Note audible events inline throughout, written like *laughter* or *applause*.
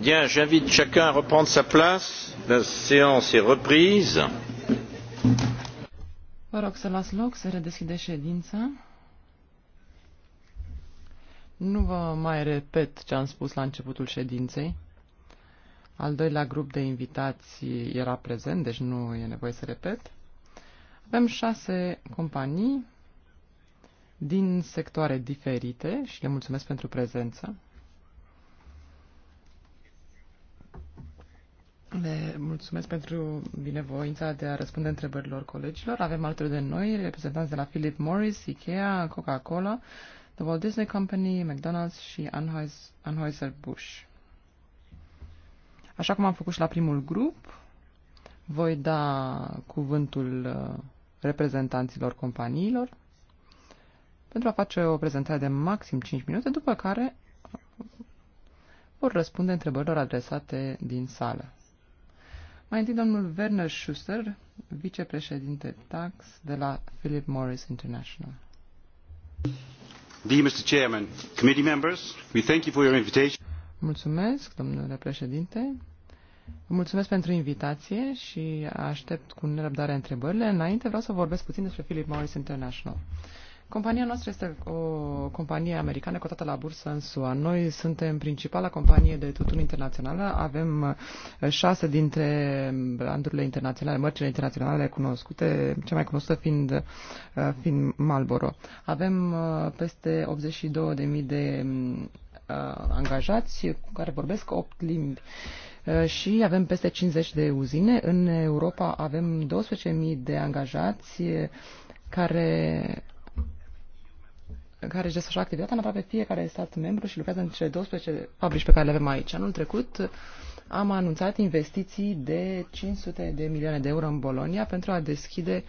Bien, j'invite chacun à reprendre sa place. La séance est reprise. Vă rog să las loc, să redeschide ședința. Nu vă mai repet ce am spus la începutul ședinței. Al doilea grup de invitați era prezent, deci nu e nevoie să repet. Avem șase companii din sectoare diferite și le mulțumesc pentru prezență. Le mulțumesc pentru binevoința de a răspunde întrebărilor colegilor. Avem alături de noi reprezentanți de la Philip Morris, Ikea, Coca-Cola, The Walt Disney Company, McDonald's și Anheuser-Busch. Așa cum am făcut și la primul grup, voi da cuvântul uh, reprezentanților companiilor pentru a face o prezentare de maxim 5 minute, după care vor răspunde întrebărilor adresate din sală. Mai întâi domnul Werner Schuster, vicepreședinte TAX de la Philip Morris International. Dear Mr. Chairman, committee members, we thank you for your invitation. Mulțumesc, domnule președinte. Vă mulțumesc pentru invitație și aștept cu nerăbdare întrebările. Înainte vreau să vorbesc puțin despre Philip Morris International. Compania noastră este o companie americană cotată la bursă în SUA. Noi suntem principala companie de tutun internațională. Avem eh, șase dintre brandurile internaționale, mărcile internaționale cunoscute, cea mai cunoscută fiind, eh, fiind Marlboro. Avem eh, peste 82.000 de angajați cu care vorbesc 8 limbi și avem peste 50 de uzine. În Europa avem 12.000 de angajați care care își desfășoară activitatea în aproape fiecare stat membru și lucrează în cele 12 fabrici pe care le avem aici. Anul trecut am anunțat investiții de 500 de milioane de euro în Bolonia pentru a deschide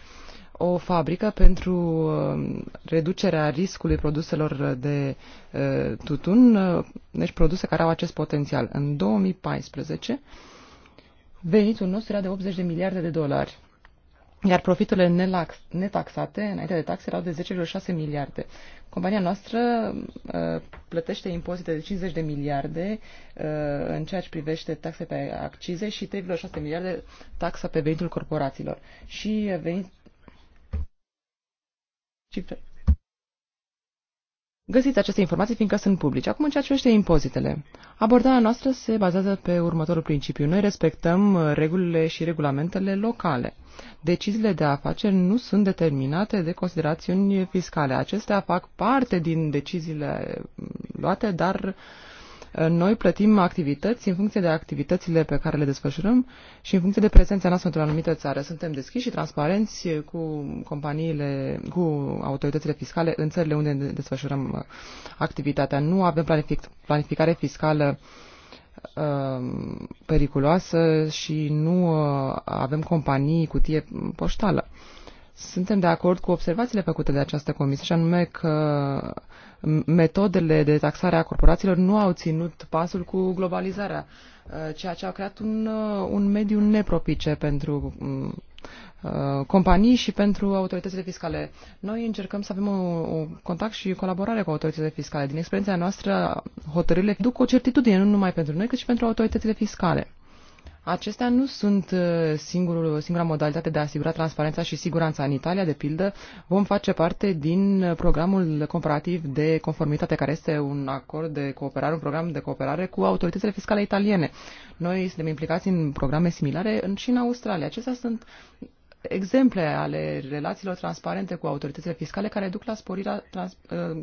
o fabrică pentru uh, reducerea riscului produselor de uh, tutun, uh, deci produse care au acest potențial. În 2014, venitul nostru era de 80 de miliarde de dolari iar profiturile netaxate înainte de taxe erau de 10,6 miliarde. Compania noastră uh, plătește impozite de 50 de miliarde uh, în ceea ce privește taxe pe accize și 3,6 miliarde taxa pe venitul corporațiilor. Și uh, venit... Cifre Găsiți aceste informații fiindcă sunt publice. Acum, în ceea ce privește impozitele, abordarea noastră se bazează pe următorul principiu. Noi respectăm uh, regulile și regulamentele locale. Deciziile de afaceri nu sunt determinate de considerațiuni fiscale. Acestea fac parte din deciziile mm, luate, dar uh, noi plătim activități în funcție de activitățile pe care le desfășurăm și în funcție de prezența noastră într-o anumită țară. Suntem deschiși și transparenți cu companiile, cu autoritățile fiscale în țările unde desfășurăm uh, activitatea. Nu avem planific, planificare fiscală uh, periculoasă și nu uh, avem companii cutie poștală. Suntem de acord cu observațiile făcute de această comisie, și anume că metodele de taxare a corporațiilor nu au ținut pasul cu globalizarea, uh, ceea ce a creat un, uh, un mediu nepropice pentru mm, uh, companii și pentru autoritățile fiscale. Noi încercăm să avem un contact și colaborare cu autoritățile fiscale. Din experiența noastră, hotărârile duc o certitudine nu numai pentru noi, cât și pentru autoritățile fiscale. Acestea nu sunt uh, singurul, singura modalitate de a asigura transparența și siguranța. În Italia, de pildă, vom face parte din uh, programul comparativ de conformitate, care este un acord de cooperare, un program de cooperare cu autoritățile fiscale italiene. Noi suntem implicați în programe similare în și în Australia. Acestea sunt exemple ale relațiilor transparente cu autoritățile fiscale care duc la sporirea trans- uh,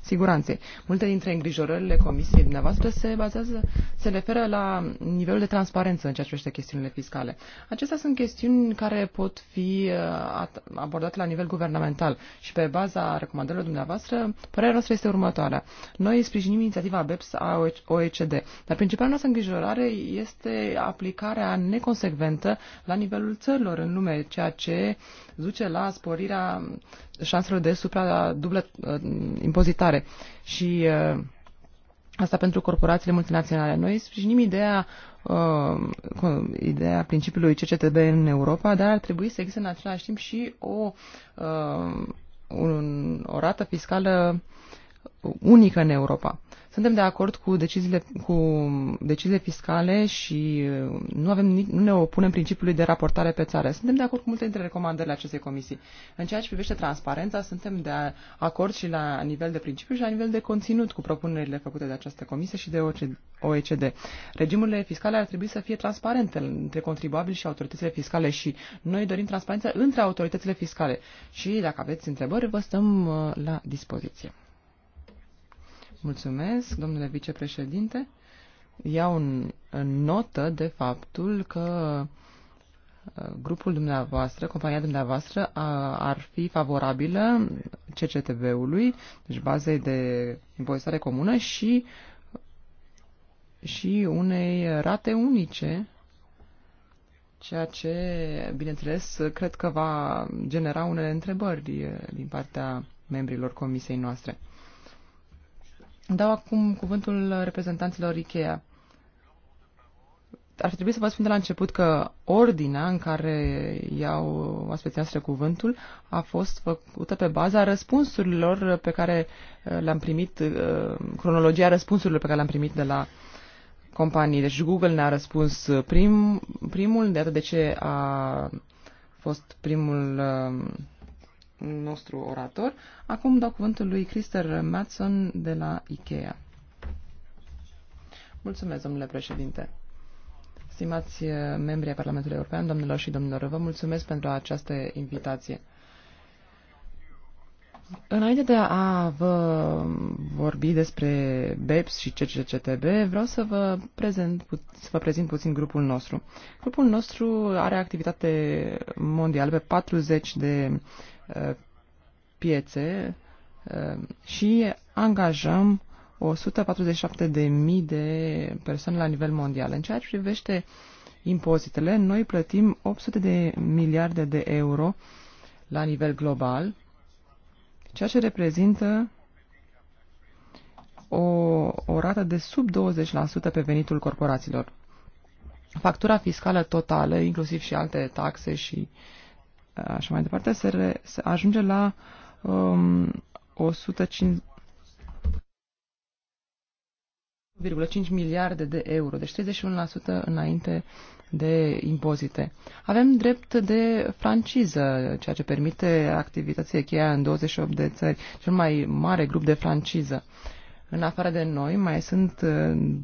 siguranței. Multe dintre îngrijorările comisiei dumneavoastră se bazează, se referă la nivelul de transparență în ceea ce privește chestiunile fiscale. Acestea sunt chestiuni care pot fi uh, abordate la nivel guvernamental și pe baza recomandărilor dumneavoastră, părerea noastră este următoarea. Noi sprijinim inițiativa BEPS a OECD, dar principala noastră îngrijorare este aplicarea neconsecventă la nivelul țărilor în lume, ceea ce duce la sporirea șansele de supra-dublă uh, impozitare. Și uh, asta pentru corporațiile multinaționale. Noi sprijinim ideea, uh, ideea principiului CCTB în Europa, dar ar trebui să existe în același timp și o, uh, un, o rată fiscală unică în Europa. Suntem de acord cu deciziile, cu deciziile fiscale și uh, nu, avem, nu ne opunem principiului de raportare pe țară. Suntem de acord cu multe dintre recomandările acestei comisii. În ceea ce privește transparența, suntem de acord și la nivel de principiu și la nivel de conținut cu propunerile făcute de această comisie și de OECD. Regimurile fiscale ar trebui să fie transparente între contribuabili și autoritățile fiscale și noi dorim transparență între autoritățile fiscale. Și dacă aveți întrebări, vă stăm uh, la dispoziție. Mulțumesc, domnule vicepreședinte. Iau în, în notă de faptul că uh, grupul dumneavoastră, compania dumneavoastră, a, ar fi favorabilă CCTV-ului, deci bazei de impozitare comună și, și unei rate unice, ceea ce, bineînțeles, cred că va genera unele întrebări uh, din partea membrilor comisiei noastre. Dau acum cuvântul reprezentanților IKEA. Ar trebui să vă spun de la început că ordinea în care iau oaspeții cuvântul a fost făcută pe baza răspunsurilor pe care uh, le-am primit, uh, cronologia răspunsurilor pe care le-am primit de la companii. Deci Google ne-a răspuns uh, prim, primul, de atât de ce a fost primul nostru orator. Acum dau cuvântul lui Christer Matson de la IKEA. Mulțumesc, domnule președinte. Stimați eh, membri ai Parlamentului European, domnilor și domnilor, vă mulțumesc pentru această invitație. Înainte de a vă vorbi despre BEPS și CCCTB, vreau să vă, prezent, să vă prezint puțin grupul nostru. Grupul nostru are activitate mondială pe 40 de Uh, piețe uh, și angajăm 147.000 de persoane la nivel mondial. În ceea ce privește impozitele, noi plătim 800 de miliarde de euro la nivel global, ceea ce reprezintă o, o rată de sub 20% pe venitul corporațiilor. Factura fiscală totală, inclusiv și alte taxe și uh, așa mai departe, se, re, se ajunge la um, 105,5 miliarde de euro, deci 31% înainte de impozite. Avem drept de franciză, ceea ce permite activității cheia în 28 de țări, cel mai mare grup de franciză. În afară de noi mai sunt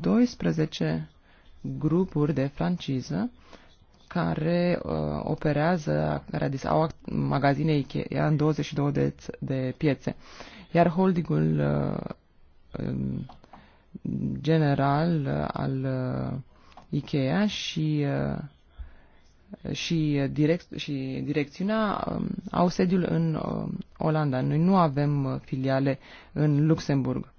12 uh, grupuri de franciză care uh, operează, care au magazine Ikea în 22 de, de piețe. Iar holdingul uh, general uh, al uh, Ikea și, uh, și, uh, direct, și direcțiunea uh, au sediul în uh, Olanda. Noi nu avem uh, filiale în Luxemburg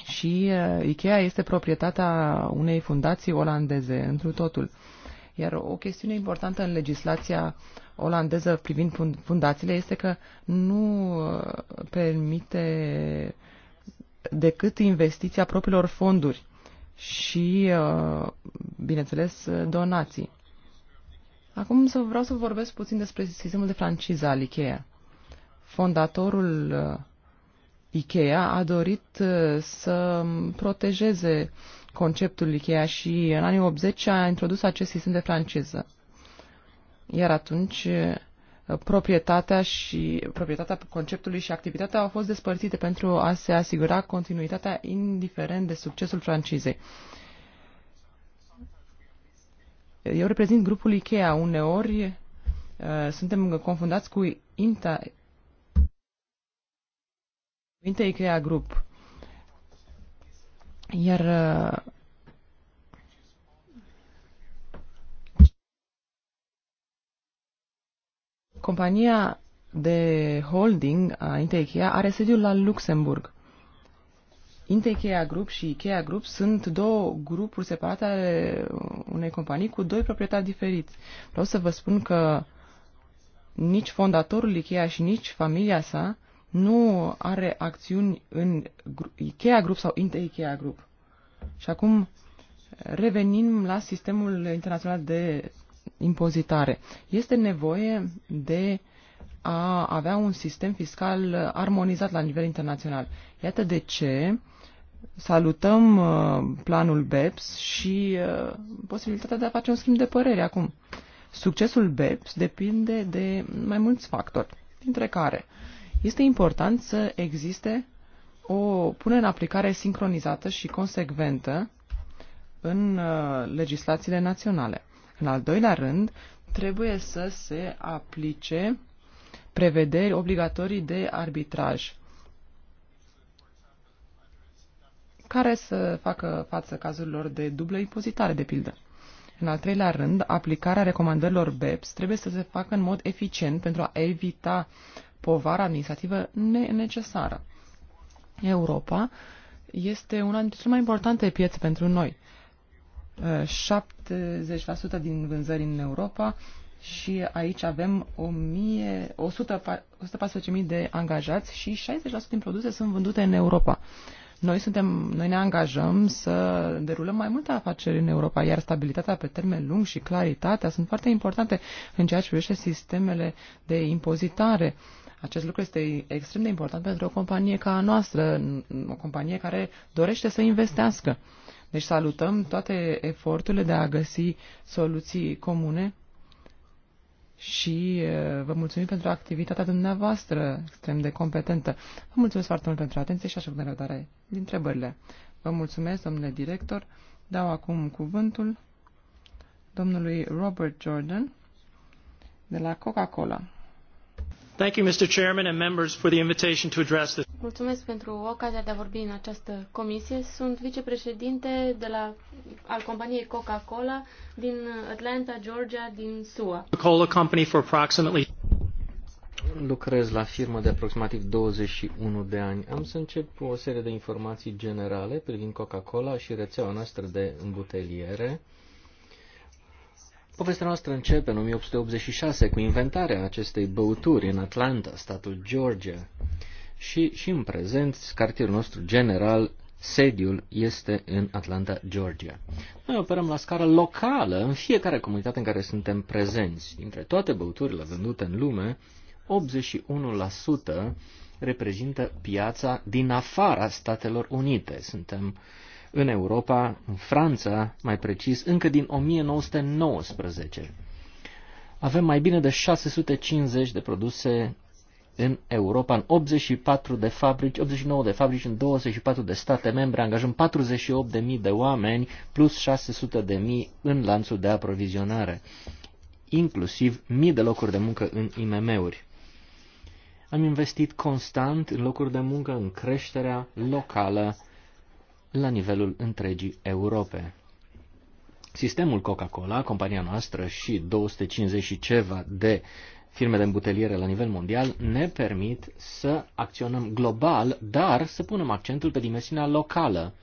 și uh, Ikea este proprietatea unei fundații olandeze, întru totul. Iar o chestiune importantă în legislația olandeză privind fundațiile este că nu uh, permite decât investiția propriilor fonduri și, uh, bineînțeles, donații. Acum să vreau să vorbesc puțin despre sistemul de franciză al Ikea. Fondatorul Ikea a dorit uh, să protejeze conceptul Ikea și în anii 80 a introdus acest sistem de franciză. Iar atunci uh, proprietatea și proprietatea conceptului și activitatea au fost despărțite pentru a se asigura continuitatea indiferent de succesul francizei. Eu reprezint grupul Ikea. Uneori uh, suntem confundați cu Inta, cuvinte crea Group. Iar uh, compania de holding a Intechea are sediul la Luxemburg. Intechea Group și Ikea Group sunt două grupuri separate ale unei companii cu doi proprietari diferiți. Vreau să vă spun că nici fondatorul Ikea și nici familia sa nu are acțiuni în Ikea Group sau Inte Ikea Group. Și acum revenim la sistemul internațional de impozitare. Este nevoie de a avea un sistem fiscal armonizat la nivel internațional. Iată de ce salutăm uh, planul BEPS și uh, posibilitatea de a face un schimb de părere acum. Succesul BEPS depinde de mai mulți factori, dintre care este important să existe o punere în aplicare sincronizată și consecventă în uh, legislațiile naționale. În al doilea rând, trebuie să se aplice prevederi obligatorii de arbitraj care să facă față cazurilor de dublă impozitare, de pildă. În al treilea rând, aplicarea recomandărilor BEPS trebuie să se facă în mod eficient pentru a evita povară administrativă necesară. Europa este una dintre cele mai importante piețe pentru noi. 70% din vânzări în Europa și aici avem 114.000 de angajați și 60% din produse sunt vândute în Europa. Noi, suntem, noi ne angajăm să derulăm mai multe afaceri în Europa, iar stabilitatea pe termen lung și claritatea sunt foarte importante în ceea ce privește sistemele de impozitare. Uh, acest lucru este extrem de important pentru o companie ca a noastră, o companie care dorește să investească. Deci salutăm toate eforturile de a găsi soluții comune și vă mulțumim pentru activitatea dumneavoastră extrem de competentă. Vă mulțumesc foarte mult pentru atenție și așteptăm răbdare din întrebările. Vă mulțumesc, domnule director. Dau acum cuvântul domnului Robert Jordan de la Coca-Cola. Thank you, Mr. Chairman and members, for the invitation to address this. Mulțumesc pentru ocazia de a vorbi în această comisie. Sunt vicepreședinte de la, al companiei Coca-Cola din Atlanta, Georgia, din SUA. Coca-Cola Company for approximately Lucrez la firmă de aproximativ 21 de ani. Am să încep cu o serie de informații generale privind Coca-Cola și rețeaua noastră de îmbuteliere. Povestea noastră începe în 1886 cu inventarea acestei băuturi în Atlanta, statul Georgia. Și, și în prezent, cartierul nostru general, sediul, este în Atlanta, Georgia. Noi operăm la scară locală în fiecare comunitate în care suntem prezenți. Dintre toate băuturile vândute în lume, 81% reprezintă piața din afara Statelor Unite. Suntem în Europa, în Franța, mai precis, încă din 1919. Avem mai bine de 650 de produse în Europa, în 84 de fabrici, 89 de fabrici în 24 de state membre, angajăm 48.000 de oameni plus 600.000 în lanțul de aprovizionare, inclusiv mii de locuri de muncă în IMM-uri. Am investit constant în locuri de muncă, în creșterea locală la nivelul întregii Europe. Sistemul Coca-Cola, compania noastră și 250 și ceva de firme de îmbuteliere la nivel mondial ne permit să acționăm global, dar să punem accentul pe dimensiunea locală.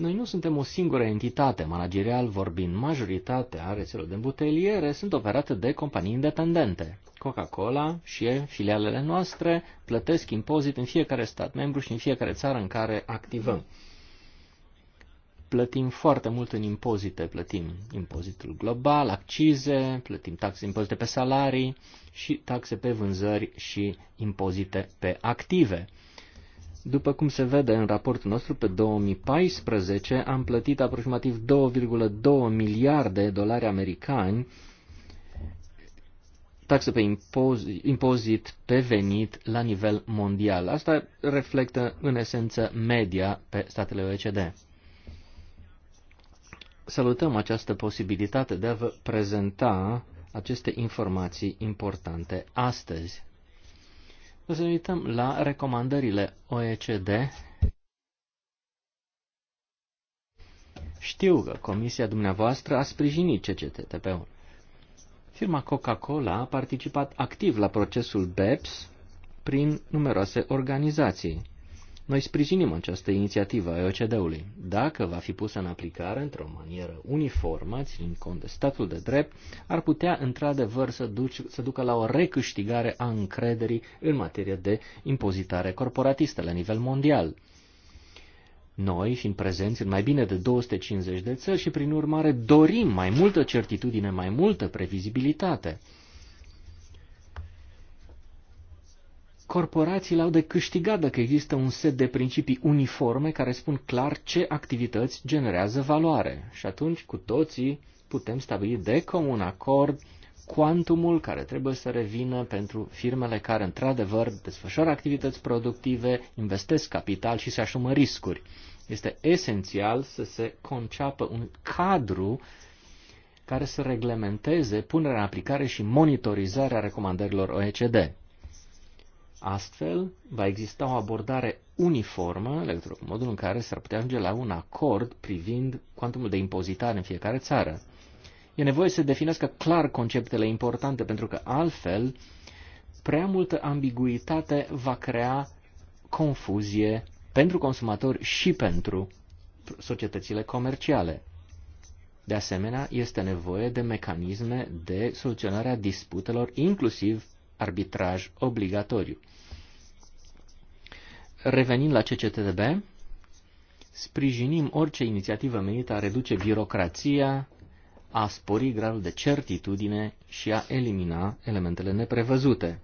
Noi nu suntem o singură entitate, managerial vorbind, majoritatea rețelor de îmbuteliere sunt operate de companii independente. Coca-Cola și filialele noastre plătesc impozit în fiecare stat membru și în fiecare țară în care activăm. Plătim foarte mult în impozite, plătim impozitul global, accize, plătim taxe impozite pe salarii și taxe pe vânzări și impozite pe active. După cum se vede în raportul nostru, pe 2014 am plătit aproximativ 2,2 miliarde de dolari americani taxă pe impozit, impozit pe venit la nivel mondial. Asta reflectă în esență media pe statele OECD. Salutăm această posibilitate de a vă prezenta aceste informații importante astăzi. O să ne uităm la recomandările OECD. Știu că comisia dumneavoastră a sprijinit CCTTP-ul. Firma Coca-Cola a participat activ la procesul BEPS prin numeroase organizații. Noi sprijinim această inițiativă a ocd ului Dacă va fi pusă în aplicare într-o manieră uniformă, ținând cont de statul de drept, ar putea într-adevăr să, să ducă la o recâștigare a încrederii în materie de impozitare corporatistă la nivel mondial. Noi, fiind prezenți în mai bine de 250 de țări și, prin urmare, dorim mai multă certitudine, mai multă previzibilitate. corporațiile au de câștigat dacă există un set de principii uniforme care spun clar ce activități generează valoare. Și atunci, cu toții, putem stabili de comun acord cuantumul care trebuie să revină pentru firmele care, într-adevăr, desfășoară activități productive, investesc capital și se asumă riscuri. Este esențial să se conceapă un cadru care să reglementeze punerea în aplicare și monitorizarea recomandărilor OECD. Astfel, va exista o abordare uniformă în legătură cu modul în care s-ar putea ajunge la un acord privind cuantumul de impozitare în fiecare țară. E nevoie să definească clar conceptele importante, pentru că altfel prea multă ambiguitate va crea confuzie pentru consumatori și pentru societățile comerciale. De asemenea, este nevoie de mecanisme de soluționare a disputelor, inclusiv arbitraj obligatoriu. Revenind la CCTDB, sprijinim orice inițiativă menită a reduce birocrația, a spori gradul de certitudine și a elimina elementele neprevăzute.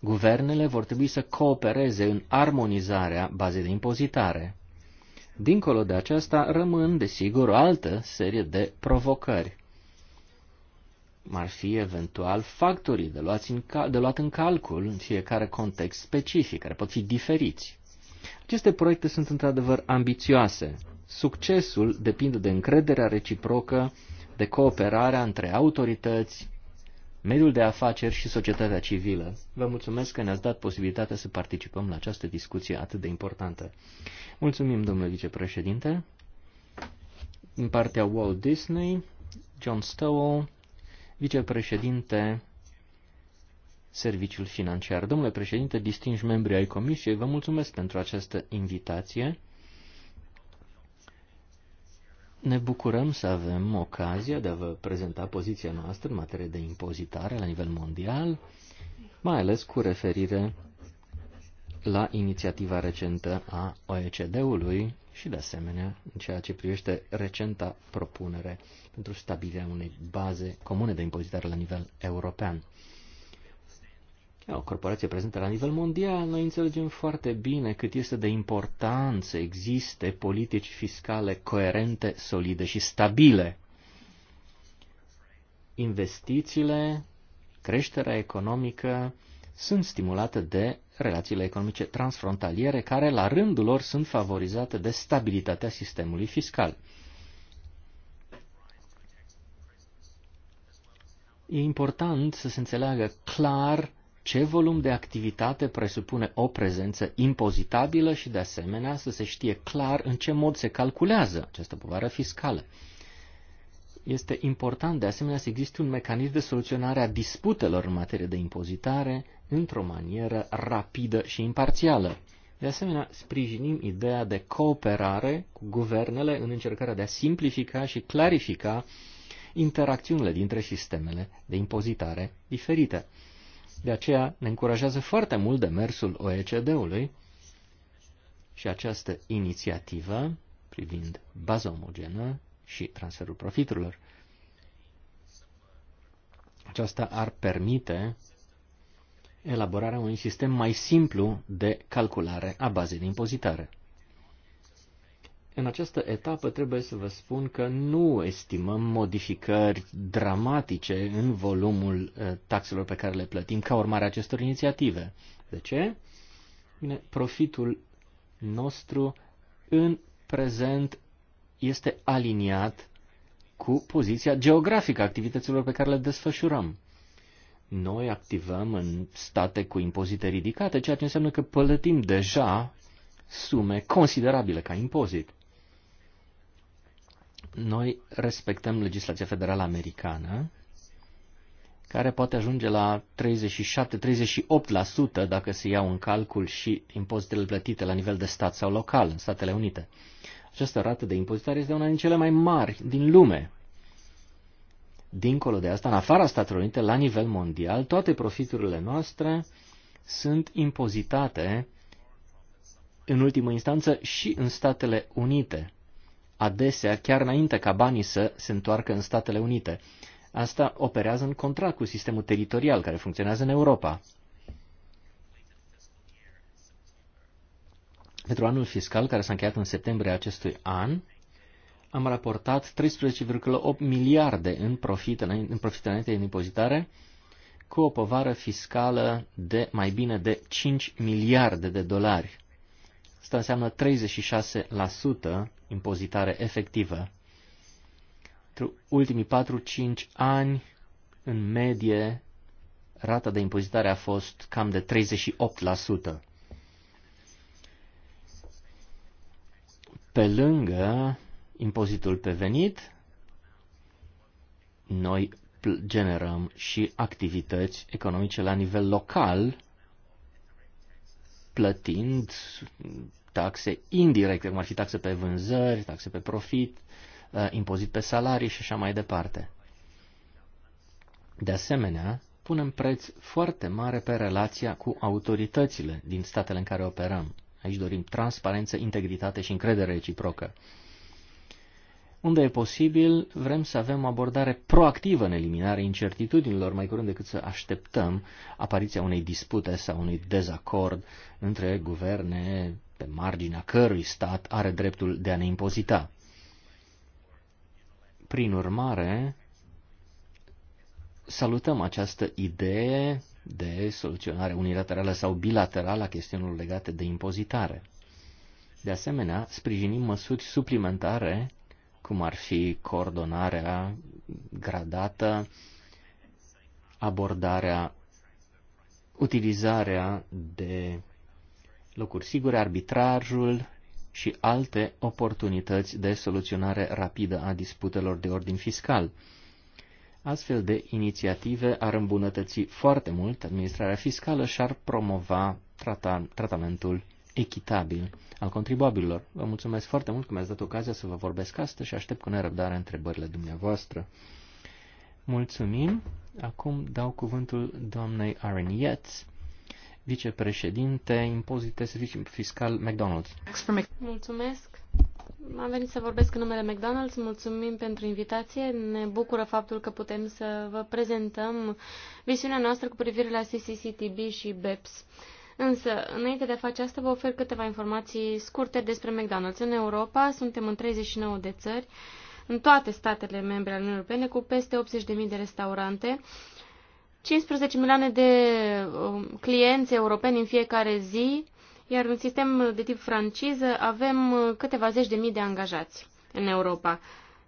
Guvernele vor trebui să coopereze în armonizarea bazei de impozitare. Dincolo de aceasta rămân, desigur, o altă serie de provocări ar fi eventual factorii de, luați în de luat în calcul în fiecare context specific, care pot fi diferiți. Aceste proiecte sunt într-adevăr ambițioase. Succesul depinde de încrederea reciprocă, de cooperarea între autorități, mediul de afaceri și societatea civilă. Vă mulțumesc că ne-ați dat posibilitatea să participăm la această discuție atât de importantă. Mulțumim, domnule vicepreședinte. În partea Walt Disney, John Stowell, vicepreședinte Serviciul Financiar. Domnule președinte, distinși membri ai comisiei, vă mulțumesc pentru această invitație. Ne bucurăm să avem ocazia de a vă prezenta poziția noastră în materie de impozitare la nivel mondial, mai ales cu referire la inițiativa recentă a OECD-ului și, de asemenea, în ceea ce privește recenta propunere pentru stabilirea unei baze comune de impozitare la nivel european. O corporație prezentă la nivel mondial, noi înțelegem foarte bine cât este de important să existe politici fiscale coerente, solide și stabile. Investițiile, creșterea economică sunt stimulate de relațiile economice transfrontaliere, care la rândul lor sunt favorizate de stabilitatea sistemului fiscal. E important să se înțeleagă clar ce volum de activitate presupune o prezență impozitabilă și, de asemenea, să se știe clar în ce mod se calculează această povară fiscală. Este important, de asemenea, să existe un mecanism de soluționare a disputelor în materie de impozitare, într-o manieră rapidă și imparțială. De asemenea, sprijinim ideea de cooperare cu guvernele în încercarea de a simplifica și clarifica interacțiunile dintre sistemele de impozitare diferite. De aceea ne încurajează foarte mult demersul OECD-ului și această inițiativă privind baza omogenă și transferul profiturilor. Aceasta ar permite elaborarea unui sistem mai simplu de calculare a bazei de impozitare. În această etapă trebuie să vă spun că nu estimăm modificări dramatice în volumul eh, taxelor pe care le plătim ca urmare a acestor inițiative. De ce? Bine, profitul nostru în prezent este aliniat cu poziția geografică a activităților pe care le desfășurăm noi activăm în state cu impozite ridicate, ceea ce înseamnă că plătim deja sume considerabile ca impozit. Noi respectăm legislația federală americană, care poate ajunge la 37-38% dacă se iau în calcul și impozitele plătite la nivel de stat sau local în Statele Unite. Această rată de impozitare este una din cele mai mari din lume. Dincolo de asta, în afara Statelor Unite, la nivel mondial, toate profiturile noastre sunt impozitate în ultimă instanță și în Statele Unite, adesea chiar înainte ca banii să se întoarcă în Statele Unite. Asta operează în contract cu sistemul teritorial care funcționează în Europa. Pentru anul fiscal care s-a încheiat în septembrie acestui an, am raportat 13,8 miliarde în profit, în profit înainte de impozitare, cu o povară fiscală de mai bine de 5 miliarde de dolari. Asta înseamnă 36% impozitare efectivă. Pentru ultimii 4-5 ani, în medie, rata de impozitare a fost cam de 38%. Pe lângă impozitul pe venit, noi generăm și activități economice la nivel local, plătind taxe indirecte, cum ar fi taxe pe vânzări, taxe pe profit, uh, impozit pe salarii și așa mai departe. De asemenea, punem preț foarte mare pe relația cu autoritățile din statele în care operăm. Aici dorim transparență, integritate și încredere reciprocă. Unde e posibil, vrem să avem o abordare proactivă în eliminarea incertitudinilor, mai curând decât să așteptăm apariția unei dispute sau unui dezacord între guverne pe marginea cărui stat are dreptul de a ne impozita. Prin urmare, salutăm această idee de soluționare unilaterală sau bilaterală a chestiunilor legate de impozitare. De asemenea, sprijinim măsuri suplimentare cum ar fi coordonarea gradată, abordarea, utilizarea de locuri sigure, arbitrajul și alte oportunități de soluționare rapidă a disputelor de ordin fiscal. Astfel de inițiative ar îmbunătăți foarte mult administrarea fiscală și ar promova trata, tratamentul echitabil al contribuabililor. Vă mulțumesc foarte mult că mi-ați dat ocazia să vă vorbesc astăzi și aștept cu nerăbdare întrebările dumneavoastră. Mulțumim. Acum dau cuvântul doamnei Aaron Yates, vicepreședinte impozite servicii fiscal McDonald's. Mulțumesc. Am venit să vorbesc în numele McDonald's. Mulțumim pentru invitație. Ne bucură faptul că putem să vă prezentăm visiunea noastră cu privire la CCCTB și BEPS. Uh, Însă, înainte de a face asta, vă ofer câteva informații scurte despre McDonald's. În Europa suntem în 39 de țări, în toate statele membre ale Uniunii Europene, cu peste 80.000 de restaurante, 15 milioane de um, clienți europeni în fiecare zi, iar în sistem de tip franciză avem uh, câteva zeci de mii de angajați în Europa.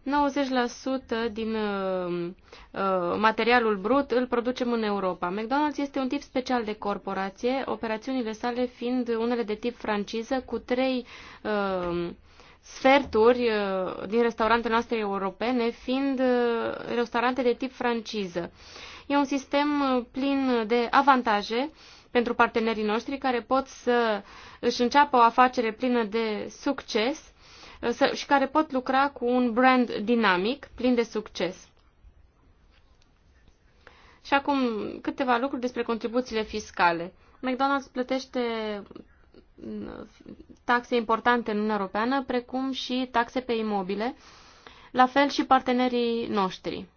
90% din uh, uh, materialul brut îl producem în Europa. McDonald's este un tip special de corporație, operațiunile sale fiind unele de tip franciză cu trei uh, sferturi uh, din restaurantele noastre europene fiind uh, restaurante de tip franciză. E un sistem uh, plin de avantaje pentru partenerii noștri care pot să își înceapă o afacere plină de succes și care pot lucra cu un brand dinamic, plin de succes. Și acum câteva lucruri despre contribuțiile fiscale. McDonald's plătește mm, taxe importante în Uniunea Europeană, precum și taxe pe imobile, la fel și partenerii noștri.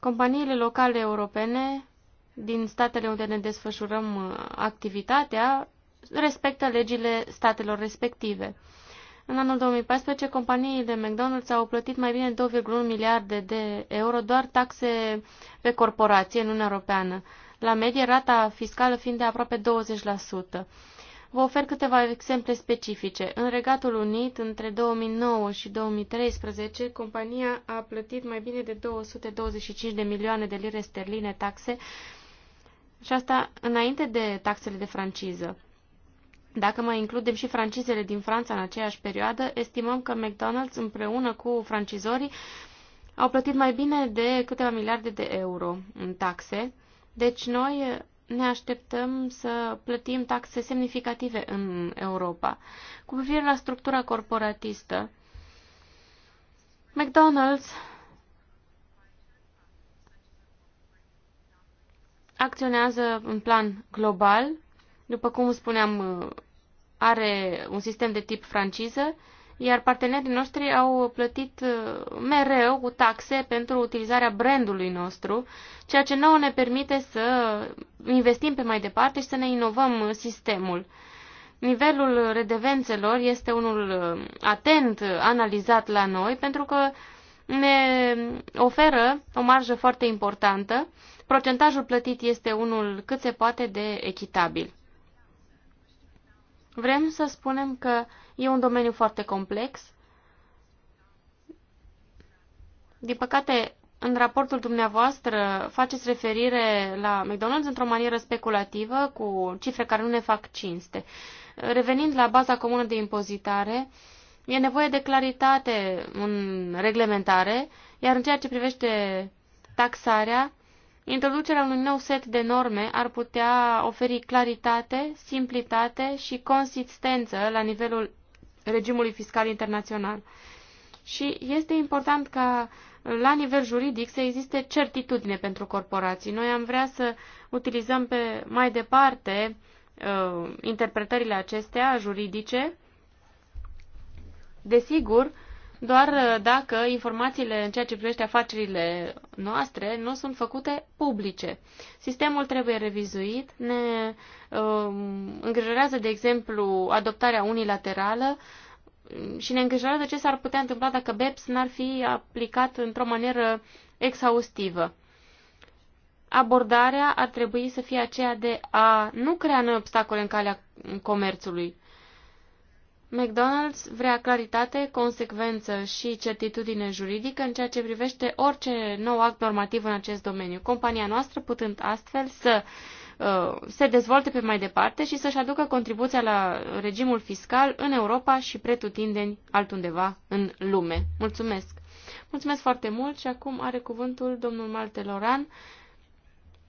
Companiile locale europene din statele unde ne desfășurăm uh, activitatea respectă legile statelor respective. În anul 2014, companiile McDonald's au plătit mai bine 2,1 miliarde de euro doar taxe pe corporație în Uniunea Europeană, la medie rata fiscală fiind de aproape 20%. Vă ofer câteva exemple specifice. În Regatul Unit, între 2009 și 2013, compania a plătit mai bine de 225 de milioane de lire sterline taxe, și asta înainte de taxele de franciză. Dacă mai includem și francizele din Franța în aceeași perioadă, estimăm că McDonald's împreună cu francizorii au plătit mai bine de câteva miliarde de euro în taxe. Deci noi ne așteptăm să plătim taxe semnificative în Europa. Cu privire la structura corporatistă, McDonald's acționează în plan global după cum spuneam, are un sistem de tip franciză, iar partenerii noștri au plătit uh, mereu cu taxe pentru utilizarea brandului nostru, ceea ce nouă ne permite să investim pe mai departe și să ne inovăm sistemul. Nivelul redevențelor este unul uh, atent analizat la noi pentru că ne oferă o marjă foarte importantă. Procentajul plătit este unul cât se poate de echitabil. Vrem să spunem că e un domeniu foarte complex. Din păcate, în raportul dumneavoastră faceți referire la McDonald's într-o manieră speculativă, cu cifre care nu ne fac cinste. Revenind la baza comună de impozitare, e nevoie de claritate în reglementare, iar în ceea ce privește taxarea, Introducerea unui nou set de norme ar putea oferi claritate, simplitate și consistență la nivelul regimului fiscal internațional. Și este important ca la nivel juridic să existe certitudine pentru corporații. Noi am vrea să utilizăm pe mai departe uh, interpretările acestea juridice. Desigur, uh, doar uh, dacă informațiile în ceea ce privește afacerile noastre nu sunt făcute publice. Sistemul trebuie revizuit, ne uh, îngrijorează, de exemplu, adoptarea unilaterală mm, și ne îngrijorează ce s-ar putea întâmpla dacă BEPS n-ar fi aplicat într-o manieră exhaustivă. Abordarea ar trebui să fie aceea de a nu crea noi obstacole în calea comerțului, McDonald's vrea claritate, consecvență și certitudine juridică în ceea ce privește orice nou act normativ în acest domeniu, compania noastră putând astfel să uh, se dezvolte pe mai departe și să-și aducă contribuția la regimul fiscal în Europa și pretutindeni altundeva în lume. Mulțumesc! Mulțumesc foarte mult și acum are cuvântul domnul Malte Loran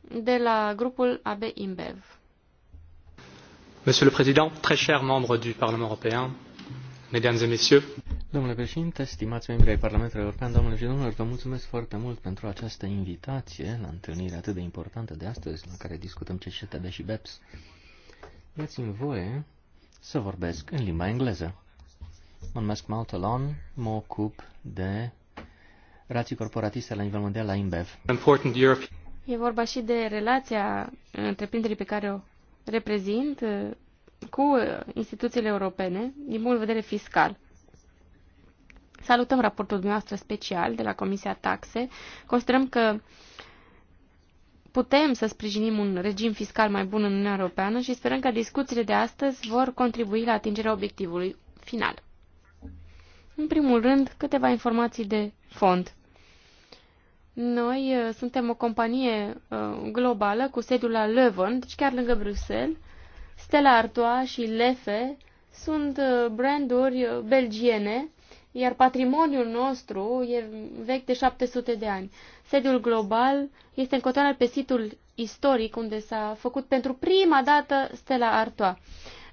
de la grupul AB InBev. Monsieur le Président, très chers membres du Parlement européen, mesdames et messieurs. Domnule președinte, stimați membri ai Parlamentului European, domnule și domnilor, vă mulțumesc foarte mult pentru această invitație la întâlnire atât de importantă de astăzi, la care discutăm CCTB și BEPS. Dați-mi voie să vorbesc în limba engleză. Mă numesc Maltalon, mă ocup de relații corporatiste la nivel mondial la InBev. E vorba și de relația întreprinderii pe care o reprezint uh, cu uh, instituțiile europene din punct de vedere fiscal. Salutăm raportul dumneavoastră special de la Comisia Taxe. Considerăm că putem să sprijinim un regim fiscal mai bun în Uniunea Europeană și sperăm că discuțiile de astăzi vor contribui la atingerea obiectivului final. În primul rând, câteva informații de fond. Noi uh, suntem o companie uh, globală cu sediul la Leuven, deci chiar lângă Bruxelles. Stella Artois și Lefe sunt uh, branduri belgiene, iar patrimoniul nostru e vechi de 700 de ani. Sediul global este în pe situl istoric unde s-a făcut pentru prima dată Stella Artois.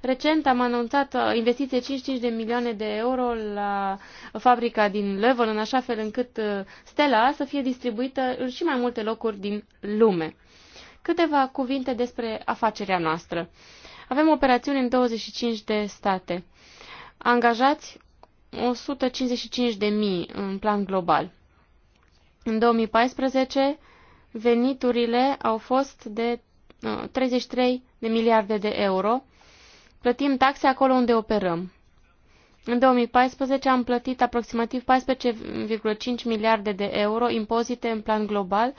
Recent am anunțat uh, investiție 55 de milioane de euro la fabrica din Level, în așa fel încât uh, stela să fie distribuită în și mai multe locuri din lume. Câteva cuvinte despre afacerea noastră. Avem operațiuni în 25 de state. Angajați 155 de mii în plan global. În 2014, veniturile au fost de 33 uh, de miliarde de euro, Plătim taxe acolo unde operăm. În 2014 am plătit aproximativ 14,5 miliarde de euro impozite în plan global,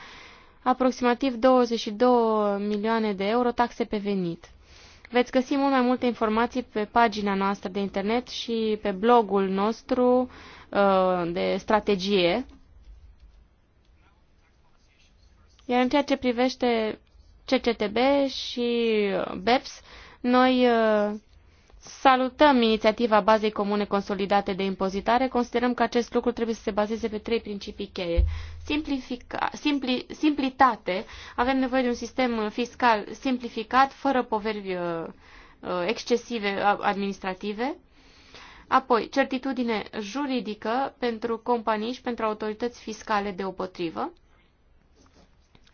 aproximativ 22 milioane de euro taxe pe venit. Veți găsi mult mai multe informații pe pagina noastră de internet și pe blogul nostru uh, de strategie. Iar în ceea ce privește CCTB și uh, BEPS, noi uh, salutăm inițiativa bazei comune consolidate de impozitare. Considerăm că acest lucru trebuie să se bazeze pe trei principii cheie. simplitate. Avem nevoie de un sistem fiscal simplificat, fără poveri uh, uh, excesive administrative. Apoi, certitudine juridică pentru companii și pentru autorități fiscale deopotrivă.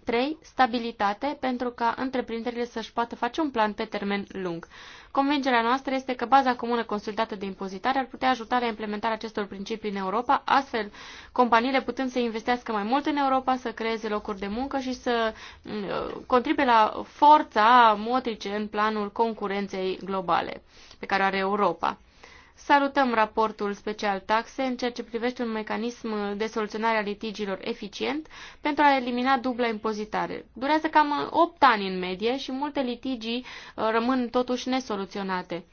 3. Stabilitate pentru ca întreprinderile să-și poată face un plan pe termen lung. Convingerea noastră este că baza comună consultată de impozitare ar putea ajuta la implementarea acestor principii în Europa, astfel companiile putând să investească mai mult în Europa, să creeze locuri de muncă și să mm, contribuie la forța motrice în planul concurenței globale pe care o are Europa. Salutăm raportul special taxe în ceea ce privește un mecanism de soluționare a litigiilor eficient pentru a elimina dubla impozitare. Durează cam 8 ani în medie și multe litigii uh, rămân totuși nesoluționate.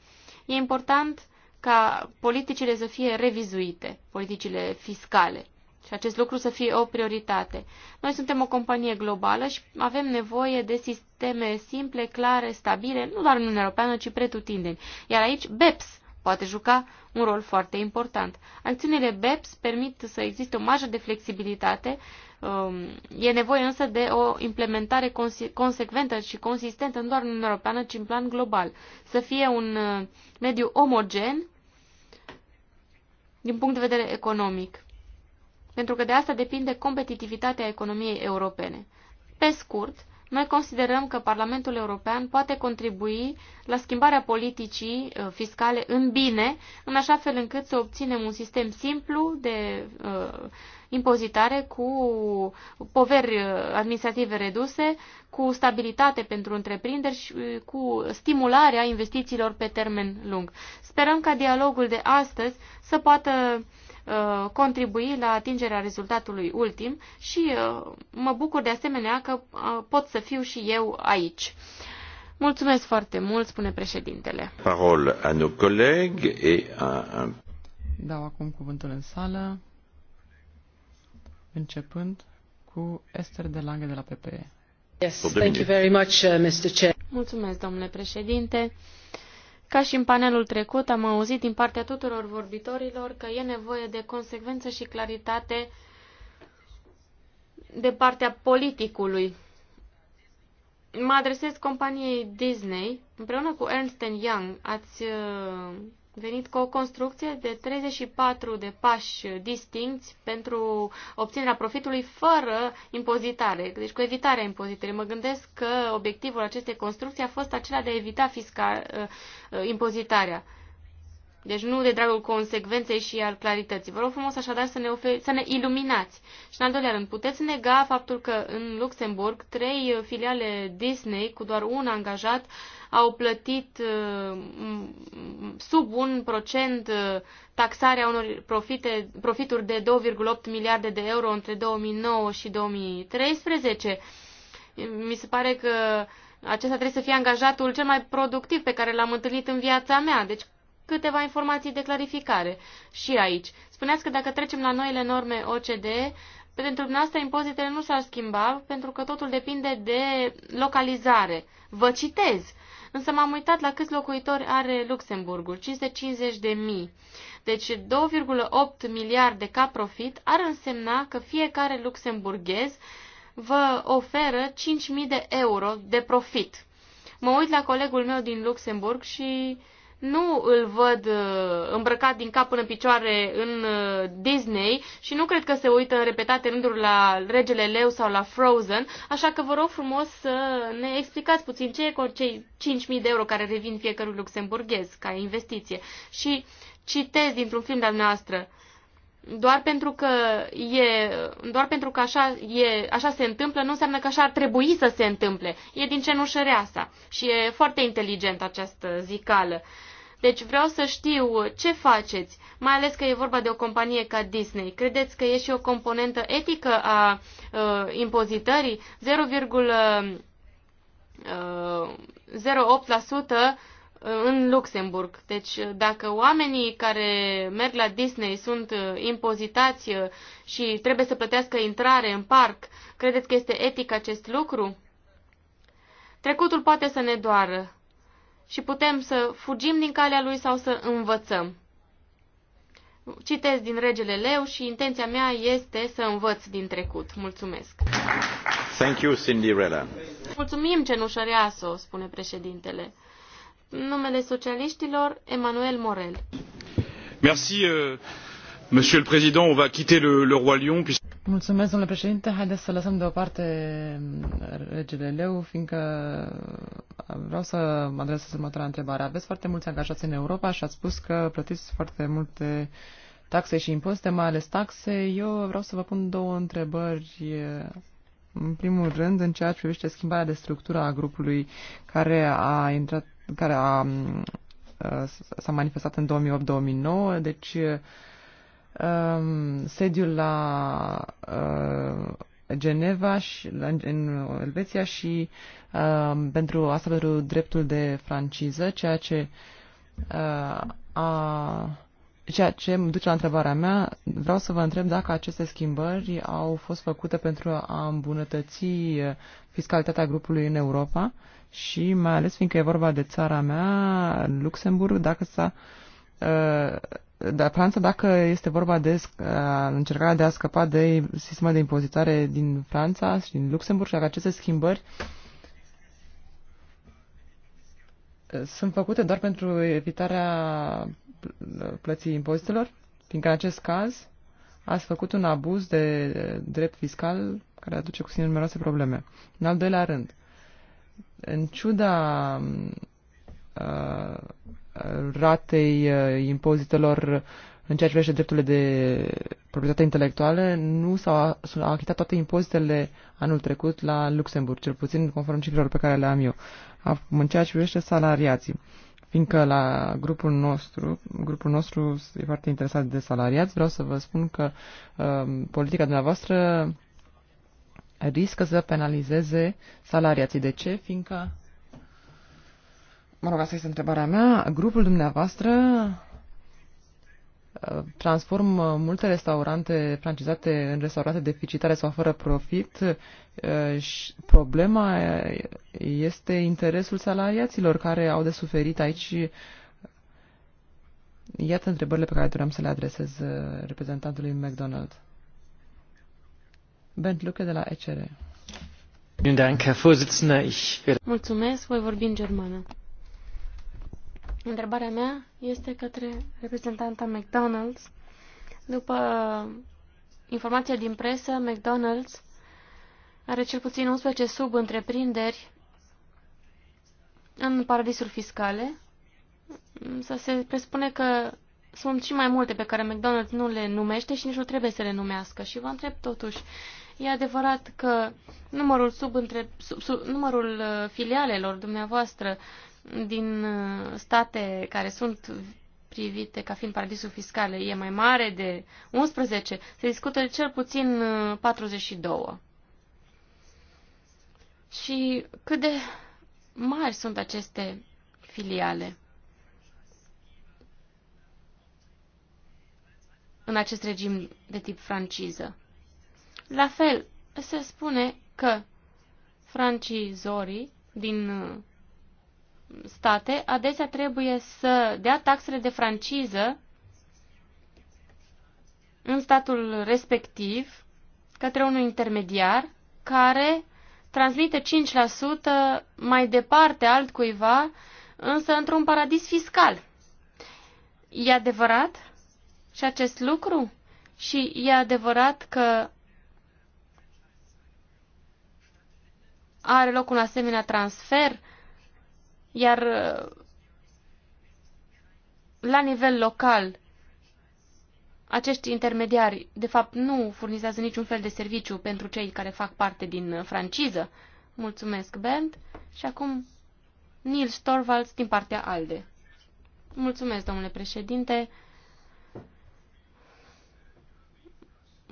E important ca politicile să fie revizuite, politicile fiscale. Și acest lucru să fie o prioritate. Noi suntem o companie globală și avem nevoie de sisteme simple, clare, stabile, nu doar în Uniunea Europeană, ci pretutindeni. Iar aici BEPS poate juca un rol foarte important. Acțiunile BEPS permit să existe o marjă de flexibilitate, um, e nevoie însă de o implementare consecventă și consistentă nu doar în Uniunea Europeană, ci în plan global. Să fie un uh, mediu omogen din punct de vedere economic, pentru că de asta depinde competitivitatea economiei europene. Pe scurt, noi considerăm că Parlamentul European poate contribui la schimbarea politicii uh, fiscale în bine, în așa fel încât să obținem un sistem simplu de uh, impozitare cu poveri uh, administrative reduse, cu stabilitate pentru întreprinderi și uh, cu stimularea investițiilor pe termen lung. Sperăm ca dialogul de astăzi să poată Uh, contribui la atingerea rezultatului ultim și uh, mă bucur de asemenea că uh, pot să fiu și eu aici. Mulțumesc foarte mult, spune președintele. Parol a nos colegi et a... Dau acum cuvântul în sală, începând cu Esther de Lange de la PPE. Yes, thank you very much, Mr. Chair. Mulțumesc, domnule președinte. Uh, ca și în panelul trecut, am auzit din partea tuturor vorbitorilor că e nevoie de consecvență și claritate de partea politicului. Mă adresez companiei Disney. Împreună cu Ernst Young ați uh, venit cu o construcție de 34 de pași distinți pentru obținerea profitului fără impozitare, deci cu evitarea impozitării. Mă gândesc că obiectivul acestei construcții a fost acela de a evita fiscal, uh, uh, impozitarea. Deci nu de dragul consecvenței și al clarității. Vă rog frumos așadar să ne, oferi, să ne iluminați. Și în al doilea rând, puteți nega faptul că în Luxemburg trei uh, filiale Disney cu doar un angajat au plătit uh, sub un procent uh, taxarea unor profite, profituri de 2,8 miliarde de euro între 2009 și 2013. Mi se pare că acesta trebuie să fie angajatul cel mai productiv pe care l-am întâlnit în viața mea. Deci câteva informații de clarificare și aici. Spuneați că dacă trecem la noile norme OCDE, pentru dumneavoastră impozitele nu s-ar schimba pentru că totul depinde de localizare. Vă citez. Însă m-am uitat la câți locuitori are Luxemburgul, 550 de mii. Deci 2,8 miliarde ca profit ar însemna că fiecare luxemburghez vă oferă 5.000 de euro de profit. Mă uit la colegul meu din Luxemburg și nu îl văd uh, îmbrăcat din cap până în picioare în uh, Disney și nu cred că se uită în repetate rânduri la Regele Leu sau la Frozen, așa că vă rog frumos să ne explicați puțin ce e cu cei 5.000 de euro care revin fiecărui luxemburghez ca investiție. Și citez dintr-un film de-al noastră, doar pentru că, e, doar pentru că așa, e, așa se întâmplă, nu înseamnă că așa ar trebui să se întâmple. E din asta și e foarte inteligent această zicală. Uh, deci vreau să știu ce faceți, mai ales că e vorba de o companie ca Disney. Credeți că e și o componentă etică a uh, impozitării? 0,08% uh, uh, în Luxemburg. Deci uh, dacă oamenii care merg la Disney sunt impozitați și trebuie să plătească intrare în parc, credeți că este etic acest lucru? Trecutul poate să ne doară și putem să fugim din calea lui sau să învățăm. Citez din Regele Leu și intenția mea este să învăț din trecut. Mulțumesc! Thank you, Cinderella. Mulțumim, cenușăreasă, spune președintele. Numele socialiștilor, Emanuel Morel. Merci, uh, monsieur le président. On va quitter le, le roi Lyon. Puis... Mulțumesc, domnule președinte. Haideți să lăsăm deoparte regele Leu, fiindcă Vreau să mă adresez următoarea întrebare. Aveți foarte mulți angajați în Europa și ați spus că plătiți foarte multe taxe și impozite, mai ales taxe. Eu vreau să vă pun două întrebări. În primul rând, în ceea ce privește schimbarea de structură a grupului care a intrat, care a, s-a manifestat în 2008-2009, deci um, sediul la uh, Geneva și în Elveția și uh, pentru asta pentru dreptul de franciză, ceea ce uh, a Ceea ce îmi duce la întrebarea mea, vreau să vă întreb dacă aceste schimbări au fost făcute pentru a îmbunătăți fiscalitatea grupului în Europa și mai ales fiindcă e vorba de țara mea, Luxemburg, dacă s-a uh, dar Franța, dacă este vorba de încercarea de a scăpa de sistemul de impozitare din Franța și din Luxemburg și dacă aceste schimbări sunt făcute doar pentru evitarea plății impozitelor, fiindcă în acest caz ați făcut un abuz de drept fiscal care aduce cu sine numeroase probleme. În al doilea rând, în ciuda uh, ratei uh, impozitelor în ceea ce privește drepturile de proprietate intelectuală, nu s-au achitat toate impozitele anul trecut la Luxemburg, cel puțin conform cifrelor pe care le am eu. Acum, în ceea ce privește salariații, fiindcă la grupul nostru, grupul nostru e foarte interesat de salariați, vreau să vă spun că uh, politica dumneavoastră riscă să penalizeze salariații. De ce? Fiindcă Mă rog, asta este întrebarea mea. Grupul dumneavoastră uh, transformă uh, multe restaurante francizate în restaurante deficitare sau fără profit uh, și problema este interesul salariaților care au de suferit aici. Iată întrebările pe care doream să le adresez reprezentantului McDonald. Bent Luke de la ECR. Mulțumesc, voi vorbi în germană. Întrebarea mea este către reprezentanta McDonald's. După informația din presă, McDonald's are cel puțin 11 sub-întreprinderi în paradisuri fiscale. Să se presupune că sunt și mai multe pe care McDonald's nu le numește și nici nu trebuie să le numească. Și vă întreb totuși, e adevărat că numărul, sub, între, sub, sub, numărul uh, filialelor dumneavoastră din uh, state care sunt privite ca fiind paradisuri fiscale e mai mare de 11, se discută cel puțin 42. Uh, și cât de mari sunt aceste filiale în acest regim de tip franciză? La fel, se spune că francizorii din uh, state adesea trebuie să dea taxele de franciză în statul respectiv către unul intermediar care transmite 5% mai departe altcuiva, însă într-un paradis fiscal. E adevărat și acest lucru? Și e adevărat că are loc un asemenea transfer iar uh, la nivel local, acești intermediari, de fapt, nu furnizează niciun fel de serviciu pentru cei care fac parte din uh, franciză. Mulțumesc, Bernd. Și acum, Neil Storvalds din partea ALDE. Mulțumesc, domnule președinte.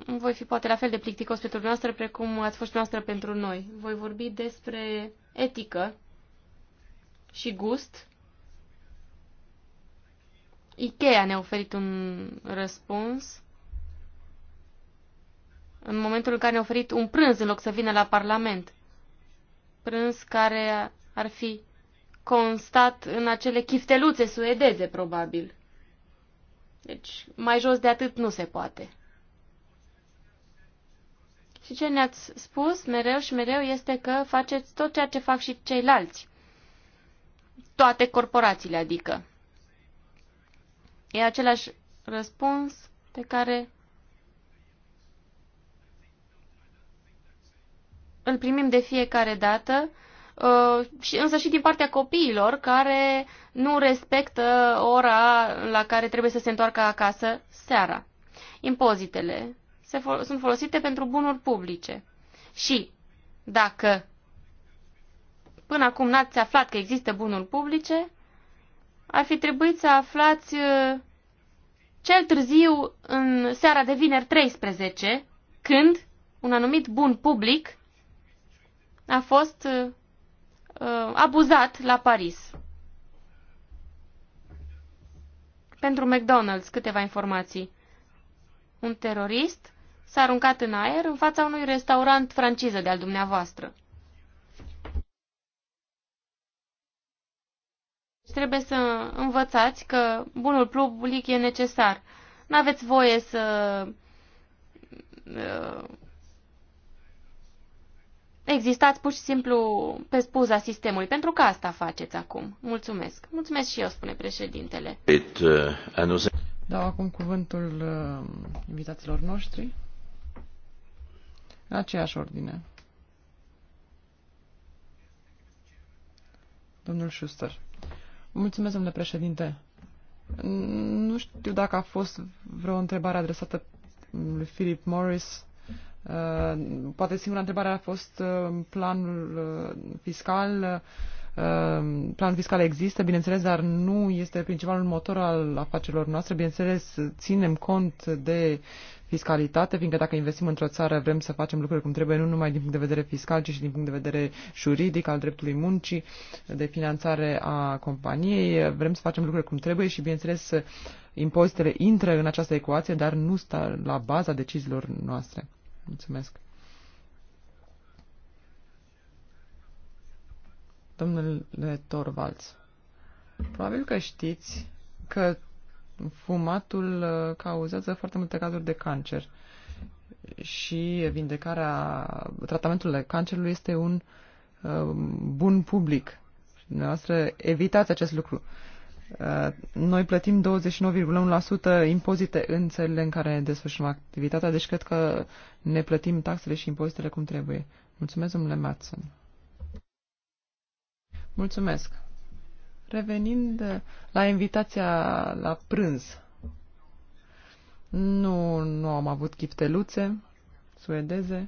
Voi fi poate la fel de plicticos pentru noastră precum ați fost noastră pentru noi. Voi vorbi despre etică și gust. Ikea ne-a oferit un răspuns în momentul în care ne-a oferit un prânz în loc să vină la Parlament. Prânz care ar fi constat în acele chifteluțe suedeze, probabil. Deci, mai jos de atât nu se poate. Și ce ne-ați spus mereu și mereu este că faceți tot ceea ce fac și ceilalți toate corporațiile, adică. E același răspuns pe care îl primim de fiecare dată, uh, însă și din partea copiilor care nu respectă ora la care trebuie să se întoarcă acasă seara. Impozitele se fol- sunt folosite pentru bunuri publice. Și dacă până acum n-ați aflat că există bunuri publice, ar fi trebuit să aflați uh, cel târziu în seara de vineri 13, când un anumit bun public a fost uh, uh, abuzat la Paris. Pentru McDonald's câteva informații. Un terorist s-a aruncat în aer în fața unui restaurant franciză de-al dumneavoastră. Trebuie să învățați că bunul public e necesar. Nu aveți voie să uh, existați pur și simplu pe spuza sistemului, pentru că asta faceți acum. Mulțumesc. Mulțumesc și eu, spune președintele. Uh, Dau acum cuvântul uh, invitaților noștri în aceeași ordine. Domnul Schuster. Mulțumesc, domnule președinte. Nu știu dacă a fost vreo întrebare adresată lui Philip Morris. Uh, poate singura întrebare a fost uh, planul uh, fiscal. Planul fiscal există, bineînțeles, dar nu este principalul motor al afacerilor noastre. Bineînțeles, ținem cont de fiscalitate, fiindcă dacă investim într-o țară vrem să facem lucruri cum trebuie, nu numai din punct de vedere fiscal, ci și din punct de vedere juridic, al dreptului muncii, de finanțare a companiei. Vrem să facem lucruri cum trebuie și, bineînțeles, impozitele intră în această ecuație, dar nu stă la baza deciziilor noastre. Mulțumesc. Domnule Torvalds, probabil că știți că fumatul uh, cauzează foarte multe cazuri de cancer și vindecarea, tratamentul cancerului este un uh, bun public. Noastră, evitați acest lucru. Uh, noi plătim 29,1% impozite în țările în care desfășurăm activitatea, deci cred că ne plătim taxele și impozitele cum trebuie. Mulțumesc, domnule Matson. Mulțumesc. Revenind uh, la invitația la prânz, nu, nu am avut chifteluțe suedeze.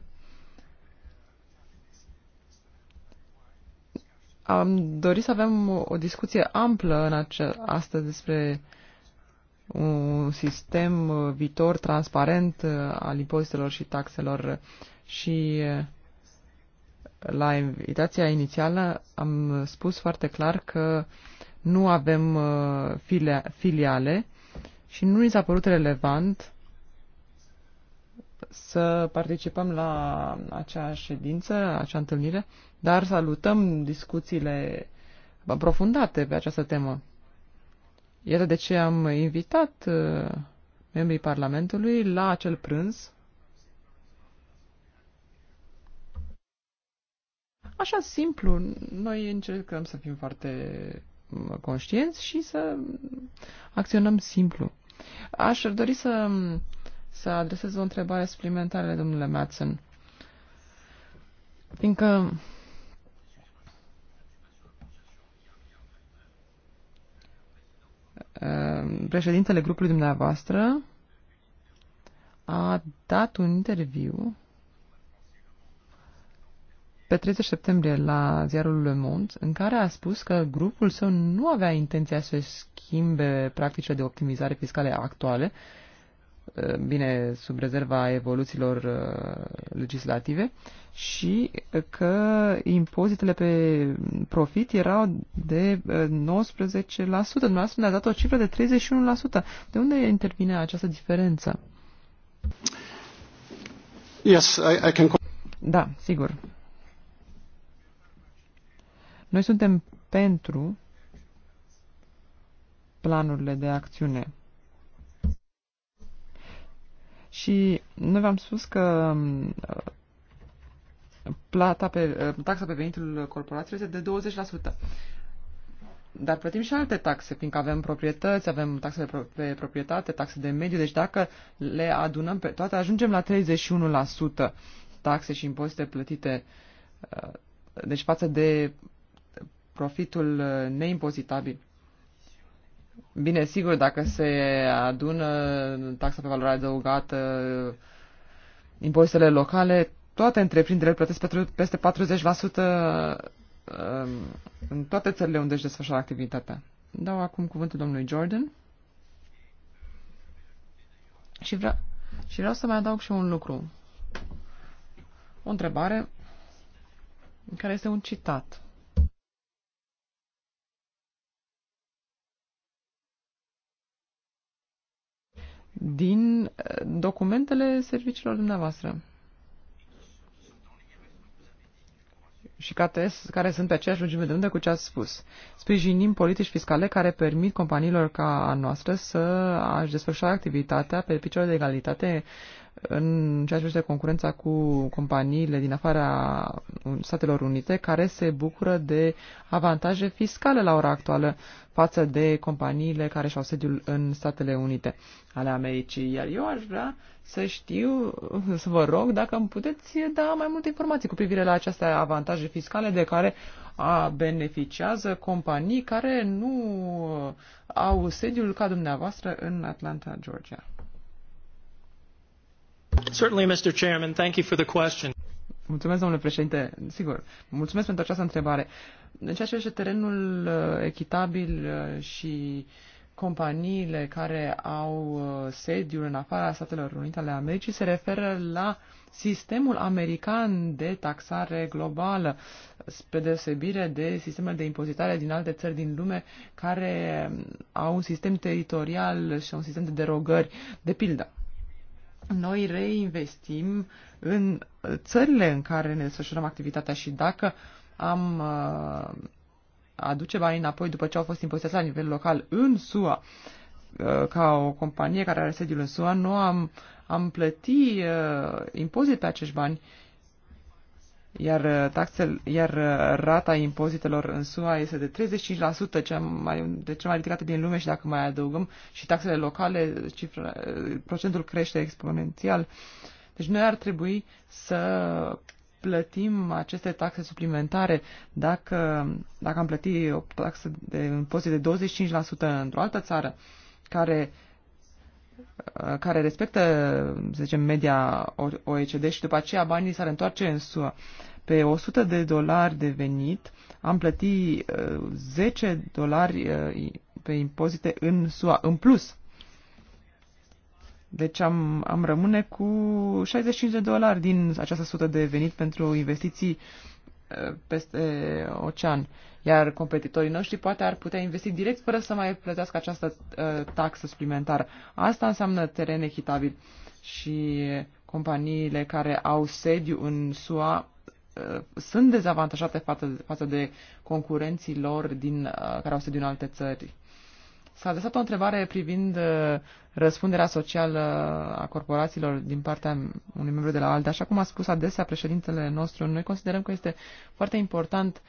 Am dorit să avem o discuție amplă în ace- astăzi despre un sistem uh, viitor transparent uh, al impozitelor și taxelor și uh, la invitația inițială am spus foarte clar că nu avem uh, filiale și nu ni s-a părut relevant să participăm la acea ședință, acea întâlnire, dar salutăm discuțiile aprofundate pe această temă. Iată de ce am invitat uh, membrii Parlamentului la acel prânz Așa simplu, noi încercăm să fim foarte mm, conștienți și să acționăm simplu. Aș dori să, să adresez o întrebare suplimentară, domnule Madsen. Fiindcă ehm, președintele grupului dumneavoastră a dat un interviu pe 30 septembrie la ziarul Le Monde, în care a spus că grupul său nu avea intenția să schimbe practicile de optimizare fiscale actuale, eh, bine, sub rezerva evoluțiilor eh, legislative, și că impozitele pe profit erau de 19%. Eh, Dumneavoastră ne-a dat o cifră de 31%. De unde intervine această diferență? Yes, I, I can... Da, sigur. Noi suntem pentru planurile de acțiune. Și noi v-am spus că uh, plata pe, uh, taxa pe venitul corporației este de 20%. Dar plătim și alte taxe, fiindcă avem proprietăți, avem taxe pe proprietate, taxe de mediu, deci dacă le adunăm pe toate, ajungem la 31% taxe și impozite plătite, uh, deci față de profitul uh, neimpozitabil. Bine, sigur, dacă se adună taxa pe valoare adăugată, uh, impozitele locale, toate întreprinderile plătesc peste 40% uh, în toate țările unde își desfășoară activitatea. Dau acum cuvântul domnului Jordan. Și, vreau, și vreau să mai adaug și un lucru. O întrebare care este un citat. din eh, documentele serviciilor dumneavoastră. și care sunt pe aceeași lungime de unde cu ce ați spus. Sprijinim politici fiscale care permit companiilor ca a noastră să își desfășoare activitatea pe picioare de egalitate în ceea ce privește concurența cu companiile din afara Statelor Unite, care se bucură de avantaje fiscale la ora actuală față de companiile care și-au sediul în Statele Unite ale Americii. Iar eu aș vrea să știu, să vă rog, dacă îmi puteți da mai multe informații cu privire la aceste avantaje fiscale de care a beneficiază companii care nu uh, au sediul ca dumneavoastră în Atlanta, Georgia. Certainly, Mr. Chairman, thank you for the question. Mulțumesc, domnule președinte. Sigur, mulțumesc pentru această întrebare. În ceea ce este terenul uh, echitabil uh, și companiile care au uh, sediul în afara Statelor Unite ale Americii se referă la sistemul american de taxare globală, spre deosebire de sistemele de impozitare din alte țări din lume care um, au un sistem teritorial și un sistem de derogări, de pildă noi reinvestim în țările în care ne desfășurăm activitatea și dacă am uh, aduce banii înapoi după ce au fost impozitați la nivel local în SUA, uh, ca o companie care are sediul în SUA, nu am, am plătit uh, impozit pe acești bani iar, uh, taxel, iar uh, rata impozitelor în SUA este de 35%, cea mai, de cea mai ridicată din lume și dacă mai adăugăm și taxele locale, cifra, uh, procentul crește exponențial. Deci noi ar trebui să plătim aceste taxe suplimentare. Dacă, dacă am plătit o taxă de impozit de 25% într-o altă țară care uh, Uh, care respectă, să zicem, media OECD și după aceea banii s-ar întoarce în SUA. Pe 100 de dolari de venit am plătit 10 uh, dolari uh, pe impozite în SUA, în plus. Deci am, am rămâne cu 65 de dolari din această sută de venit pentru investiții uh, peste ocean. Iar competitorii noștri poate ar putea investi direct fără să mai plătească această uh, taxă suplimentară. Asta înseamnă teren echitabil și companiile care au sediu în SUA uh, sunt dezavantajate față, față de concurenții lor din, uh, care au sediu în alte țări. S-a adresat o întrebare privind uh, răspunderea socială a corporațiilor din partea unui membru de la ALDE. Așa cum a spus adesea președintele nostru, noi considerăm că este foarte important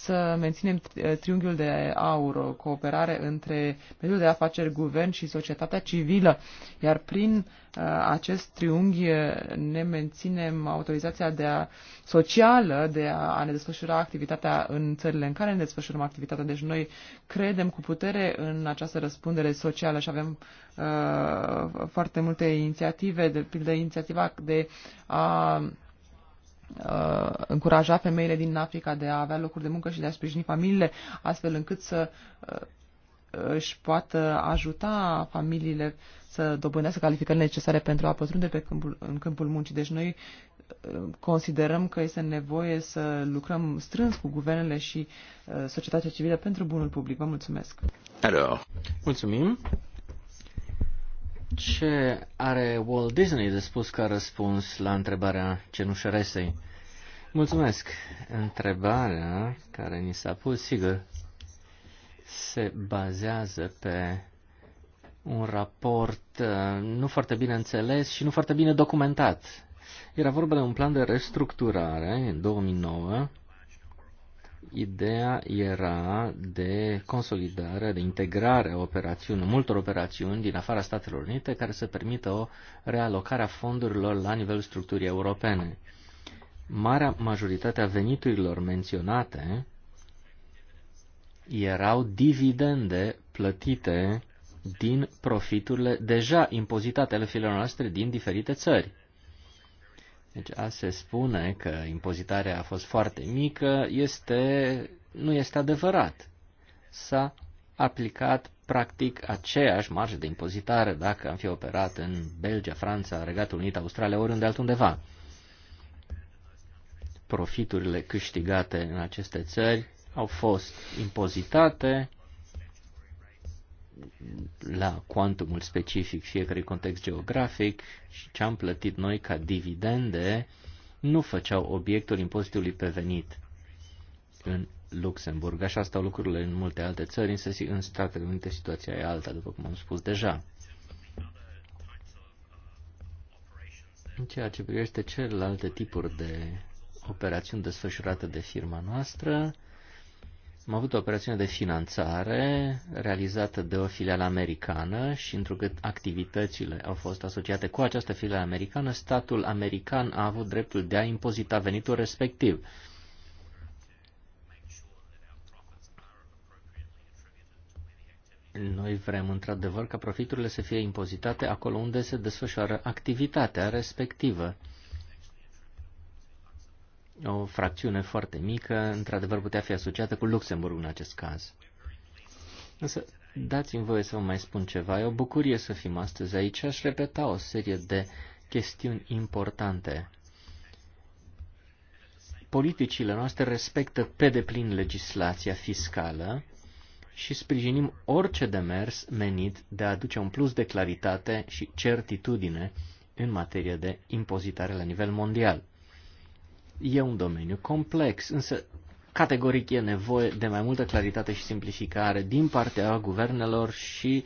să menținem eh, triunghiul de aur, o cooperare între mediul de afaceri, guvern și societatea civilă. Iar prin eh, acest triunghi eh, ne menținem autorizația de a, socială de a, a ne desfășura activitatea în țările în care ne desfășurăm activitatea. Deci noi credem cu putere în această răspundere socială și avem uh, foarte multe inițiative, de pildă inițiativa de a uh, uh, încuraja femeile din Africa de a avea locuri de muncă și de a sprijini familiile, astfel încât să uh, își poată ajuta familiile să dobândească calificările necesare pentru a pătrunde pe câmpul, în câmpul muncii. Deci noi uh, considerăm că este nevoie să lucrăm strâns cu guvernele și uh, societatea civilă pentru bunul public. Vă mulțumesc! Hello. Mulțumim! Ce are Walt Disney de spus ca răspuns la întrebarea cenușăresei? Mulțumesc. Întrebarea care ni s-a pus, sigur, se bazează pe un raport uh, nu foarte bine înțeles și nu foarte bine documentat. Era vorba de un plan de restructurare în 2009 ideea era de consolidare, de integrare a operațiuni, multor operațiuni din afara Statelor Unite care să permită o realocare a fondurilor la nivelul structurii europene. Marea majoritate a veniturilor menționate erau dividende plătite din profiturile deja impozitate ale filelor noastre din diferite țări. Deci a se spune că impozitarea a fost foarte mică este, nu este adevărat. S-a aplicat practic aceeași marjă de impozitare dacă am fi operat în Belgia, Franța, Regatul Unit, Australia, oriunde altundeva. Profiturile câștigate în aceste țări au fost impozitate la cuantumul specific fiecărui context geografic și ce am plătit noi ca dividende nu făceau obiectul impozitului pe venit în Luxemburg. Așa stau lucrurile în multe alte țări, însă în Statele Unite situația e alta, după cum am spus deja. În ceea ce privește celelalte tipuri de operațiuni desfășurate de firma noastră, am avut o operațiune de finanțare realizată de o filială americană și întrucât activitățile au fost asociate cu această filială americană, statul american a avut dreptul de a impozita venitul respectiv. Noi vrem într-adevăr ca profiturile să fie impozitate acolo unde se desfășoară activitatea respectivă o fracțiune foarte mică, într-adevăr putea fi asociată cu Luxemburg în acest caz. Însă, dați-mi voie să vă mai spun ceva. E o bucurie să fim astăzi aici. Aș repeta o serie de chestiuni importante. Politicile noastre respectă pe deplin legislația fiscală și sprijinim orice demers menit de a aduce un plus de claritate și certitudine în materie de impozitare la nivel mondial. E un domeniu complex, însă categoric e nevoie de mai multă claritate și simplificare din partea guvernelor și,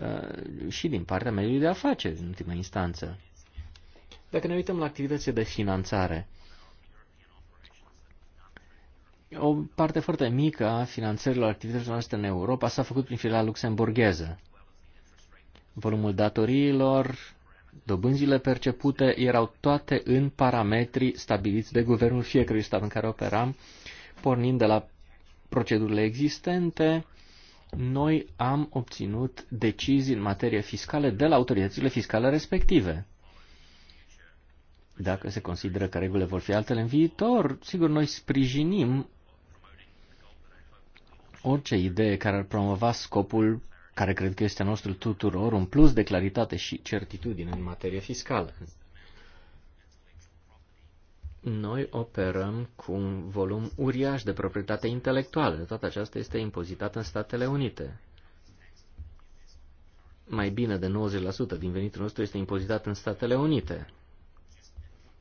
uh, și din partea mediului de afaceri, în ultima instanță. Dacă ne uităm la activitățile de finanțare, o parte foarte mică a finanțărilor activităților noastre în Europa s-a făcut prin filiala luxemburgheză. Volumul datoriilor Dobânzile percepute erau toate în parametrii stabiliți de guvernul fiecărui stat în care operam, pornind de la procedurile existente, noi am obținut decizii în materie fiscală de la autoritățile fiscale respective. Dacă se consideră că regulile vor fi altele în viitor, sigur, noi sprijinim orice idee care ar promova scopul care cred că este a nostru tuturor, un plus de claritate și certitudine în materie fiscală. Noi operăm cu un volum uriaș de proprietate intelectuală. Toată aceasta este impozitată în Statele Unite. Mai bine de 90% din venitul nostru este impozitat în Statele Unite.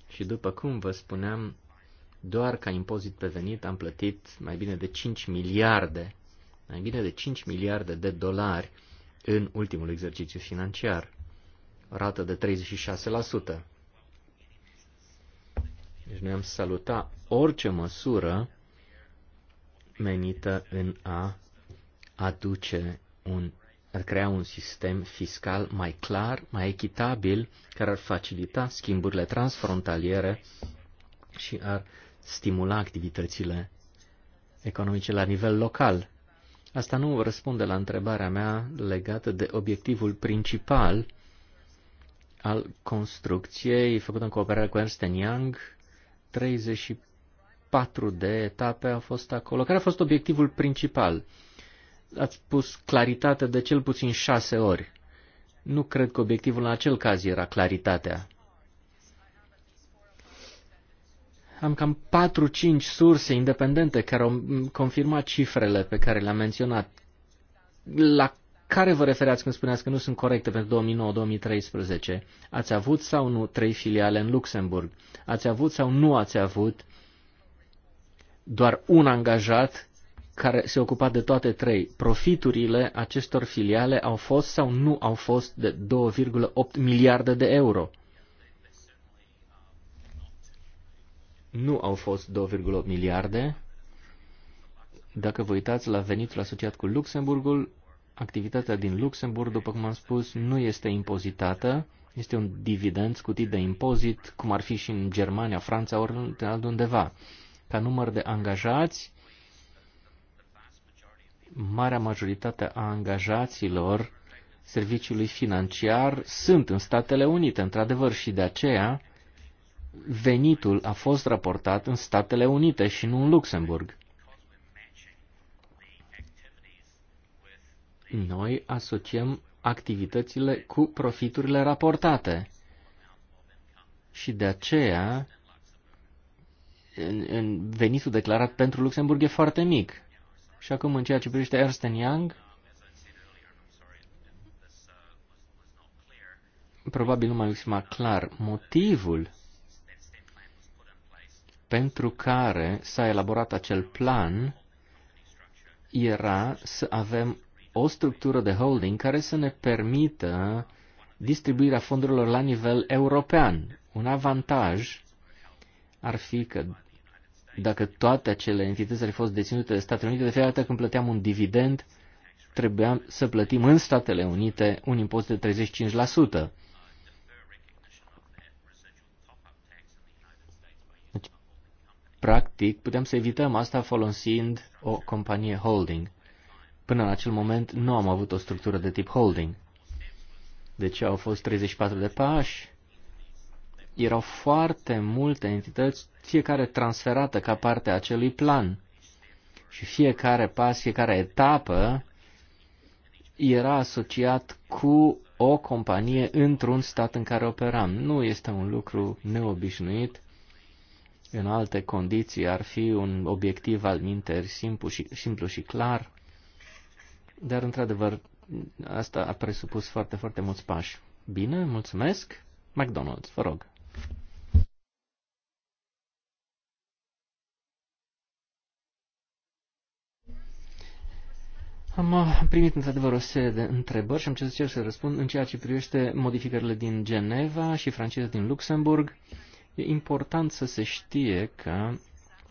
Și după cum vă spuneam, doar ca impozit pe venit am plătit mai bine de 5 miliarde mai bine de 5 miliarde de dolari în ultimul exercițiu financiar, o rată de 36%. Deci noi am salutat orice măsură menită în a aduce un ar crea un sistem fiscal mai clar, mai echitabil, care ar facilita schimburile transfrontaliere și ar stimula activitățile economice la nivel local. Asta nu răspunde la întrebarea mea legată de obiectivul principal al construcției făcută în cooperare cu Ernst Young. 34 de etape au fost acolo. Care a fost obiectivul principal? Ați pus claritate de cel puțin șase ori. Nu cred că obiectivul în acel caz era claritatea. Am cam 4-5 surse independente care au confirmat cifrele pe care le-am menționat. La care vă referați când spuneați că nu sunt corecte pentru 2009-2013? Ați avut sau nu trei filiale în Luxemburg? Ați avut sau nu ați avut doar un angajat care se ocupa de toate trei? Profiturile acestor filiale au fost sau nu au fost de 2,8 miliarde de euro? nu au fost 2,8 miliarde. Dacă vă uitați la venitul asociat cu Luxemburgul, activitatea din Luxemburg, după cum am spus, nu este impozitată, este un dividend scutit de impozit, cum ar fi și în Germania, Franța, ori altundeva. Ca număr de angajați, marea majoritate a angajaților serviciului financiar sunt în Statele Unite, într-adevăr, și de aceea venitul a fost raportat în Statele Unite și nu în Luxemburg. Noi asociem activitățile cu profiturile raportate. Și de aceea în, în venitul declarat pentru Luxemburg e foarte mic. Și acum în ceea ce privește Ernst Young, probabil nu mai exprima clar motivul pentru care s-a elaborat acel plan era să avem o structură de holding care să ne permită distribuirea fondurilor la nivel european. Un avantaj ar fi că dacă toate acele entități ar fi fost deținute de Statele Unite, de fiecare dată când plăteam un dividend, trebuia să plătim în Statele Unite un impozit de 35%. Practic, putem să evităm asta folosind o companie holding. Până în acel moment nu am avut o structură de tip holding. Deci au fost 34 de pași, erau foarte multe entități, fiecare transferată ca parte a acelui plan. Și fiecare pas, fiecare etapă era asociat cu o companie într-un stat în care operam. Nu este un lucru neobișnuit în alte condiții ar fi un obiectiv al minteri simplu și, simplu și clar, dar într-adevăr asta a presupus foarte, foarte mulți pași. Bine, mulțumesc. McDonald's, vă rog. Am uh, primit într-adevăr o serie de întrebări și am cer să răspund în ceea ce privește modificările din Geneva și franceză din Luxemburg. E important să se știe că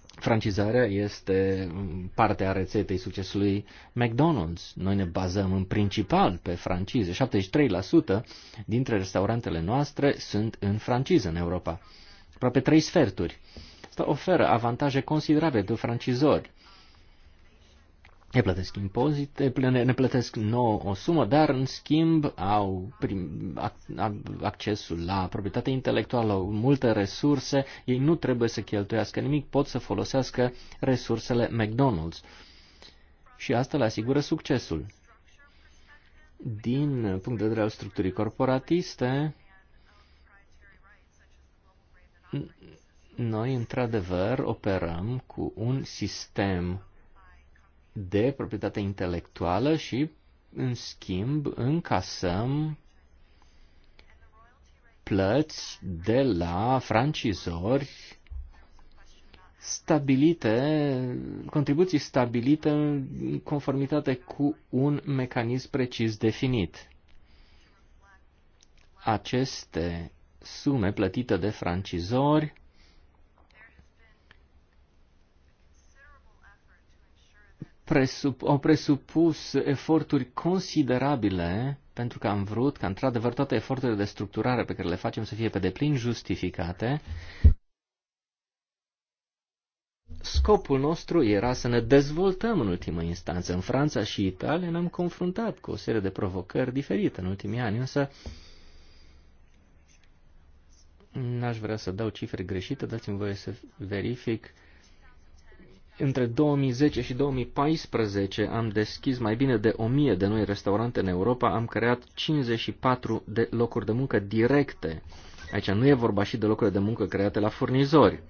francizarea este parte a rețetei succesului McDonald's. Noi ne bazăm în principal pe francize. 73% dintre restaurantele noastre sunt în franciză în Europa. Aproape trei sferturi. Asta oferă avantaje considerabile de francizori ne plătesc impozite, ne plătesc nouă o sumă, dar în schimb au prim, ac, accesul la proprietate intelectuală, multe resurse, ei nu trebuie să cheltuiască nimic, pot să folosească resursele McDonald's. Și asta le asigură succesul. Din punct de vedere al structurii corporatiste, noi într-adevăr operăm cu un sistem de proprietate intelectuală și, în schimb, încasăm plăți de la francizori stabilite, contribuții stabilite în conformitate cu un mecanism precis definit. Aceste sume plătite de francizori presup- au presupus eforturi considerabile pentru că am vrut ca într-adevăr toate eforturile de structurare pe care le facem să fie pe deplin justificate. Scopul nostru era să ne dezvoltăm în ultimă instanță. În Franța și Italia ne-am confruntat cu o serie de provocări diferite în ultimii ani, însă n-aș vrea să dau cifre greșite, dați-mi voie să verific. Între 2010 și 2014 am deschis mai bine de 1000 de noi restaurante în Europa, am creat 54 de locuri de muncă directe. Aici nu e vorba și de locuri de muncă create la furnizori.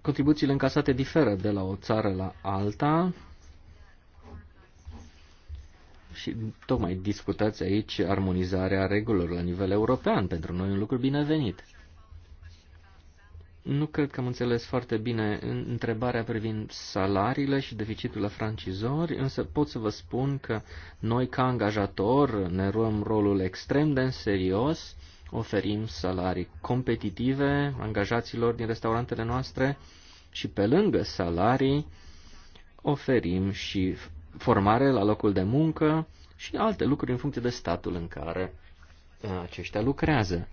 Contribuțiile încasate diferă de la o țară la alta și tocmai discutați aici armonizarea regulilor la nivel european. Pentru noi un lucru binevenit. Nu cred că am înțeles foarte bine întrebarea privind salariile și deficitul la francizori, însă pot să vă spun că noi, ca angajator, ne luăm rolul extrem de în serios, oferim salarii competitive angajaților din restaurantele noastre și pe lângă salarii oferim și formare la locul de muncă și alte lucruri în funcție de statul în care uh, aceștia lucrează.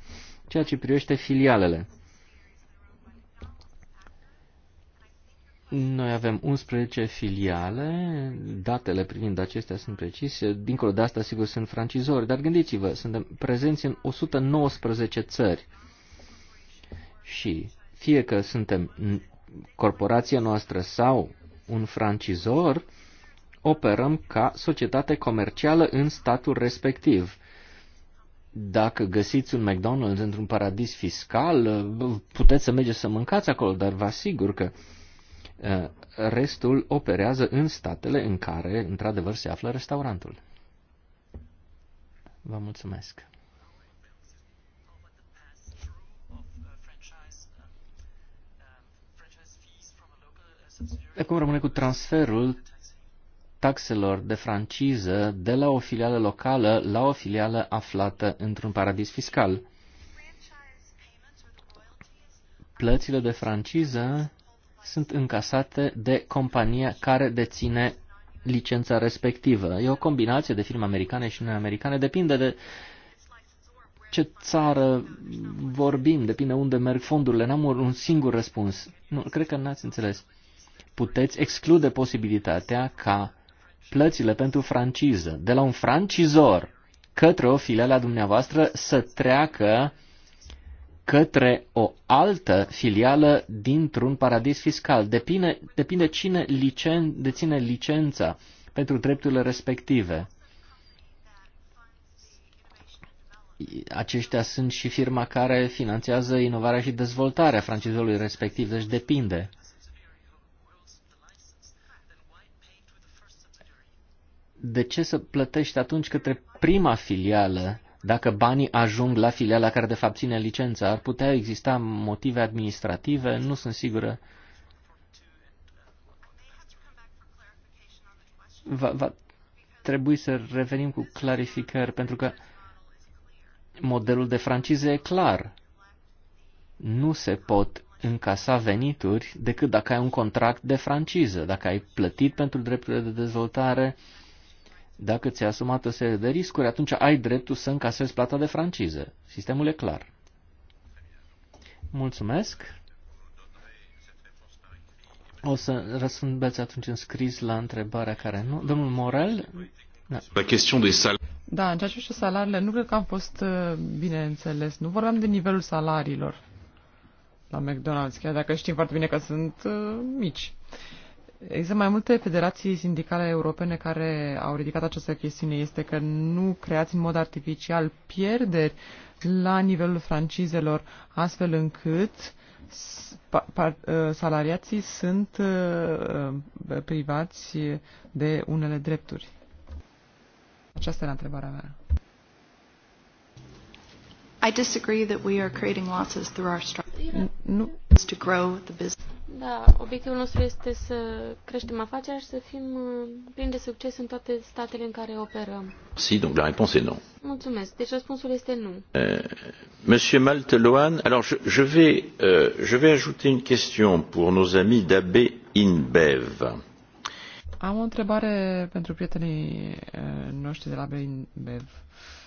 Ceea ce privește filialele Noi avem 11 filiale, datele privind acestea sunt precise, dincolo de asta sigur sunt francizori, dar gândiți-vă, suntem prezenți în 119 țări și fie că suntem corporația noastră sau un francizor, operăm ca societate comercială în statul respectiv. Dacă găsiți un McDonald's într-un paradis fiscal, puteți să mergeți să mâncați acolo, dar vă asigur că uh, Eh, restul operează în statele în care, într-adevăr, se află restaurantul. Vă mulțumesc. Acum rămâne cu transferul taxelor de franciză de la o filială locală la o filială aflată într-un paradis fiscal. Plățile de franciză sunt încasate de compania care deține licența respectivă. E o combinație de firme americane și neamericane, depinde de ce țară vorbim, depinde unde merg fondurile, n-am un singur răspuns. Nu, cred că n-ați înțeles. Puteți exclude posibilitatea ca plățile pentru franciză de la un francizor către o filială a dumneavoastră să treacă către o altă filială dintr-un paradis fiscal. Depinde, depinde cine licen, deține licența pentru drepturile respective. Aceștia sunt și firma care finanțează inovarea și dezvoltarea francizului respectiv, deci depinde. De ce să plătești atunci către prima filială dacă banii ajung la filiala care de fapt ține licența. Ar putea exista motive administrative, nu sunt sigură. Va, va trebui să revenim cu clarificări, pentru că modelul de francize e clar. Nu se pot încasa venituri decât dacă ai un contract de franciză, dacă ai plătit pentru drepturile de dezvoltare, uh, dacă ți-ai asumat o serie de riscuri, atunci ai dreptul să încasezi plata de franciză. Sistemul e clar. Mulțumesc. O să răspundeți atunci în scris la întrebarea care nu. Domnul Morel? Da. La chestiune de sal- da, în ceea ce salariile, nu cred că am fost uh, bine înțeles. Nu vorbeam de nivelul salariilor la McDonald's, chiar dacă știm foarte bine că sunt uh, mici. Uh, Există mai multe federații sindicale europene care au ridicat această chestiune. Este că nu creați în mod artificial pierderi la nivelul francizelor, astfel încât uh, salariații sunt uh, privați de unele drepturi. Aceasta era întrebarea mea. I disagree that we are creating losses through our structure. To grow the business. Da, obiectivul nostru este să creștem afacerea și să fim uh, plini de succes în toate statele în care operăm. Si, donc la réponse est non. Mulțumesc. Deci răspunsul este nu. Uh, Monsieur Malteloan, alors je, je vais euh, je vais ajouter une question pour nos amis d'AB InBev. Am o întrebare pentru prietenii eh, noștri de la AB InBev. Uh,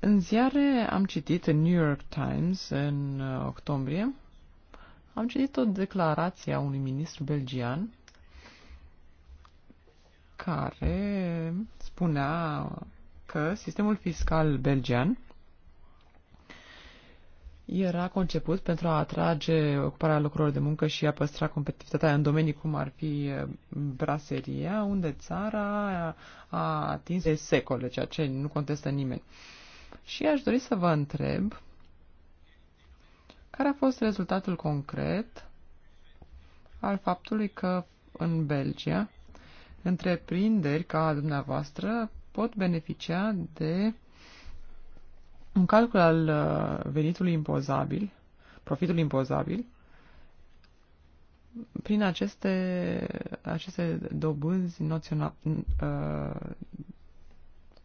în ziare am citit în New York Times în uh, octombrie, am citit o declarație a unui ministru belgian care spunea că sistemul fiscal belgian era conceput pentru a atrage ocuparea locurilor de muncă și a păstra competitivitatea în domenii cum ar fi uh, braseria, unde țara a atins de secole, ceea ce nu contestă nimeni. Și aș dori să vă întreb care a fost rezultatul concret al faptului că în Belgia întreprinderi ca dumneavoastră pot beneficia de un calcul al uh, venitului impozabil, profitul impozabil, prin aceste, aceste dobânzi noționa, uh,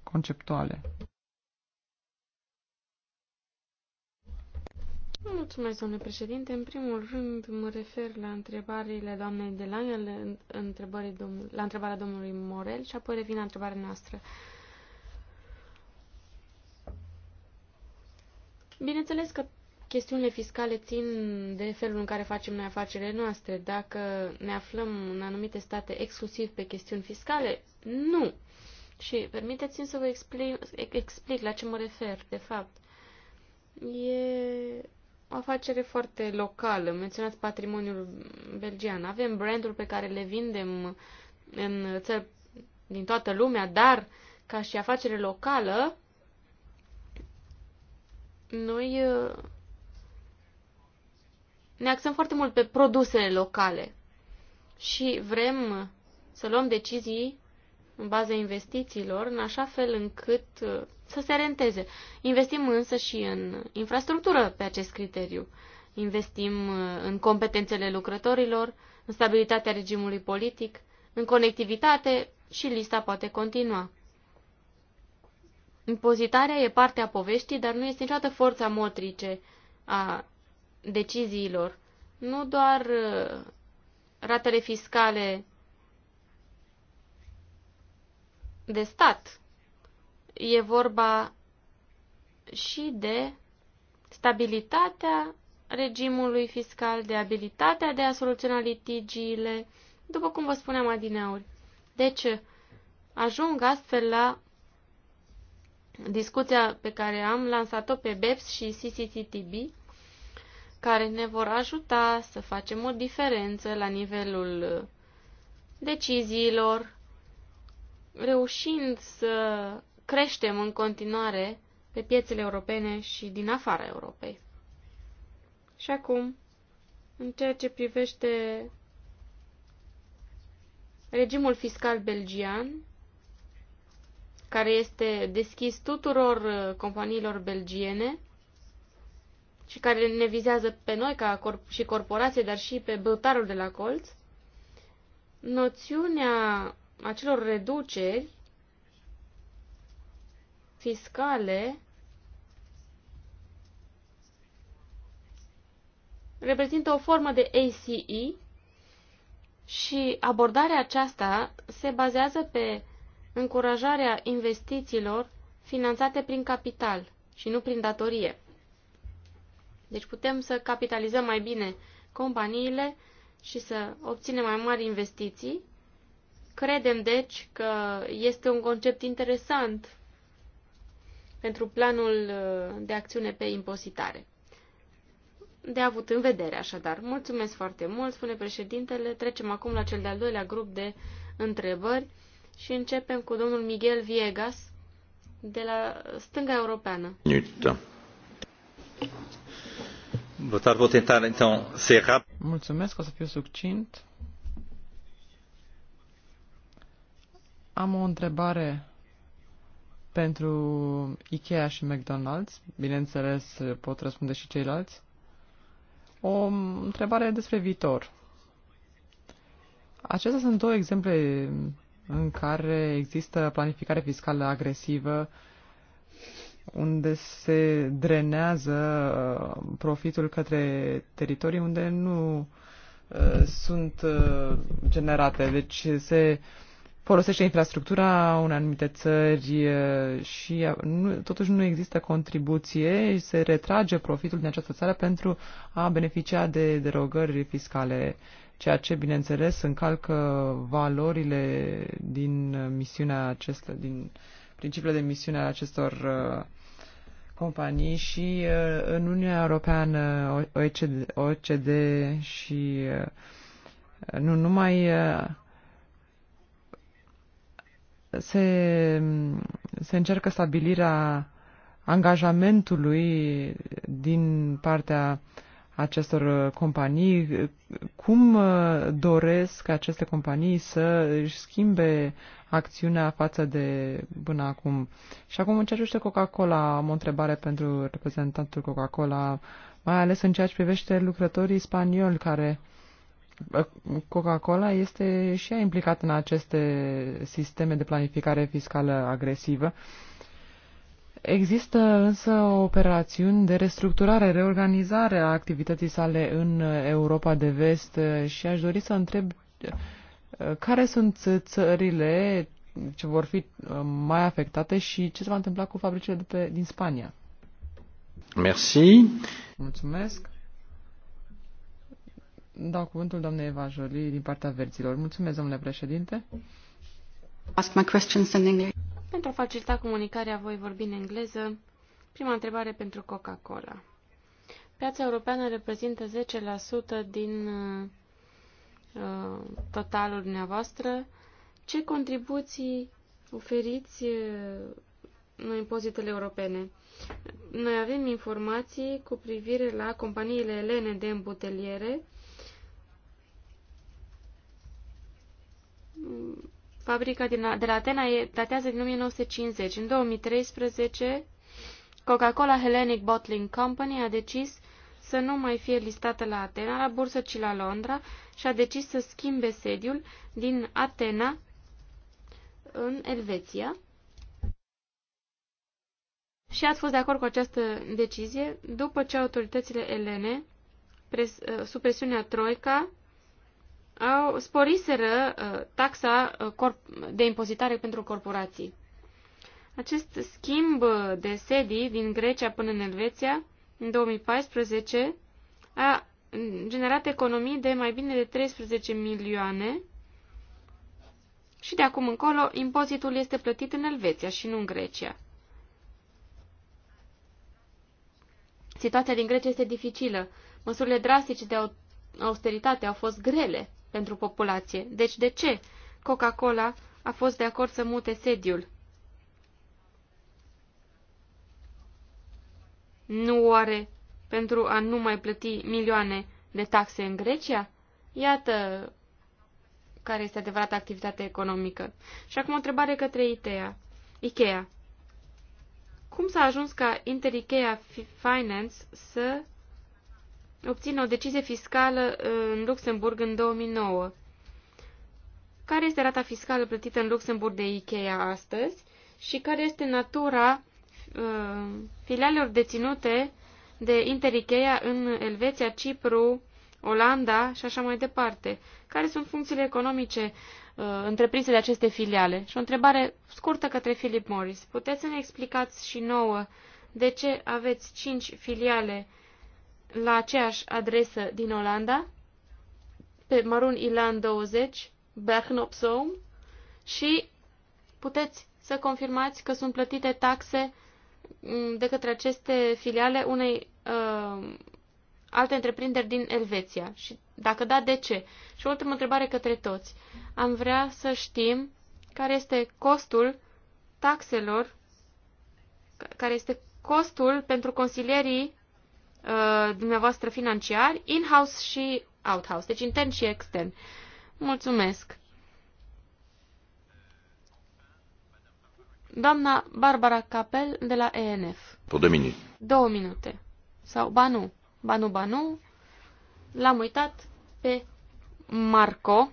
conceptuale. Mulțumesc, domnule președinte. În primul rând, mă refer la întrebările doamnei de Lange, la întrebarea domnului Morel și apoi revin la întrebarea noastră. Bineînțeles că chestiunile fiscale țin de felul în care facem noi afacerile noastre. Dacă ne aflăm în anumite state exclusiv pe chestiuni fiscale, nu. Și permiteți-mi să vă explic, explic la ce mă refer, de fapt. E o afacere foarte locală. Menționați patrimoniul belgian. Avem branduri pe care le vindem în țări din toată lumea, dar ca și afacere locală, noi uh, ne axăm foarte mult pe produsele locale și vrem să luăm decizii în baza investițiilor, în așa fel încât uh, să se renteze. Investim însă și în infrastructură pe acest criteriu. Investim uh, în competențele lucrătorilor, în stabilitatea regimului politic, în conectivitate și lista poate continua. Impozitarea e partea poveștii, dar nu este niciodată forța motrice a deciziilor. Nu doar uh, ratele fiscale de stat. E vorba și de stabilitatea regimului fiscal, de abilitatea de a soluționa litigiile, după cum vă spuneam adineauri. Deci, ajung astfel la discuția pe care am lansat-o pe BEPS și CCTB, care ne vor ajuta să facem o diferență la nivelul deciziilor reușind să creștem în continuare pe piețele europene și din afara Europei. Și acum, în ceea ce privește regimul fiscal belgian, care este deschis tuturor uh, companiilor belgiene și care ne vizează pe noi ca corp- și corporație, dar și pe băutarul de la colț, noțiunea acelor reduceri fiscale reprezintă o formă de ACE și abordarea aceasta se bazează pe încurajarea investițiilor finanțate prin capital și nu prin datorie. Deci putem să capitalizăm mai bine companiile și să obținem mai mari investiții Credem, deci, că este un concept interesant pentru planul uh, de acțiune pe impozitare. De avut în vedere, așadar. Mulțumesc foarte mult, spune președintele. Trecem acum la cel de-al doilea grup de întrebări și începem cu domnul Miguel Viegas de la Stânga Europeană. Mulțumesc, o să fiu succint. Am o întrebare pentru Ikea și McDonald's. Bineînțeles, pot răspunde și ceilalți. O întrebare despre viitor. Acestea sunt două exemple în care există planificare fiscală agresivă, unde se drenează uh, profitul către teritorii unde nu uh, sunt uh, generate. Deci se uh, folosește infrastructura unei anumite țări și nu, totuși nu există contribuție, și se retrage profitul din această țară pentru a beneficia de derogări fiscale, ceea ce, bineînțeles, încalcă valorile din misiunea acestor, din principiile de misiune a acestor companii și în Uniunea Europeană, OECD, OECD și nu numai se, se încercă stabilirea angajamentului din partea acestor companii, cum uh, doresc aceste companii să își schimbe acțiunea față de până acum. Și acum încercește ce Coca-Cola, am o întrebare pentru reprezentantul Coca-Cola, mai ales în ceea ce privește lucrătorii spanioli care uh, Coca-Cola este și ea implicată în aceste sisteme de planificare fiscală agresivă. Există însă operațiuni de restructurare, reorganizare a activității sale în Europa de Vest și aș dori să întreb uh, care sunt țările ce vor fi uh, mai afectate și ce se va întâmpla cu fabricile de pe, din Spania. Merci. Mulțumesc dau cuvântul doamnei Eva Jolie din partea verților. Mulțumesc, domnule președinte. Ask my questions in English. Pentru a facilita comunicarea, voi vorbi în engleză. Prima întrebare pentru Coca-Cola. Piața europeană reprezintă 10% din uh, totalul dumneavoastră. Ce contribuții oferiți uh, în impozitele europene? Noi avem informații cu privire la companiile elene de îmbuteliere fabrica din, de la Atena e, datează din 1950. În 2013, Coca-Cola Hellenic Bottling Company a decis să nu mai fie listată la Atena, la bursă, ci la Londra și a decis să schimbe sediul din Atena în Elveția. Și ați fost de acord cu această decizie după ce autoritățile elene, pres, sub presiunea Troica, au sporiseră uh, taxa uh, de impozitare pentru corporații. Acest schimb de sedii din Grecia până în Elveția, în 2014, a generat economii de mai bine de 13 milioane și de acum încolo impozitul este plătit în Elveția și nu în Grecia. Situația din Grecia este dificilă. Măsurile drastice de austeritate au fost grele pentru populație. Deci de ce Coca-Cola a fost de acord să mute sediul? Nu oare pentru a nu mai plăti milioane de taxe în Grecia? Iată care este adevărata activitate economică. Și acum o întrebare către ITEA. Ikea. Cum s-a ajuns ca Inter Ikea Finance să obțină o decizie fiscală uh, în Luxemburg în 2009. Care este rata fiscală plătită în Luxemburg de Ikea astăzi și care este natura uh, filialelor deținute de Inter Ikea în Elveția, Cipru, Olanda și așa mai departe? Care sunt funcțiile economice uh, întreprinse de aceste filiale? Și o întrebare scurtă către Philip Morris. Puteți să ne explicați și nouă de ce aveți cinci filiale uh, la aceeași adresă din Olanda, pe Marun Ilan 20, Bernop și puteți să confirmați că sunt plătite taxe mm, de către aceste filiale unei uh, alte întreprinderi din Elveția. Și dacă da, de ce? Și o ultimă întrebare către toți. Am vrea să știm care este costul taxelor, care este costul pentru consilierii Uh, dumneavoastră financiari, in-house și out-house, deci intern și extern. Mulțumesc! Doamna Barbara Capel de la ENF. Două minute. Două minute. Sau Banu. Banu Banu. L-am uitat pe Marco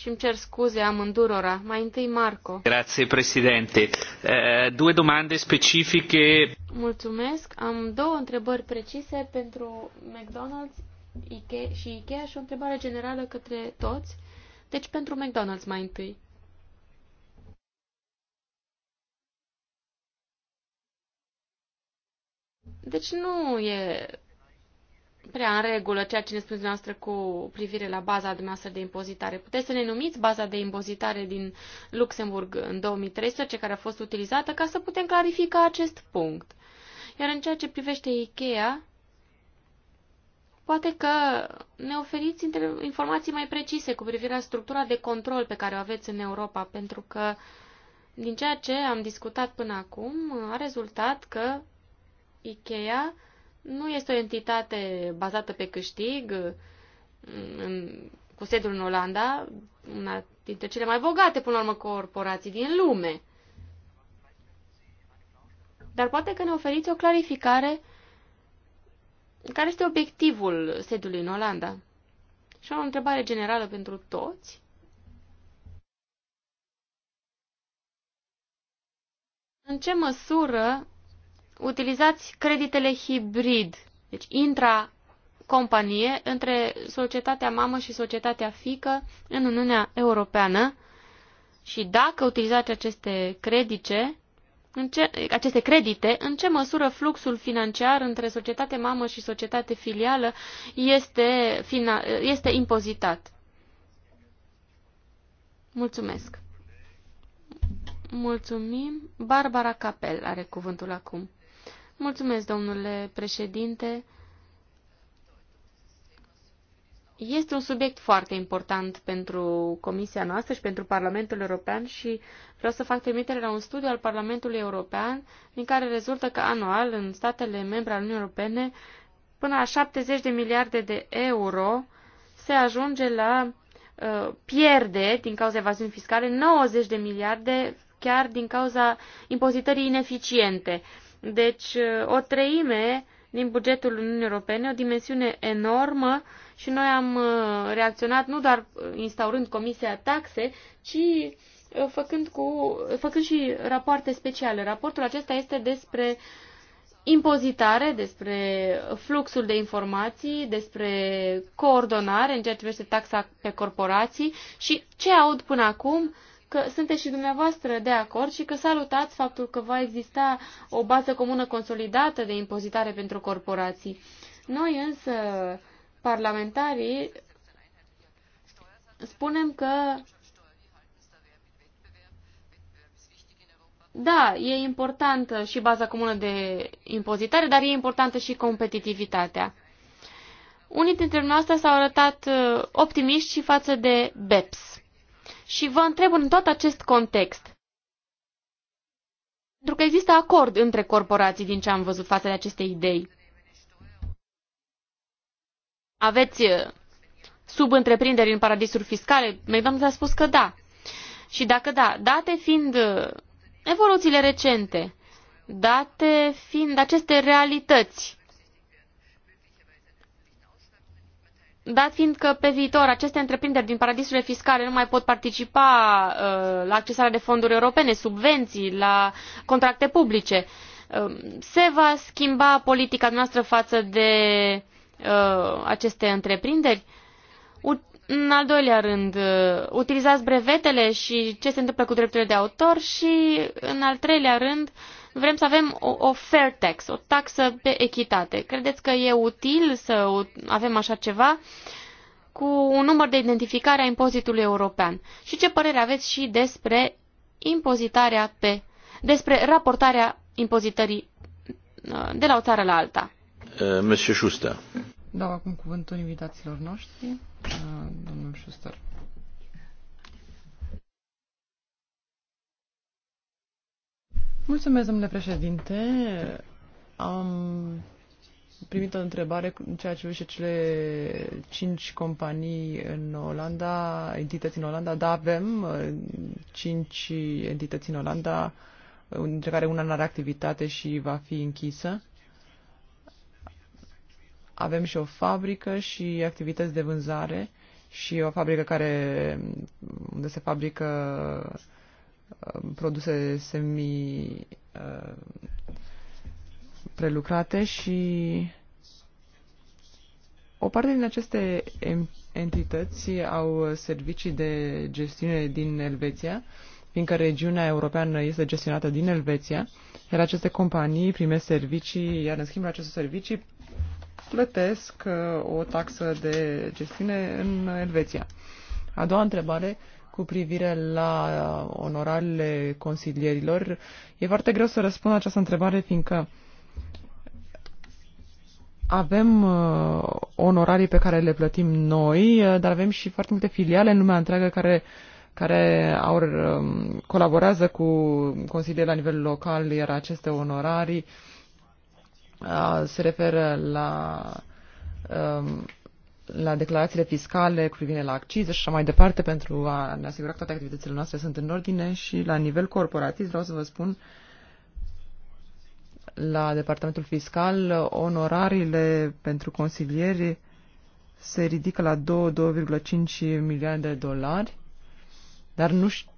și îmi cer scuze amândurora. Mai întâi Marco. Grazie, Presidente. Uh, eh, due domande specifiche. Mulțumesc. Am două întrebări precise pentru McDonald's Ikea și Ikea și o întrebare generală către toți. Deci pentru McDonald's mai întâi. Deci nu e prea în regulă ceea ce ne spuneți dumneavoastră cu privire la baza dumneavoastră de impozitare. Puteți să ne numiți baza de impozitare din Luxemburg în 2013, care a fost utilizată, ca să putem clarifica acest punct. Iar în ceea ce privește IKEA, poate că ne oferiți informații mai precise cu privire la structura de control pe care o aveți în Europa, pentru că din ceea ce am discutat până acum, a rezultat că IKEA nu este o entitate bazată pe câștig în, cu sediul în Olanda, una dintre cele mai bogate, până la urmă, corporații din lume. Dar poate că ne oferiți o clarificare care este obiectivul sediului în Olanda. Și o întrebare generală pentru toți. În ce măsură utilizați creditele hibrid, deci intra-companie, între societatea mamă și societatea fică în Uniunea Europeană și dacă utilizați aceste credite, în ce, aceste credite, în ce măsură fluxul financiar între societate mamă și societate filială este, fina, este impozitat. Mulțumesc. Mulțumim. Barbara Capel are cuvântul acum. Mulțumesc, domnule președinte. Este un subiect foarte important pentru Comisia noastră și pentru Parlamentul European și vreau să fac trimitere la un studiu al Parlamentului European din care rezultă că anual în statele membre ale Uniunii Europene până la 70 de miliarde de euro se ajunge la uh, pierde din cauza evaziunii fiscale 90 de miliarde chiar din cauza impozitării ineficiente. Uh, deci o treime din bugetul Uniunii Europene, o dimensiune enormă și noi am uh, reacționat nu doar instaurând Comisia Taxe, ci uh, făcând, cu, făcând și rapoarte speciale. Raportul acesta este despre impozitare, despre fluxul de informații, despre coordonare în ceea ce privește taxa pe corporații și ce aud până acum? că sunteți și dumneavoastră de acord și că salutați faptul că va exista o bază comună consolidată de impozitare pentru corporații. Noi însă, parlamentarii, spunem că Da, e importantă și baza comună de impozitare, dar e importantă și competitivitatea. Unii dintre noastre s-au arătat uh, optimiști și față de BEPS. Și vă întreb în tot acest context. Pentru că există acord între corporații din ce am văzut față de aceste idei. Aveți uh, sub întreprinderi în paradisuri fiscale? McDonald's a spus că da. Și dacă da, date fiind uh, evoluțiile recente, date fiind aceste realități Dat fiind că pe viitor aceste întreprinderi din paradisurile fiscale nu mai pot participa uh, la accesarea de fonduri europene, subvenții, la contracte publice, um, se va schimba politica noastră față de uh, aceste întreprinderi? U în al doilea rând, uh, utilizați brevetele și ce se întâmplă cu drepturile de autor și, în al treilea rând, uh, vrem să avem o, o fair tax, o taxă pe echitate. Credeți că e util să avem așa ceva cu un număr de identificare a impozitului european? Și ce părere aveți și despre impozitarea pe, despre raportarea impozitării uh, de la o țară la alta? Uh, Monsieur Schuster. Dau acum cuvântul invitaților noștri, uh, domnul Schuster. Mulțumesc, domnule președinte. Am primit o întrebare în ceea ce vise cele cinci companii în Olanda, entități în Olanda. Da, avem uh, cinci entități în Olanda, între uh, care una nu are activitate și va fi închisă. Avem și o fabrică și activități de vânzare și o fabrică care unde se fabrică Uh, produse semi uh, prelucrate și o parte din aceste entități au servicii de gestiune din Elveția, fiindcă regiunea europeană este gestionată din Elveția, iar aceste companii primesc servicii, iar în schimb aceste servicii plătesc uh, o taxă de gestiune în Elveția. A doua întrebare cu privire la onorarele consilierilor. E foarte greu să răspund această întrebare, fiindcă avem uh, onorarii pe care le plătim noi, uh, dar avem și foarte multe filiale în lumea întreagă care, care au, uh, colaborează cu consilierii la nivel local, iar aceste onorarii uh, se referă la uh, la declarațiile fiscale cu privire la accize și așa mai departe, pentru a ne asigura că toate activitățile noastre sunt în ordine și la nivel corporativ vreau să vă spun la departamentul fiscal onorarile pentru consilieri se ridică la 2,5 milioane de dolari, dar nu știu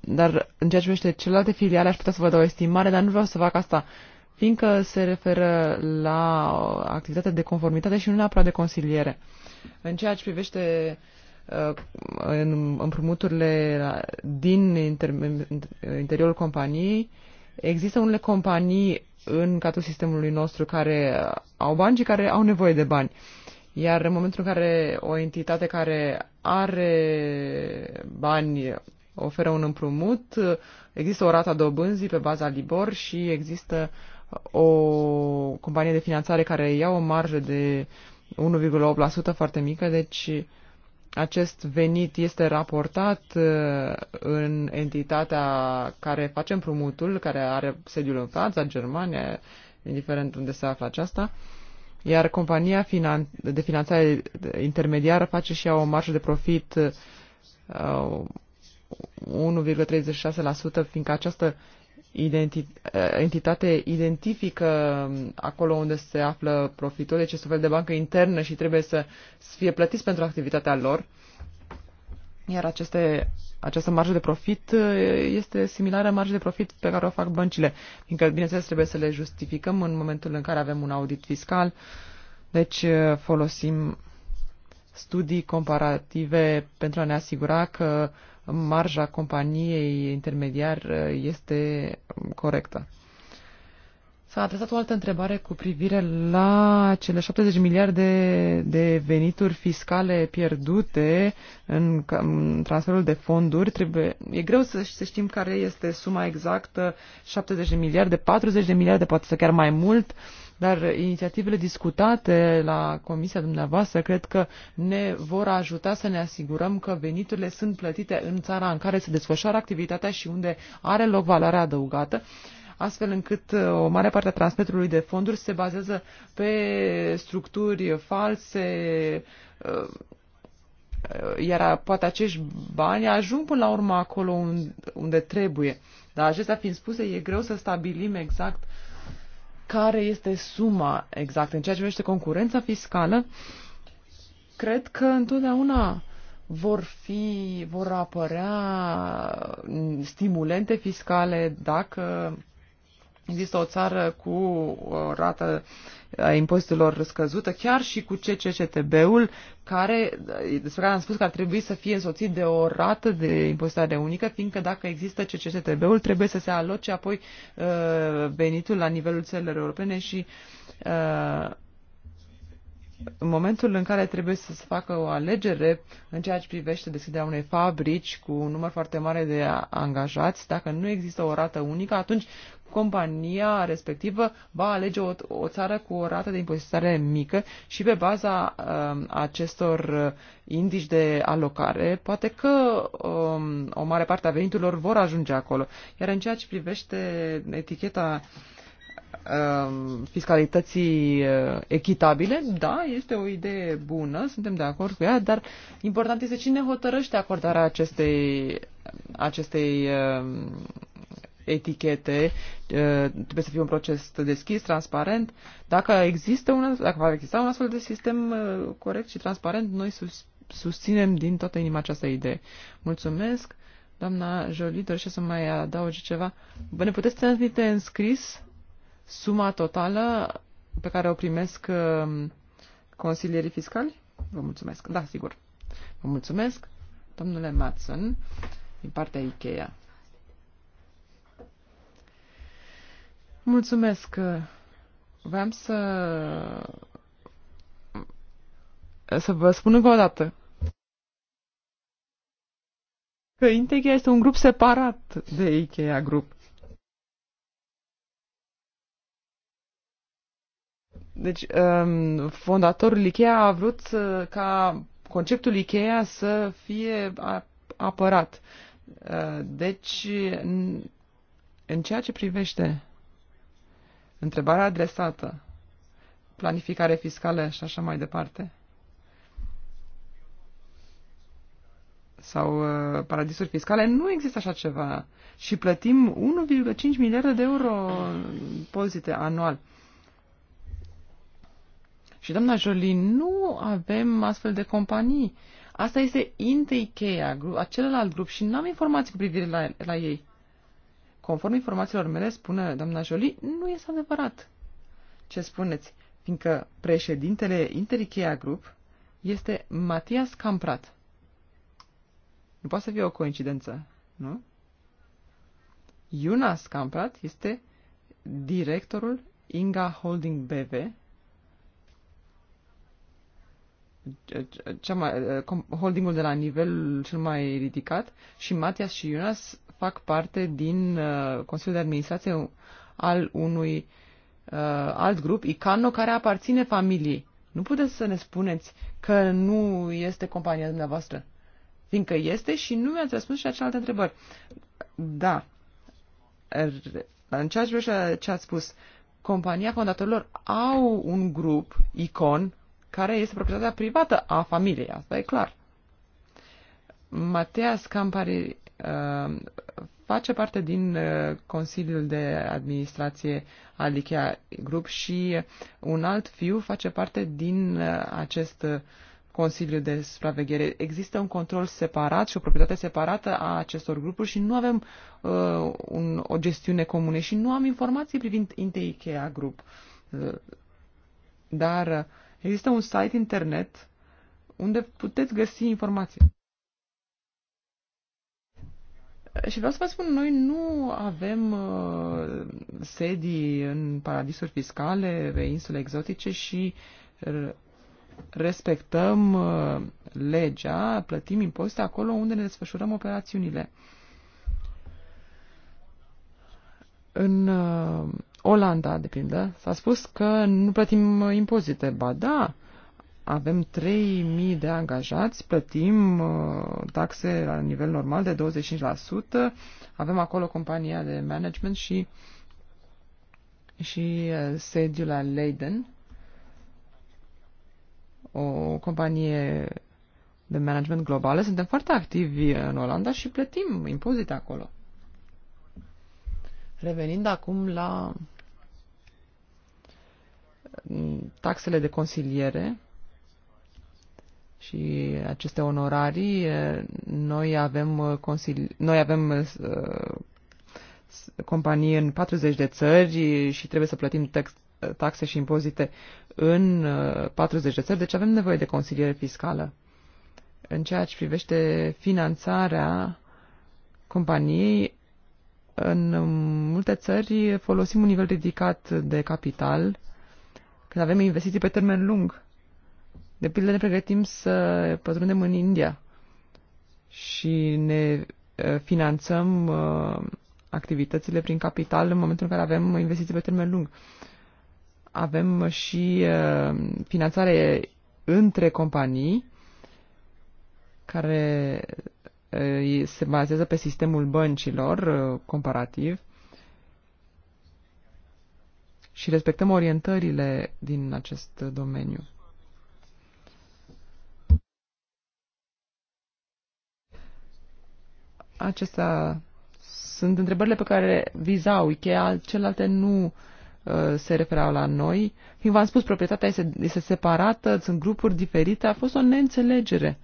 dar în ceea ce privește celelalte filiale aș putea să vă dau o estimare, dar nu vreau să fac asta fiindcă se referă la activitatea de conformitate și nu neapărat de consiliere. În ceea ce privește uh, în împrumuturile din inter- interiorul companiei, există unele companii în cadrul sistemului nostru care au bani și care au nevoie de bani. Iar în momentul în care o entitate care are bani oferă un împrumut, există o rată dobânzii pe baza Libor și există uh, o companie de finanțare care ia o marjă de 1,8% foarte mică, deci acest venit este raportat uh, în entitatea care face împrumutul, care are sediul în Franța, Germania, indiferent unde se află aceasta, iar compania de finanțare intermediară face și ea o marjă de profit 1,36%, uh, fiindcă această identi- eh, entitate identifică acolo unde se află profitul, deci este o fel de bancă internă și trebuie să fie plătiți pentru activitatea lor. Iar aceste, această marjă de profit eh, este similară marjă de profit pe care o fac băncile, fiindcă, bineînțeles, trebuie să le justificăm în momentul în care avem un audit fiscal. Deci eh, folosim studii comparative pentru a ne asigura că uh, marja companiei intermediar uh, este corectă. S-a adresat o altă întrebare cu privire la cele 70 miliarde de venituri fiscale pierdute în, transferul de fonduri. Trebuie, e greu să, să știm care este suma exactă, 70 de miliarde, 40 de miliarde, poate să chiar mai mult. Uh, dar inițiativele discutate la comisia dumneavoastră cred că ne vor ajuta să ne asigurăm că veniturile sunt plătite în țara în care se desfășoară activitatea și unde are loc valoarea adăugată astfel încât uh, o mare parte a transferului de fonduri se bazează pe structuri false, uh, iar poate acești bani ajung până la urmă acolo unde trebuie. Dar acestea fiind spuse, e greu să stabilim exact uh, care este suma exactă. În ceea ce privește concurența fiscală, cred că întotdeauna vor fi, vor apărea stimulente fiscale dacă Există o țară cu o rată a impozitelor scăzută, chiar și cu CCCTB-ul, care, despre care am spus că ar trebui să fie însoțit de o rată de impozitare unică, fiindcă dacă există CCCTB-ul, trebuie să se aloce apoi uh, venitul la nivelul țărilor europene și uh, în momentul în care trebuie să se facă o alegere în ceea ce privește deschiderea unei fabrici cu un număr foarte mare de angajați, dacă nu există o rată unică, atunci compania respectivă va alege o, o țară cu o rată de impozitare mică și pe baza um, uh, acestor indici de alocare, poate că um, o mare parte a veniturilor vor ajunge acolo. Iar în ceea ce privește eticheta um, fiscalității uh, echitabile, da, este o idee bună, suntem de acord cu ea, dar important este cine hotărăște acordarea acestei, acestei um, etichete, uh, trebuie să fie un proces deschis, transparent. Dacă există un, dacă va exista un astfel de sistem uh, corect și transparent, noi sus, susținem din toată inima această idee. Mulțumesc. Doamna Jolie, dorește să mai adaugi ceva. Bă, ne puteți transmite în scris suma totală pe care o primesc um, consilierii fiscali? Vă mulțumesc. Da, sigur. Vă mulțumesc, domnule Matson, din partea IKEA. Mulțumesc. Vreau să... să vă spun încă o dată că Integia este un grup separat de Ikea Group. Deci, um, fondatorul Ikea a vrut să, ca conceptul Ikea să fie apărat. Uh, deci, în ceea ce privește Întrebarea adresată, planificare fiscală și așa mai departe, sau uh, paradisuri fiscale, nu există așa ceva. Și plătim 1,5 miliarde de euro impozite anual. Și doamna Jolie, nu avem astfel de companii. Asta este Intei Cheia, acelălalt grup, și n-am informații cu privire la, la ei. Conform informațiilor mele, spune doamna Jolie, nu este adevărat. Ce spuneți? Fiindcă președintele Interikea Group este Matias Camprat. Nu poate să fie o coincidență, nu? Jonas Camprat este directorul Inga Holding BV, eh, holdingul de la nivel cel mai ridicat și Matias și Jonas fac parte din uh, Consiliul de Administrație al unui uh, alt grup, ICANO, care aparține familiei. Nu puteți să ne spuneți că nu este compania dumneavoastră, fiindcă este și nu mi-ați răspuns și la celelalte întrebări. Da, er, în ceea ce ați spus, compania fondatorilor au un grup, ICON, care este proprietatea privată a familiei, asta e clar. Mateas Campari Uh, face parte din uh, Consiliul de Administrație al IKEA Group și un alt fiu face parte din uh, acest Consiliu de Supraveghere. Există un control separat și o proprietate separată a acestor grupuri și nu avem uh, un, o gestiune comune și nu am informații privind Inte IKEA Group. dar există un site internet unde puteți găsi informații. Și vreau să vă spun, noi nu avem uh, sedii în paradisuri fiscale, pe insule exotice și respectăm uh, legea, plătim impozite acolo unde ne desfășurăm operațiunile. În uh, Olanda, de pildă, s-a spus că nu plătim impozite. Ba da, avem 3.000 de angajați, plătim uh, taxe la nivel normal de 25%, avem acolo compania de management și, și uh, sediul la Leiden, o companie de management globală. Suntem foarte activi în Olanda și plătim impozite acolo. Revenind acum la mm, taxele de consiliere, și aceste onorarii, eh, noi avem, eh, consili... noi avem eh, companii în 40 de țări și trebuie să plătim tax, taxe și impozite în 40 de țări, deci avem nevoie de consiliere fiscală. În ceea ce privește finanțarea companiei, în multe țări folosim un nivel ridicat de capital când avem investiții pe termen lung de pildă ne pregătim să pătrundem în India și ne finanțăm activitățile prin capital în momentul în care avem investiții pe termen lung. Avem și finanțare între companii care se bazează pe sistemul băncilor comparativ și respectăm orientările din acest domeniu. Acestea sunt întrebările pe care vizau Ikea, celelalte nu uh, se referau la noi. Fiind v-am spus, proprietatea este, este separată, sunt grupuri diferite, a fost o neînțelegere.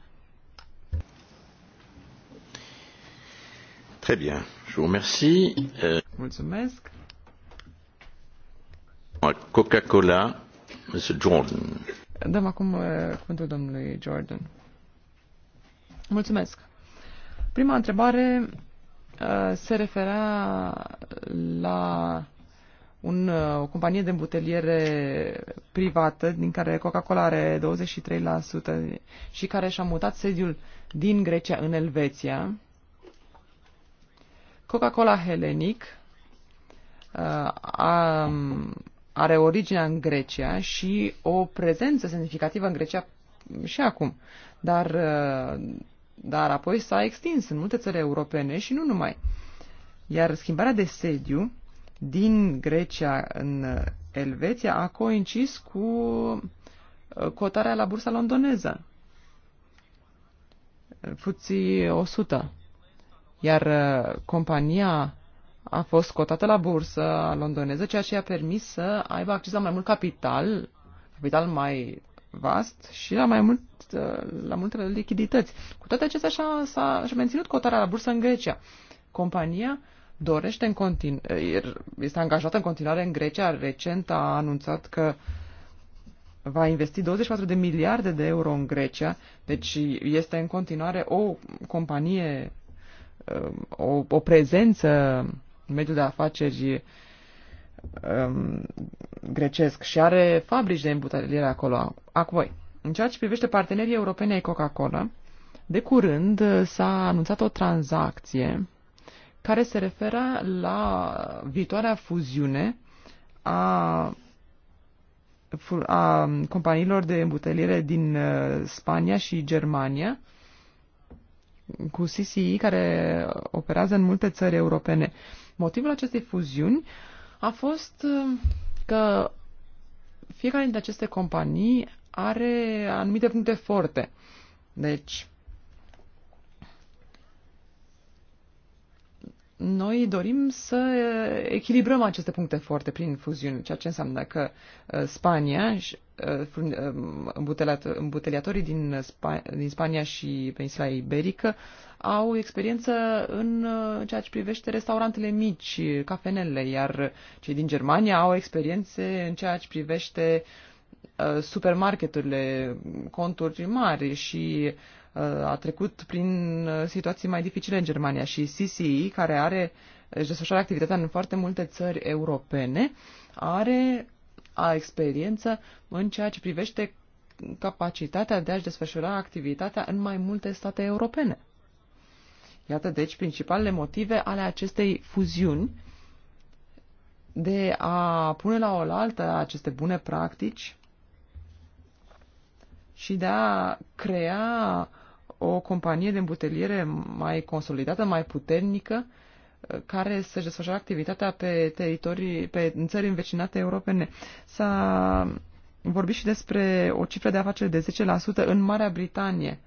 Très bien, je vous remercie. Euh, Mulțumesc. Coca-Cola, M. Jordan. Dăm acum uh, cuvântul domnului Jordan. Mulțumesc. Prima întrebare uh, se referea la un, uh, o companie de îmbuteliere privată, din care Coca-Cola are 23% și care și-a mutat sediul din Grecia în Elveția. Coca-Cola Hellenic uh, a, are originea în Grecia și o prezență semnificativă în Grecia și acum. Dar dar apoi s-a extins în multe țări europene și nu numai. Iar schimbarea de sediu din Grecia în uh, Elveția a coincis cu uh, cotarea la bursa londoneză, Fuții 100. Iar uh, compania a fost cotată la bursă londoneză, ceea ce i-a permis să aibă acces la mai mult capital, capital mai vast și la mai mult, la multe lichidități. Cu toate acestea și-a, s-a, și-a menținut cotarea la bursă în Grecia. Compania dorește în continu- este angajată în continuare în Grecia. Recent a anunțat că va investi 24 de miliarde de euro în Grecia, deci este în continuare o companie, um, o, o prezență în mediul de afaceri um, grecesc și are fabrici de îmbutăriere acolo. Acum, în ceea ce privește partenerii europene ai Coca-Cola, de curând uh, s-a anunțat o tranzacție care se referă la viitoarea fuziune a, a companiilor de îmbuteliere din uh, Spania și Germania cu CCI care operează în multe țări europene. Motivul acestei fuziuni a fost uh, că fiecare dintre aceste companii are anumite puncte forte. Deci, noi dorim să echilibrăm aceste puncte forte prin fuziune, ceea ce înseamnă că uh, Spania, uh, um, îmbuteliatorii din, uh, Sp- din Spania și peninsula iberică au experiență în ceea ce privește restaurantele mici, cafenele, iar cei din Germania au experiențe în ceea ce privește supermarketurile, conturi mari și uh, Uh, a trecut prin uh, situații mai dificile în Germania și CCI, care are, își desfășoară activitatea în foarte multe țări europene, are a experiență în ceea ce privește capacitatea de a-și desfășura activitatea în mai multe state europene. Iată, deci, principalele motive ale acestei fuziuni de a pune la oaltă aceste bune practici și de a crea o companie de îmbuteliere mai consolidată, mai puternică, care să-și desfășoare activitatea pe teritorii, pe țări învecinate europene. S-a vorbit și despre o cifră de afaceri de 10% în Marea Britanie.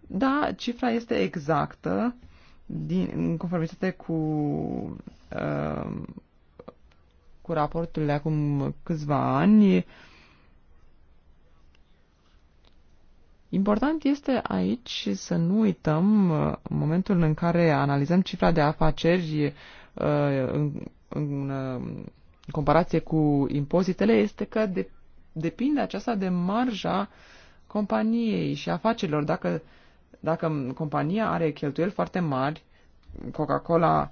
Da, cifra este exactă, din, în conformitate cu, uh, cu raportul de acum câțiva ani, Important este aici să nu uităm în uh, momentul în care analizăm cifra de afaceri uh, în, în, în uh, comparație cu impozitele este că de, depinde aceasta de marja companiei și afacerilor. Dacă, dacă compania are cheltuieli foarte mari, Coca-Cola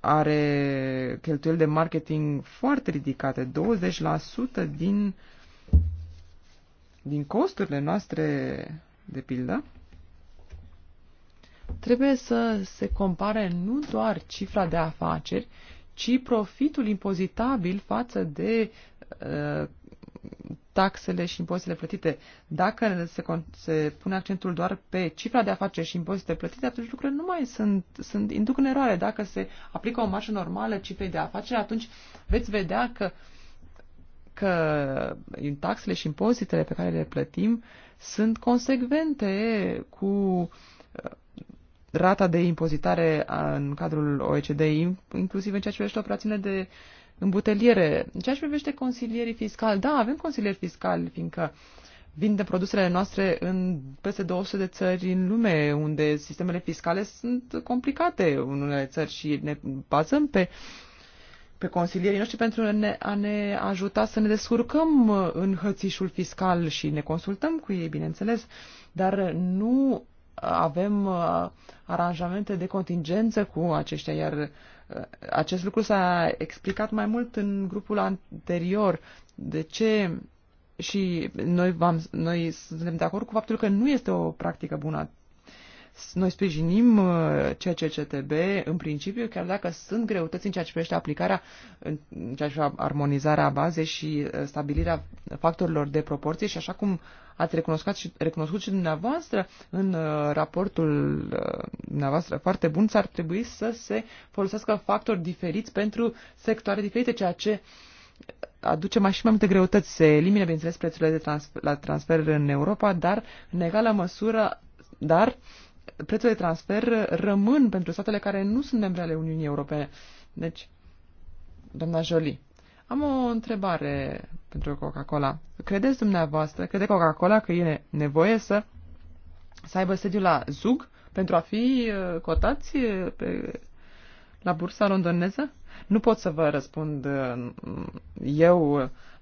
are cheltuieli de marketing foarte ridicate, 20% din uh, din costurile noastre, de pildă, trebuie să se compare nu doar cifra de afaceri, ci profitul impozitabil față de uh, taxele și impozitele plătite. Dacă se, se pune accentul doar pe cifra de afaceri și impozitele plătite, atunci lucrurile nu mai sunt, sunt induc în eroare. Dacă se aplică o marșă normală cifrei de afaceri, atunci veți vedea că uh, că taxele și impozitele pe care le plătim sunt consecvente cu uh, rata de impozitare în cadrul OECD, inclusiv în ceea ce privește operațiunile de îmbuteliere. În ceea ce privește consilierii fiscali, da, avem consilieri fiscali, fiindcă vinde produsele noastre în peste 200 de țări în lume, unde sistemele fiscale sunt complicate în unele țări și ne bazăm pe uh, pe consilierii noștri pentru ne, a ne ajuta să ne descurcăm uh, în hățișul fiscal și ne consultăm cu ei, bineînțeles, dar nu avem uh, aranjamente de contingență cu aceștia, iar uh, acest lucru s-a explicat mai mult în grupul anterior. De ce și noi, noi suntem de acord cu faptul că nu este o practică bună noi sprijinim uh, CCCTB în principiu, chiar dacă sunt greutăți în ceea ce privește aplicarea, în ceea ce privește armonizarea bazei și uh, stabilirea factorilor de proporție și așa cum ați recunoscut și, recunoscut și dumneavoastră în uh, raportul dumneavoastră foarte bun, s-ar trebui să se folosească factori diferiți pentru sectoare diferite, ceea ce aduce mai și mai multe greutăți. Se elimine, bineînțeles, prețurile de transfer, la transfer în Europa, dar în egală măsură, dar uh, prețul de transfer rămân pentru statele care nu sunt membre ale Uniunii Europene. Deci, doamna Jolie, am o întrebare pentru Coca-Cola. Credeți dumneavoastră, crede Coca-Cola că e nevoie să, să aibă sediul la Zug pentru a fi uh, cotați uh, pe, la bursa londoneză? Nu pot să vă răspund uh, eu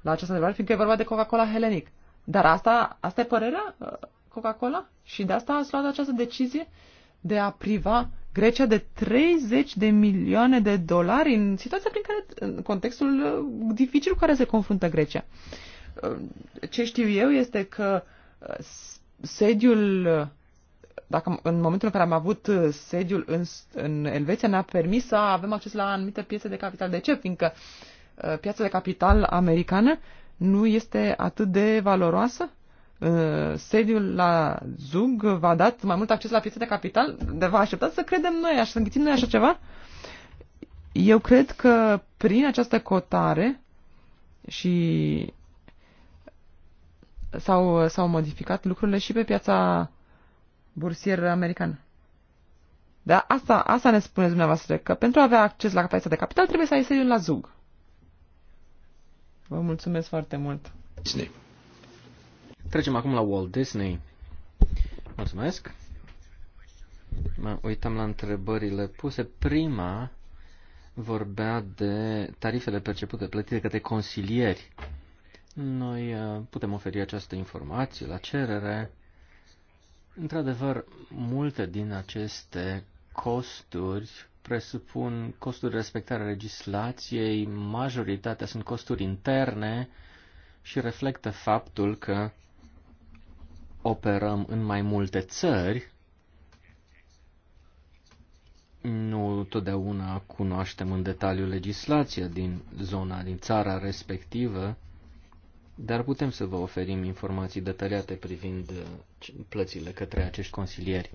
la această întrebare, fiindcă e vorba de Coca-Cola helenic. Dar asta, asta e părerea Coca-Cola și de asta ați luat această decizie de a priva Grecia de 30 de milioane de dolari în situația prin care, în contextul uh, dificil cu care se confruntă Grecia. Uh, ce știu eu este că uh, sediul, dacă în momentul în care am avut sediul în, în Elveția, ne-a permis să avem acces la anumite piețe de capital. De ce? Fiindcă piața de capital americană nu este atât de valoroasă? Uh, sediul la Zug v-a dat mai mult acces la piețe de capital? De v-a așteptat să credem noi, așa, să înghițim noi așa ceva? Eu cred că prin această cotare și s-au, s-au modificat lucrurile și pe piața bursieră americană. Dar asta, asta ne spuneți dumneavoastră, că pentru a avea acces la piața de capital trebuie să ai sediul la Zug. Vă mulțumesc foarte mult. Cine? Trecem acum la Walt Disney. Mulțumesc. Mă uitam la întrebările puse. Prima vorbea de tarifele percepute, plătite către consilieri. Noi uh, putem oferi această informație la cerere. Într-adevăr, multe din aceste costuri presupun costuri de respectare a legislației, majoritatea sunt costuri interne și reflectă faptul că operăm în mai multe țări, nu totdeauna cunoaștem în detaliu legislația din zona, din țara respectivă, dar putem să vă oferim informații detaliate privind uh, plățile către acești consilieri.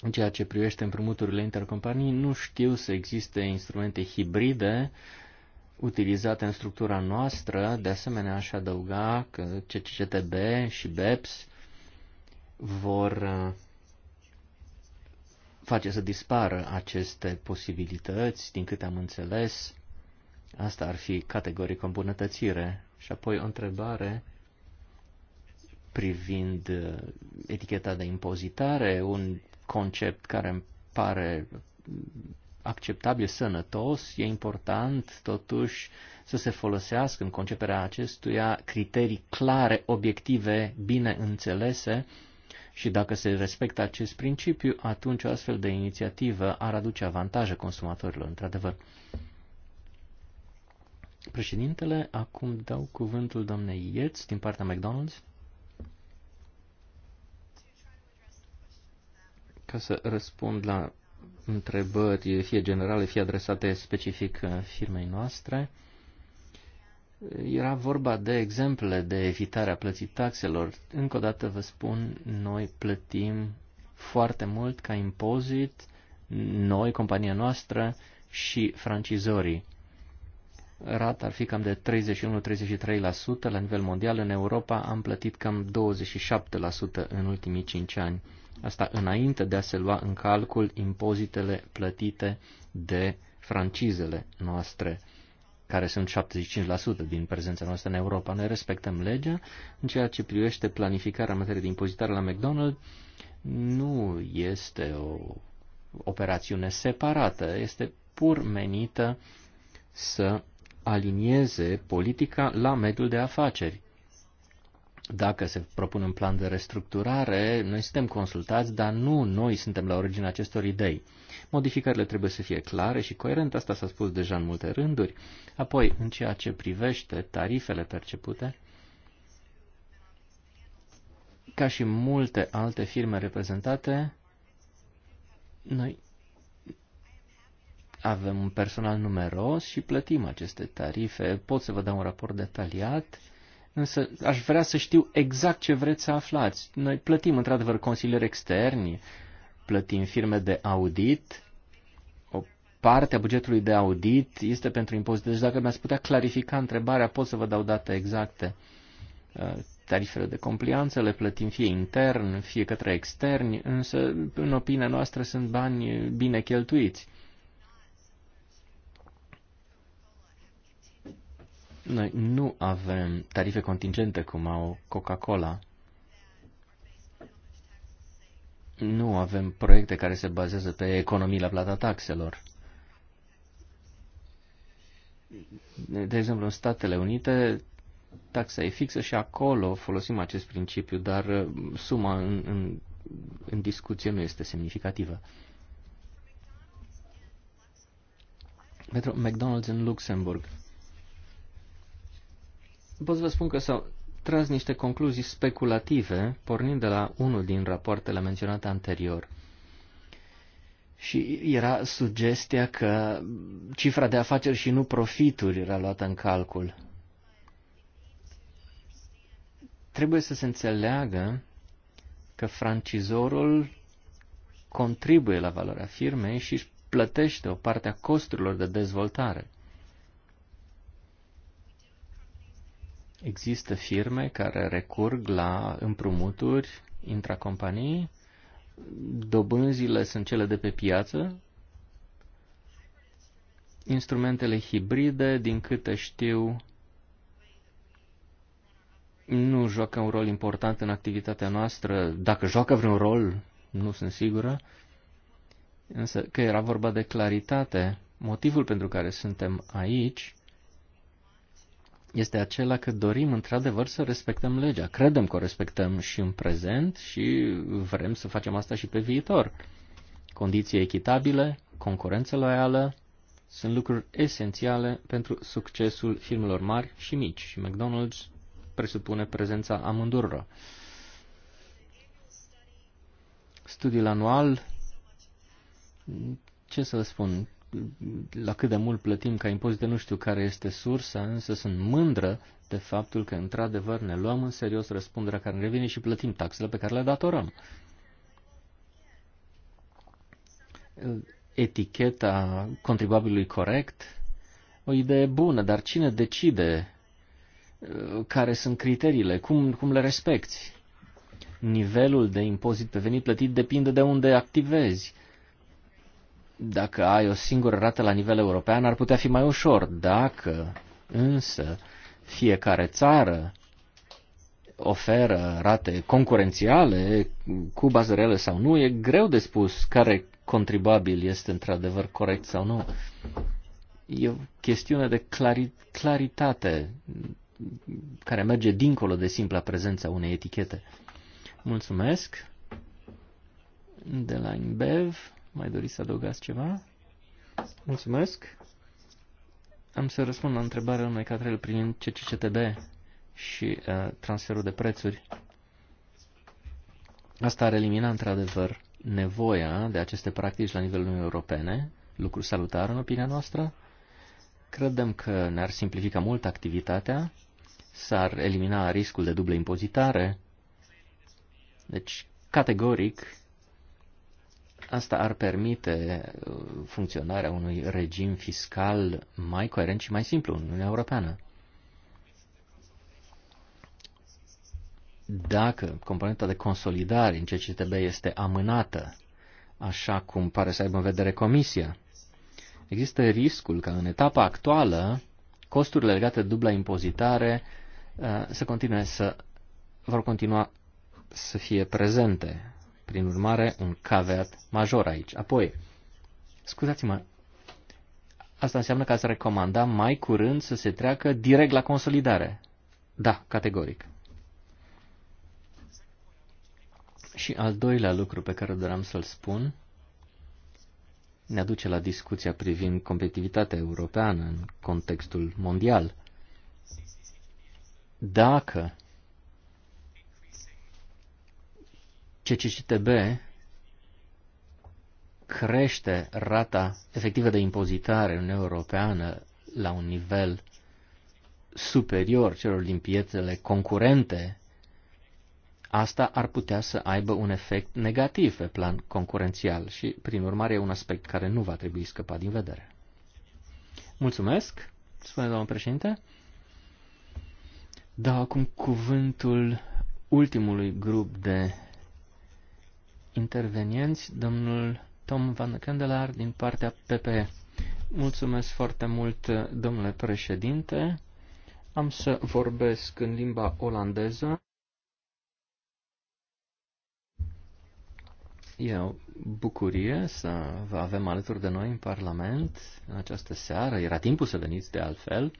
În ceea ce privește împrumuturile intercompanii, nu știu să existe instrumente hibride utilizate în structura noastră, de asemenea aș adăuga că CCCTB și BEPS vor uh, face să dispară aceste posibilități, din câte am înțeles. Asta ar fi categoric o îmbunătățire. Și apoi o întrebare privind uh, eticheta de impozitare, un concept care îmi pare acceptabil, sănătos, e important totuși să se folosească în conceperea acestuia criterii clare, obiective, bine înțelese și dacă se respectă acest principiu, atunci o astfel de inițiativă ar aduce avantaje consumatorilor, într-adevăr. Președintele, acum dau cuvântul doamnei Yeț din partea McDonald's. Ca să răspund la întrebări, fie generale, fie adresate specific uh, firmei noastre. Era vorba de exemple de evitarea plății taxelor. Încă o dată vă spun, noi plătim foarte mult ca impozit, noi, compania noastră și francizorii. Rata ar fi cam de 31-33% la nivel mondial. În Europa am plătit cam 27% în ultimii 5 ani. Asta înainte de a se lua în calcul impozitele plătite de francizele noastre, care sunt 75% din prezența noastră în Europa. Noi respectăm legea în ceea ce privește planificarea în materie de impozitare la McDonald's. Nu este o operațiune separată, este pur menită să alinieze politica la mediul de afaceri dacă se propune un plan de restructurare, noi suntem consultați, dar nu noi suntem la originea acestor idei. Modificările trebuie să fie clare și coerente, asta s-a spus deja în multe rânduri. Apoi, în ceea ce privește tarifele percepute, ca și multe alte firme reprezentate, noi avem un personal numeros și plătim aceste tarife. Pot să vă dau un raport detaliat Însă aș vrea să știu exact ce vreți să aflați. Noi plătim într-adevăr consilieri externi, plătim firme de audit, o parte a bugetului de audit este pentru impozite. Deci dacă mi-ați putea clarifica întrebarea, pot să vă dau date exacte. Uh, tarifele de complianță le plătim fie intern, fie către externi, însă, în opinia noastră, sunt bani bine cheltuiți. Noi nu avem tarife contingente cum au Coca-Cola. Nu avem proiecte care se bazează pe economii la plata taxelor. De exemplu, în Statele Unite, taxa e fixă și acolo folosim acest principiu, dar uh, suma în, în, în discuție nu este semnificativă. Pentru McDonald's în Luxemburg, pot să vă spun că s-au tras niște concluzii speculative, pornind de la unul din rapoartele menționate anterior. Și era sugestia că cifra de afaceri și nu profituri era luată în calcul. Trebuie să se înțeleagă că francizorul contribuie la valoarea firmei și își plătește o parte a costurilor de dezvoltare. Există firme care recurg la împrumuturi intracompanii, dobânzile sunt cele de pe piață, instrumentele hibride, din câte știu, nu joacă un rol important în activitatea noastră. Dacă joacă vreun rol, nu sunt sigură. Însă că era vorba de claritate, motivul pentru care suntem aici este acela că dorim într-adevăr să respectăm legea. Credem că o respectăm și în prezent și vrem să facem asta și pe viitor. Condiții echitabile, concurență loială sunt lucruri esențiale pentru succesul firmelor mari și mici și McDonald's presupune prezența amândurora. Studiul anual, ce să vă spun, la cât de mult plătim ca impozite, nu știu care este sursa, însă sunt mândră de faptul că, într-adevăr, ne luăm în serios răspunderea care ne revine și plătim taxele pe care le datorăm. Eticheta contribuabilului corect, o idee bună, dar cine decide uh, care sunt criteriile, cum, cum le respecti? Nivelul de impozit pe venit plătit depinde de unde activezi dacă ai o singură rată la nivel european, ar putea fi mai ușor. Dacă însă fiecare țară oferă rate concurențiale, cu bază reală sau nu, e greu de spus care contribuabil este într-adevăr corect sau nu. E o chestiune de clari- claritate care merge dincolo de simpla prezența unei etichete. Mulțumesc. De la Inbev. Mai doriți să adăugați ceva? Mulțumesc. Am să răspund la întrebarea către el prin CCCTB și uh, transferul de prețuri. Asta ar elimina, într-adevăr, nevoia de aceste practici la nivelul Uniunii Europene, lucru salutar în opinia noastră. Credem că ne-ar simplifica mult activitatea, s-ar elimina riscul de dublă impozitare. Deci, categoric, Asta ar permite uh, funcționarea unui regim fiscal mai coerent și mai simplu în Uniunea Europeană. Dacă componenta de consolidare în CCTB este amânată, așa cum pare să aibă în vedere Comisia, există riscul ca în etapa actuală costurile legate de dubla impozitare uh, să continue să vor continua să fie prezente prin urmare, un caveat major aici. Apoi, scuzați-mă, asta înseamnă că ați recomanda mai curând să se treacă direct la consolidare. Da, categoric. Și al doilea lucru pe care doream să-l spun ne aduce la discuția privind competitivitatea europeană în contextul mondial. Dacă CCCTB crește rata efectivă de impozitare în Uniunea Europeană la un nivel superior celor din piețele concurente, asta ar putea să aibă un efect negativ pe plan concurențial și, prin urmare, e un aspect care nu va trebui scăpat din vedere. Mulțumesc, spune domnul președinte. Dau acum cuvântul ultimului grup de intervenienți, domnul Tom Van Kendelar din partea PPE. Mulțumesc foarte mult, domnule președinte. Am să vorbesc în limba olandeză. E o bucurie să vă avem alături de noi în Parlament în această seară. Era timpul să veniți de altfel.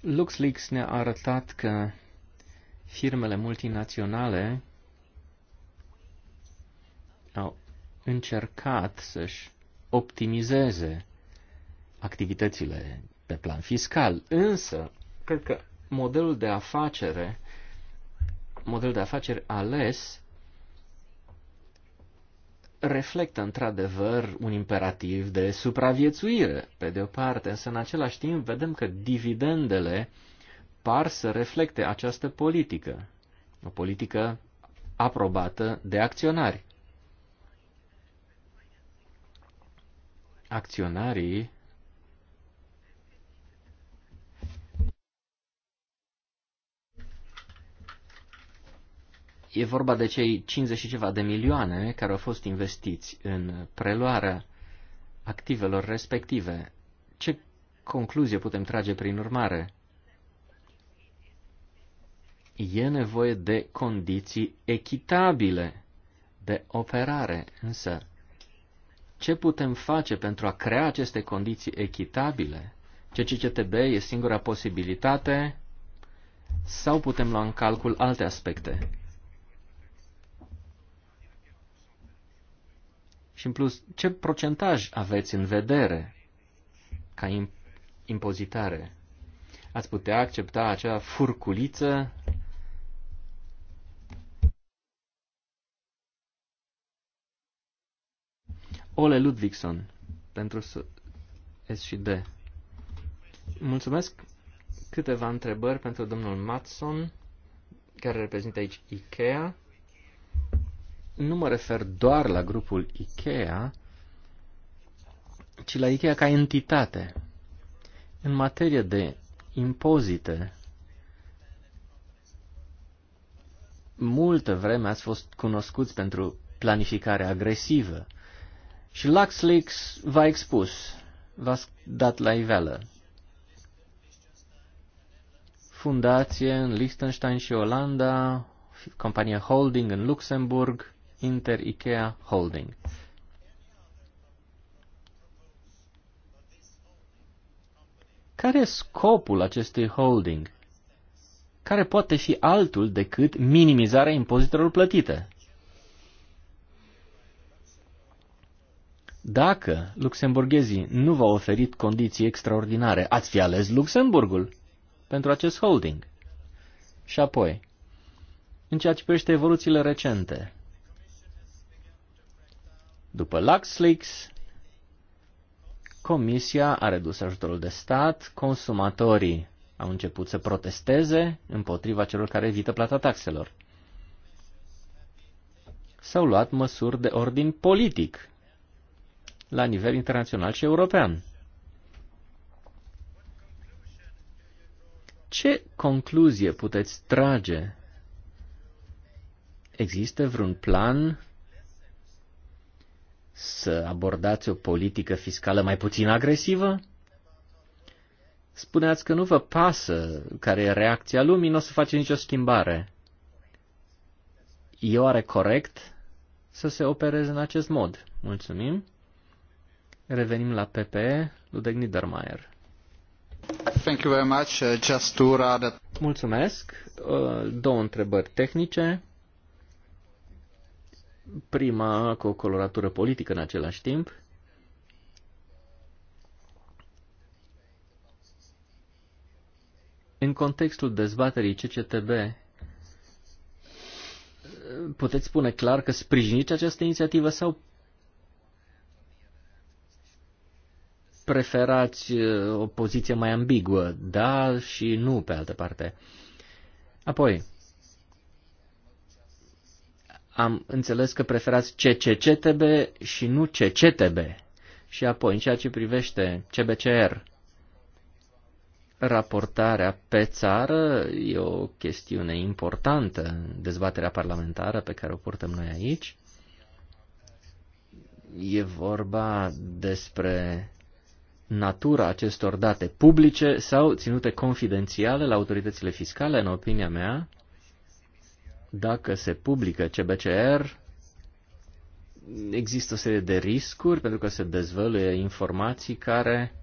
LuxLeaks ne-a arătat că firmele multinaționale încercat să-și optimizeze activitățile pe plan fiscal, însă cred că modelul de afacere, modelul de afaceri ales reflectă într-adevăr un imperativ de supraviețuire, pe de o parte, însă în același timp vedem că dividendele par să reflecte această politică, o politică aprobată de acționari. acționarii E vorba de cei 50 și ceva de milioane care au fost investiți în preluarea activelor respective. Ce concluzie putem trage prin urmare? E nevoie de condiții echitabile de operare, însă ce putem face pentru a crea aceste condiții echitabile? CCCTB e singura posibilitate sau putem lua în calcul alte aspecte? Și în plus, ce procentaj aveți în vedere ca impozitare? Ați putea accepta acea furculiță Ole Ludvigson pentru S și D. Mulțumesc. Câteva întrebări pentru domnul Matson, care reprezintă aici IKEA. Nu mă refer doar la grupul IKEA, ci la IKEA ca entitate. În materie de impozite, multă vreme ați fost cunoscuți pentru planificare agresivă. Și LuxLeaks v-a expus, v-a dat la iveală. Fundație în Liechtenstein și Olanda, compania holding în Luxemburg, Inter Ikea Holding. Care e scopul acestui holding? Care poate fi altul decât minimizarea impozitelor plătite? Dacă luxemburghezii nu v-au oferit condiții extraordinare, ați fi ales Luxemburgul pentru acest holding. Și apoi, în ceea ce privește evoluțiile recente, după LuxLeaks, Comisia a redus ajutorul de stat, consumatorii au început să protesteze împotriva celor care evită plata taxelor. S-au luat măsuri de ordin politic la nivel internațional și european. Ce concluzie puteți trage? Există vreun plan să abordați o politică fiscală mai puțin agresivă? Spuneați că nu vă pasă care e reacția lumii, nu o să face nicio schimbare. E oare corect să se opereze în acest mod? Mulțumim. Revenim la PPE, Ludeg Niedermayer. Thank you very much. Uh, just to rather... Mulțumesc. Uh, două întrebări tehnice. Prima cu o coloratură politică în același timp. În contextul dezbaterii CCTB, uh, puteți spune clar că sprijiniți această inițiativă sau preferați uh, o poziție mai ambiguă, da și nu pe altă parte. Apoi, am înțeles că preferați CCCTB și nu CCTB. Și apoi, în ceea ce privește CBCR, raportarea pe țară e o chestiune importantă în dezbaterea parlamentară pe care o purtăm noi aici. E vorba despre natura acestor date publice sau ținute confidențiale la autoritățile fiscale, în opinia mea, dacă se publică CBCR, există o serie de riscuri pentru că se dezvăluie informații care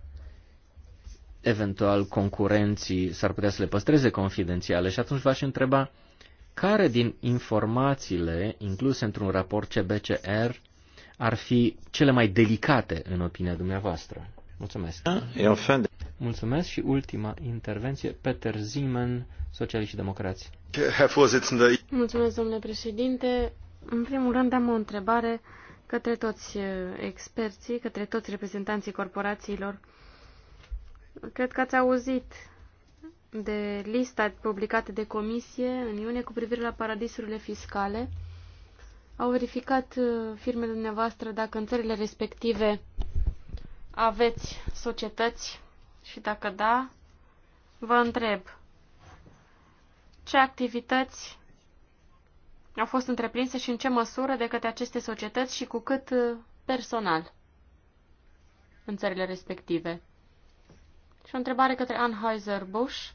eventual concurenții s-ar putea să le păstreze confidențiale și atunci v-aș întreba care din informațiile incluse într-un raport CBCR ar fi cele mai delicate în opinia dumneavoastră? Mulțumesc. Mulțumesc și ultima intervenție, Peter Ziemen, Socialiști și Democrați. Mulțumesc, domnule președinte. În primul rând am o întrebare către toți eh, experții, către toți reprezentanții corporațiilor. Cred că ați auzit de lista publicată de comisie în iunie cu privire la paradisurile fiscale. Au verificat eh, firmele dumneavoastră dacă în țările respective aveți societăți și dacă da, vă întreb ce activități au fost întreprinse și în ce măsură de către aceste societăți și cu cât uh, personal în țările respective. Și o întrebare către Anheuser-Busch.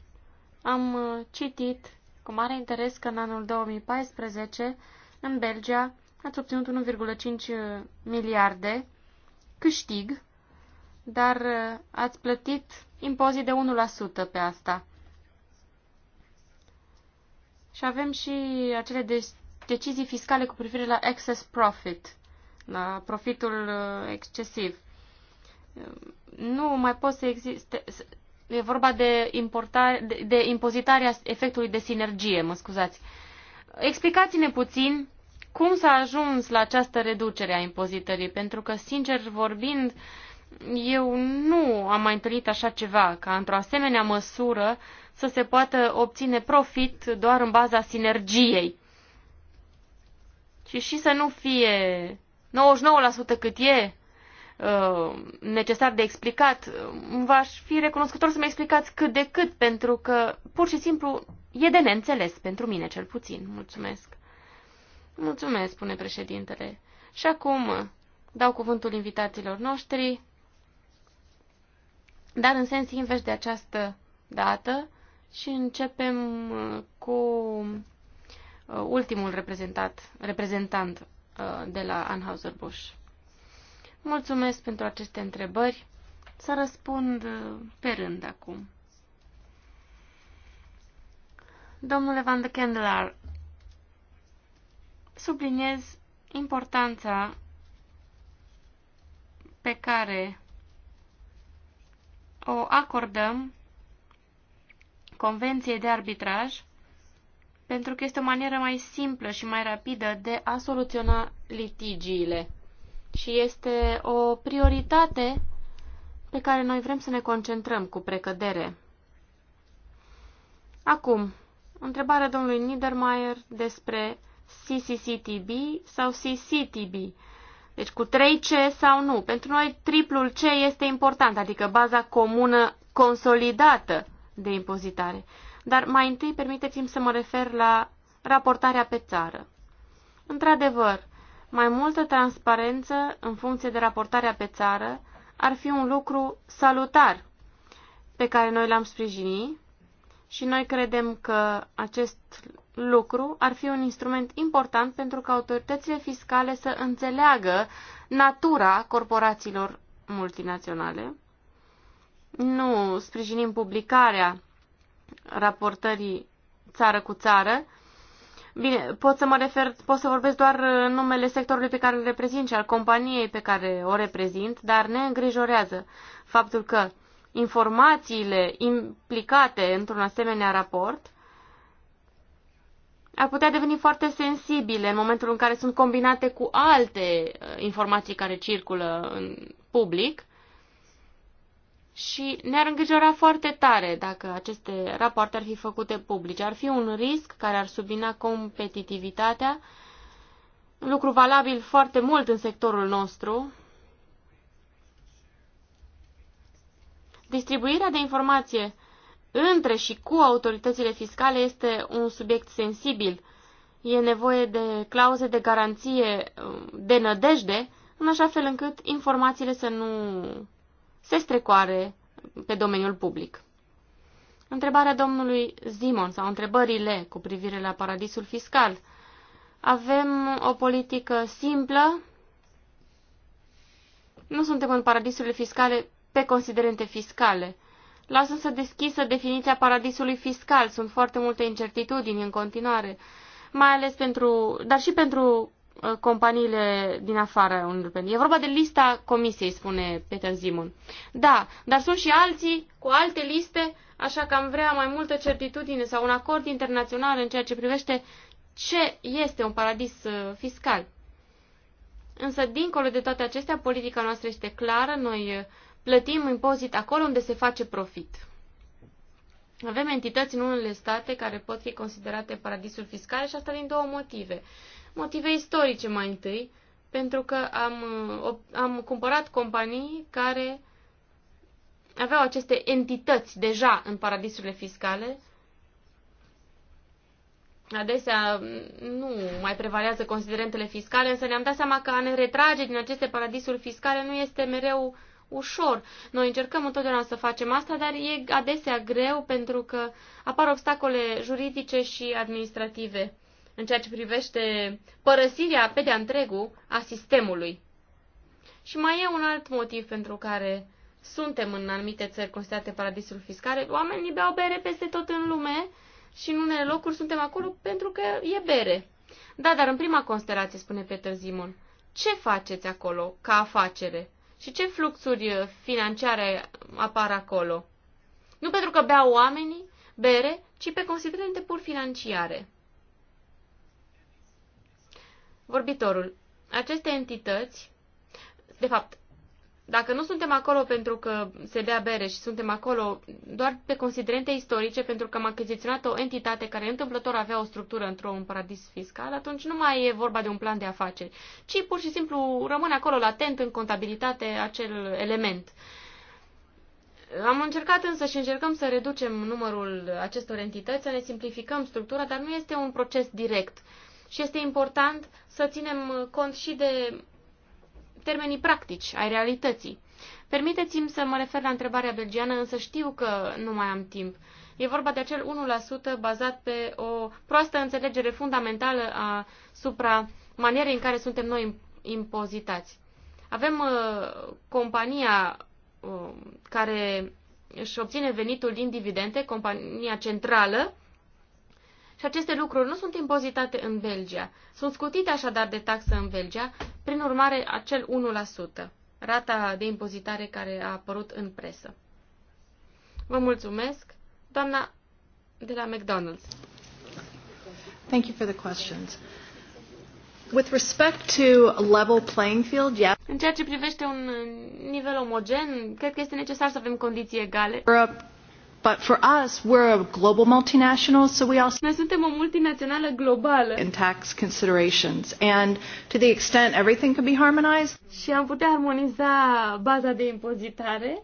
Am uh, citit cu mare interes că în anul 2014, în Belgia, ați obținut 1,5 uh, miliarde câștig dar uh, ați plătit impozit de 1% pe asta. Și avem și acele de decizii fiscale cu privire la excess profit, la profitul uh, excesiv. Uh, nu mai pot să existe... E vorba de, importare, de, de impozitarea efectului de sinergie, mă scuzați. Explicați-ne puțin cum s-a ajuns la această reducere a impozitării, pentru că, sincer vorbind, uh, eu nu am mai întâlnit așa ceva, ca într-o asemenea măsură să se poată obține profit doar în baza sinergiei. Și și să nu fie 99% cât e uh, necesar de explicat, uh, v-aș fi recunoscător să-mi explicați cât de cât, pentru că pur și simplu e de neînțeles, pentru mine cel puțin. Mulțumesc. Mulțumesc, spune președintele. Și acum uh, dau cuvântul invitaților noștri dar în sens invers de această dată și începem uh, cu uh, ultimul reprezentat, reprezentant uh, de la Anheuser-Busch. Mulțumesc pentru aceste întrebări. Să răspund pe rând acum. Domnule Van de Kendler, subliniez importanța pe care o acordăm convenție de Arbitraj pentru că este o manieră mai simplă și mai rapidă de a soluționa litigiile și este o prioritate pe care noi vrem să ne concentrăm cu precădere. Acum, întrebarea domnului Niedermayer despre CCCTB sau CCTB. Deci cu 3C sau nu. Pentru noi triplul C este important, adică baza comună consolidată de impozitare. Dar mai întâi permiteți-mi să mă refer la raportarea pe țară. Într-adevăr, mai multă transparență în funcție de raportarea pe țară ar fi un lucru salutar pe care noi l-am sprijini și noi credem că acest lucru ar fi un instrument important pentru ca autoritățile fiscale să înțeleagă natura corporațiilor multinaționale. Nu sprijinim publicarea raportării țară cu țară. Bine, pot să mă refer, pot să vorbesc doar în numele sectorului pe care îl reprezint și al companiei pe care o reprezint, dar ne îngrijorează faptul că informațiile implicate într-un asemenea raport ar putea deveni foarte sensibile în momentul în care sunt combinate cu alte uh, informații care circulă în public și ne-ar îngrijora foarte tare dacă aceste rapoarte ar fi făcute publice. Ar fi un risc care ar subina competitivitatea, lucru valabil foarte mult în sectorul nostru, Distribuirea de informație între și cu autoritățile fiscale este un subiect sensibil. E nevoie de clauze de garanție um, de nădejde, în așa fel încât informațiile să nu se strecoare pe domeniul public. Întrebarea domnului Zimon sau întrebările cu privire la paradisul fiscal. Avem o politică simplă. Nu suntem în paradisurile fiscale pe considerente fiscale. Lasă să deschisă definiția paradisului fiscal. Sunt foarte multe incertitudini în continuare, mai ales pentru, dar și pentru uh, companiile din afara Uniunii Europene. E vorba de lista comisiei, spune Peter Zimon. Da, dar sunt și alții cu alte liste, așa că am vrea mai multă certitudine sau un acord internațional în ceea ce privește ce este un paradis uh, fiscal. Însă, dincolo de toate acestea, politica noastră este clară. Noi uh, plătim impozit acolo unde se face profit. Avem entități în unele state care pot fi considerate paradisuri fiscale și asta din două motive. Motive istorice mai întâi, pentru că am, am cumpărat companii care aveau aceste entități deja în paradisurile fiscale. Adesea nu mai prevalează considerentele fiscale, însă ne-am dat seama că a ne retrage din aceste paradisuri fiscale nu este mereu uh, ușor. Noi încercăm întotdeauna să facem asta, dar e adesea greu pentru că apar obstacole juridice și administrative în ceea ce privește părăsirea pe de-a întregul a sistemului. Și mai e un alt motiv pentru care suntem în anumite țări considerate paradisuri fiscale. Oamenii beau bere peste tot în lume și în unele locuri suntem acolo pentru că e bere. Da, dar în prima constelație, spune Peter Zimon, ce faceți acolo ca afacere? Și ce fluxuri financiare apar acolo? Nu pentru că beau oamenii bere, ci pe considerente pur financiare. Vorbitorul. Aceste entități, de fapt, dacă nu suntem acolo pentru că se bea bere și suntem acolo doar pe considerente istorice, pentru că am achiziționat o entitate care întâmplător avea o structură într-un paradis fiscal, atunci nu mai e vorba de un plan de afaceri, ci pur și simplu rămâne acolo latent în contabilitate acel element. Am încercat însă și încercăm să reducem numărul acestor entități, să ne simplificăm structura, dar nu este un proces direct. Și este important să ținem cont și de termenii practici ai realității. Permiteți-mi să mă refer la întrebarea belgiană, însă știu că nu mai am timp. E vorba de acel 1% bazat pe o proastă înțelegere fundamentală asupra manierei în care suntem noi impozitați. Avem uh, compania uh, care își obține venitul din dividende, compania centrală, și aceste lucruri nu sunt impozitate în Belgia. Sunt scutite așadar de taxă în Belgia, prin urmare acel 1%, rata de impozitare care a apărut în presă. Vă mulțumesc, doamna de la McDonald's. Thank you for the questions. With respect to a level playing field, yeah. În ceea ce privește un nivel omogen, cred că este necesar să avem condiții egale. Europe But for us, we're a global multinational, so we also Noi suntem o multinațională globală. In tax considerations, and to the extent everything can be harmonized. Și am putea armoniza baza de impozitare,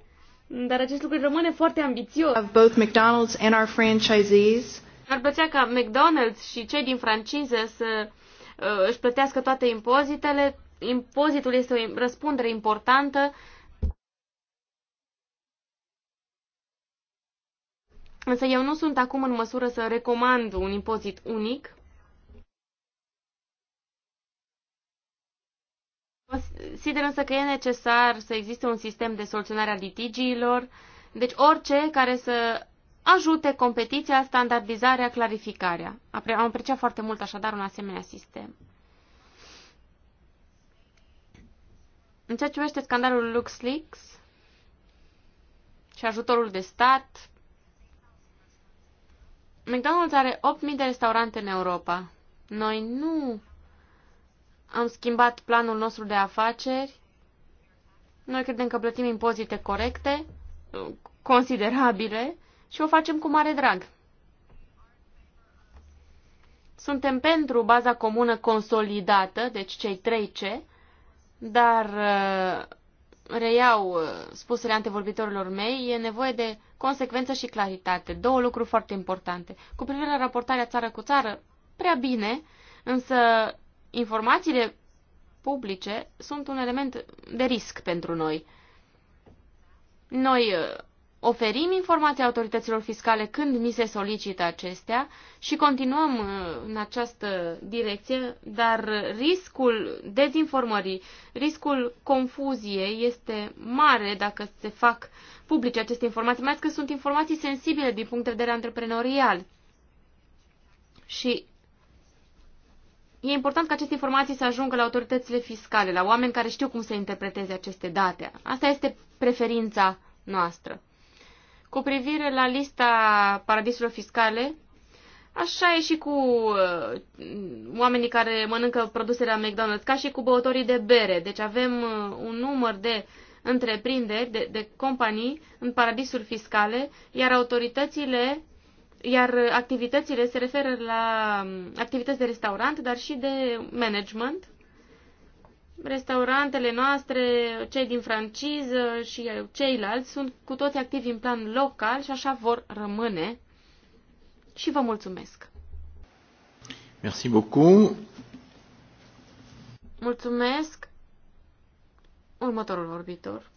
dar acest lucru rămâne foarte ambițios. Of both McDonald's and our franchisees. Ar plăcea ca McDonald's și cei din franciză să uh, își plătească toate impozitele. Impozitul este o răspundere importantă. Însă eu nu sunt acum în măsură să recomand un impozit unic. Consider însă că e necesar să existe un sistem de soluționare a litigiilor, deci orice care să ajute competiția, standardizarea, clarificarea. Am apreciat foarte mult așadar un asemenea sistem. În ceea ce privește scandalul LuxLeaks și ajutorul de stat, McDonald's are 8.000 de restaurante în Europa. Noi nu am schimbat planul nostru de afaceri. Noi credem că plătim impozite corecte, considerabile și o facem cu mare drag. Suntem pentru baza comună consolidată, deci cei 3 C, dar uh, reiau uh, spusele antevorbitorilor mei, e nevoie de consecvență și claritate, două lucruri foarte importante. Cu privire la raportarea țară cu țară, prea bine, însă informațiile publice sunt un element de risc pentru noi. Noi oferim informații autorităților fiscale când mi se solicită acestea și continuăm uh, în această direcție, dar riscul dezinformării, riscul confuziei este mare dacă se fac publice aceste informații, mai ales că sunt informații sensibile din punct de vedere antreprenorial. Și e important ca aceste informații să ajungă la autoritățile fiscale, la oameni care știu cum să interpreteze aceste date. Asta este preferința noastră. Cu privire la lista paradisurilor fiscale, așa e și cu uh, oamenii care mănâncă produsele la McDonald's, ca și cu băutorii de bere. Deci avem uh, un număr de întreprinderi, de, de companii în paradisuri fiscale, iar autoritățile iar activitățile se referă la um, activități de restaurant, dar și de management restaurantele noastre, cei din franciză și ceilalți, sunt cu toți activi în plan local și așa vor rămâne. Și vă mulțumesc! Merci beaucoup! Mulțumesc! Următorul vorbitor.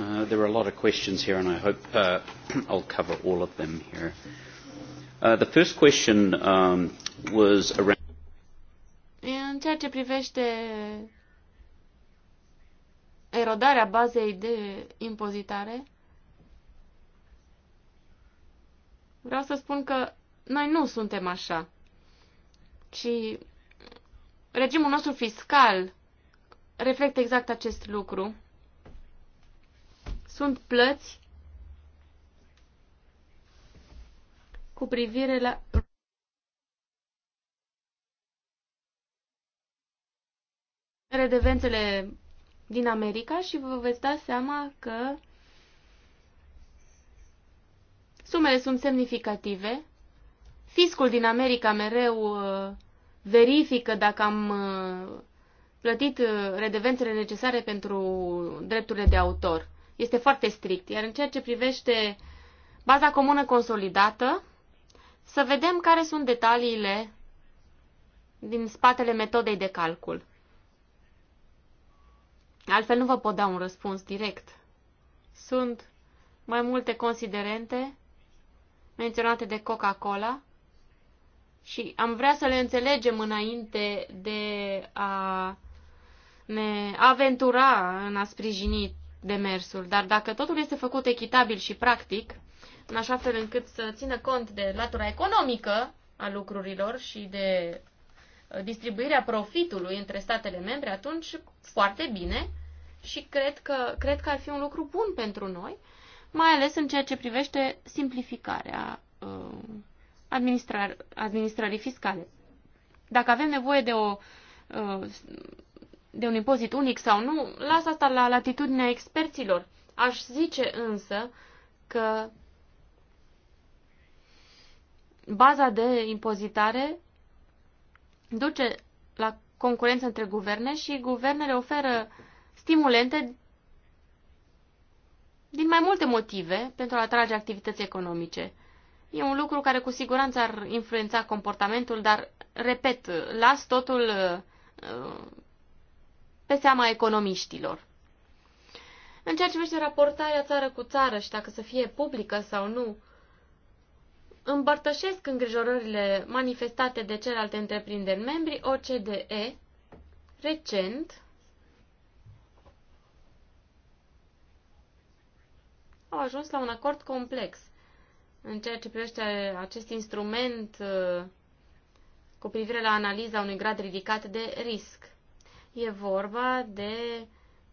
Uh, there are a lot of questions here and I hope uh, *clears throat* I'll cover all of them here. Uh, the first question um, was around... În ceea ce privește erodarea bazei de impozitare, vreau să spun că noi nu suntem așa, ci regimul nostru fiscal reflectă exact acest lucru. Sunt plăți cu privire la redevențele din America și vă veți da seama că sumele sunt semnificative. Fiscul din America mereu uh, verifică dacă am uh, plătit uh, redevențele necesare pentru drepturile de autor. Este foarte strict. Iar în ceea ce privește baza comună consolidată, să vedem care sunt detaliile din spatele metodei de calcul. Altfel nu vă pot da un răspuns direct. Sunt mai multe considerente menționate de Coca-Cola și am vrea să le înțelegem înainte de a ne aventura în a sprijini demersul. Dar dacă totul este făcut echitabil și practic, în așa fel încât să țină cont de latura economică a lucrurilor și de uh, distribuirea profitului între statele membre, atunci foarte bine și cred că, cred că ar fi un lucru bun pentru noi, mai ales în ceea ce privește simplificarea uh, administrar, administrării fiscale. Dacă avem nevoie de, o, uh, de un impozit unic sau nu, las asta la latitudinea experților. Aș zice însă că baza de impozitare duce la concurență între guverne și guvernele oferă uh, stimulente din mai multe motive pentru a atrage activități economice. E un lucru care cu siguranță ar influența comportamentul, dar, repet, las totul uh, pe seama economiștilor. În ceea ce privește raportarea țară cu țară și dacă să fie publică sau nu, împărtășesc îngrijorările manifestate de celelalte întreprinderi membri OCDE recent au ajuns la un acord complex în ceea ce privește acest instrument uh, cu privire la analiza unui grad ridicat de risc. E vorba de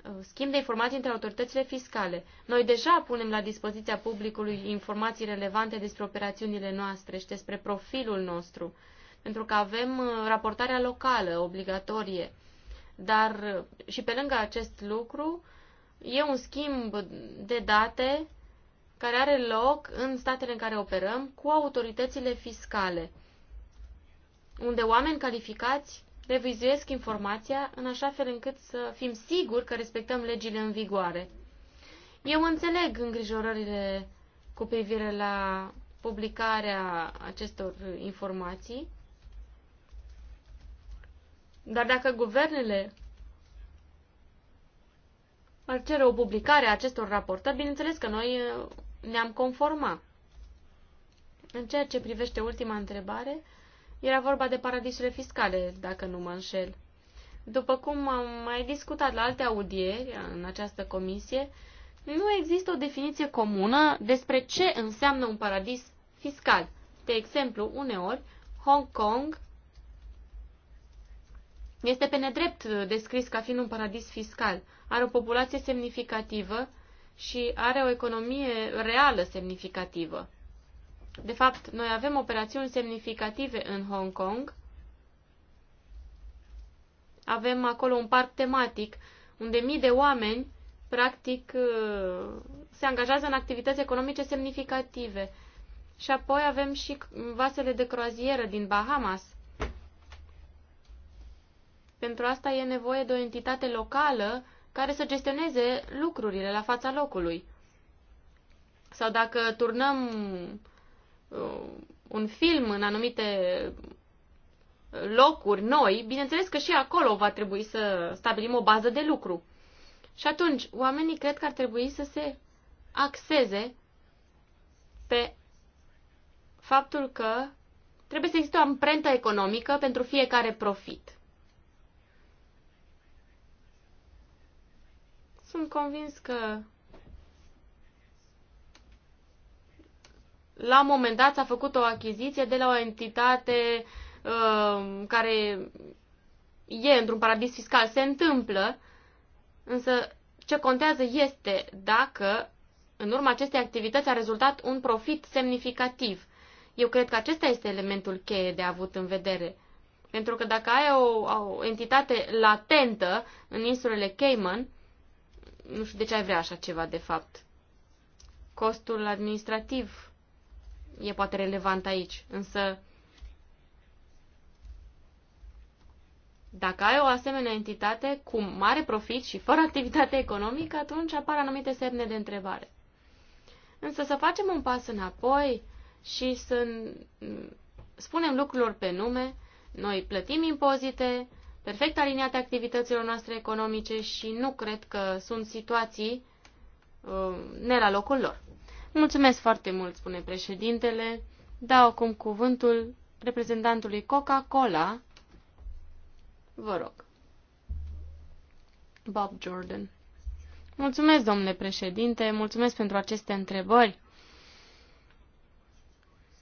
uh, schimb de informații între autoritățile fiscale. Noi deja punem la dispoziția publicului informații relevante despre operațiunile noastre și despre profilul nostru, pentru că avem uh, raportarea locală obligatorie. Dar și pe lângă acest lucru, e un schimb de date care are loc în statele în care operăm cu autoritățile fiscale, unde oameni calificați revizuiesc informația în așa fel încât să fim siguri că respectăm legile în vigoare. Eu înțeleg îngrijorările cu privire la publicarea acestor informații, dar dacă guvernele ar cere o publicare a acestor raportări, bineînțeles că noi uh, ne-am conformat. În ceea ce privește ultima întrebare, era vorba de paradisurile fiscale, dacă nu mă înșel. După cum am mai discutat la alte audieri în această comisie, nu există o definiție comună despre ce înseamnă un paradis fiscal. De exemplu, uneori, Hong Kong este pe nedrept descris ca fiind un paradis fiscal. Are o populație semnificativă și are o economie reală semnificativă. De fapt, noi avem operațiuni semnificative în Hong Kong. Avem acolo un parc tematic unde mii de oameni practic se angajează în activități economice semnificative. Și apoi avem și vasele de croazieră din Bahamas – pentru asta e nevoie de o entitate locală care să gestioneze lucrurile la fața locului. Sau dacă turnăm uh, un film în anumite locuri noi, bineînțeles că și acolo va trebui să stabilim o bază de lucru. Și atunci, oamenii cred că ar trebui să se axeze pe faptul că trebuie să existe o amprentă economică pentru fiecare profit. Sunt convins că la un moment dat s-a făcut o achiziție de la o entitate uh, care e într-un paradis fiscal. Se întâmplă, însă ce contează este dacă în urma acestei activități a rezultat un profit semnificativ. Eu cred că acesta este elementul cheie de avut în vedere. Pentru că dacă ai o, o entitate latentă în insulele Cayman, nu știu de ce ai vrea așa ceva, de fapt. Costul administrativ e poate relevant aici, însă dacă ai o asemenea entitate cu mare profit și fără activitate economică, atunci apar anumite semne de întrebare. Însă să facem un pas înapoi și să spunem lucrurilor pe nume, noi plătim impozite, perfect aliniate activităților noastre economice și nu cred că sunt situații uh, ne la locul lor. Mulțumesc foarte mult, spune președintele. Dau acum cuvântul reprezentantului Coca-Cola. Vă rog. Bob Jordan. Mulțumesc, domnule președinte, mulțumesc pentru aceste întrebări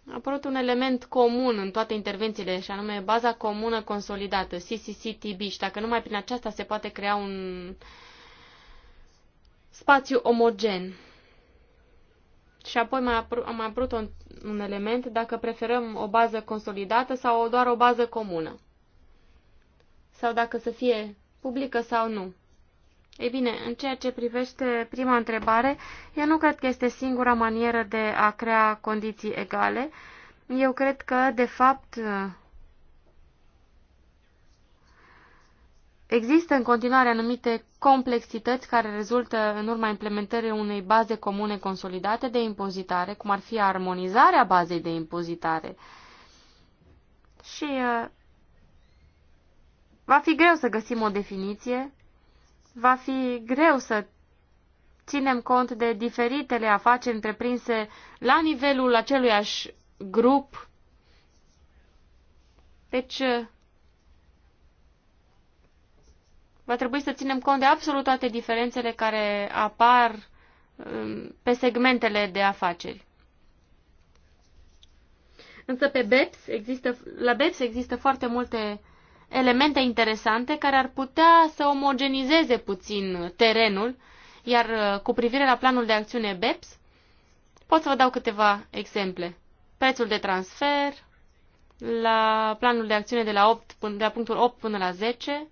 a apărut un element comun în toate intervențiile, și anume baza comună consolidată, CCCTB, și dacă numai prin aceasta se poate crea un spațiu omogen. Și apoi mai a mai apărut un, un element dacă preferăm o bază consolidată sau doar o bază comună. Sau dacă să fie publică sau nu. Ei bine, în ceea ce privește prima întrebare, eu nu cred că este singura manieră de a crea condiții egale. Eu cred că, de fapt, Există în continuare anumite complexități care rezultă în urma implementării unei baze comune consolidate de impozitare, cum ar fi armonizarea bazei de impozitare. Și uh, va fi greu să găsim o definiție va fi greu să ținem cont de diferitele afaceri întreprinse la nivelul aceluiași grup. Deci, va trebui să ținem cont de absolut toate diferențele care apar um, pe segmentele de afaceri. Însă pe BEPS există, la BEPS există foarte multe elemente interesante care ar putea să omogenizeze puțin terenul, iar uh, cu privire la planul de acțiune BEPS, pot să vă dau câteva exemple. Prețul de transfer, la planul de acțiune de la, 8, de la punctul 8 până la 10,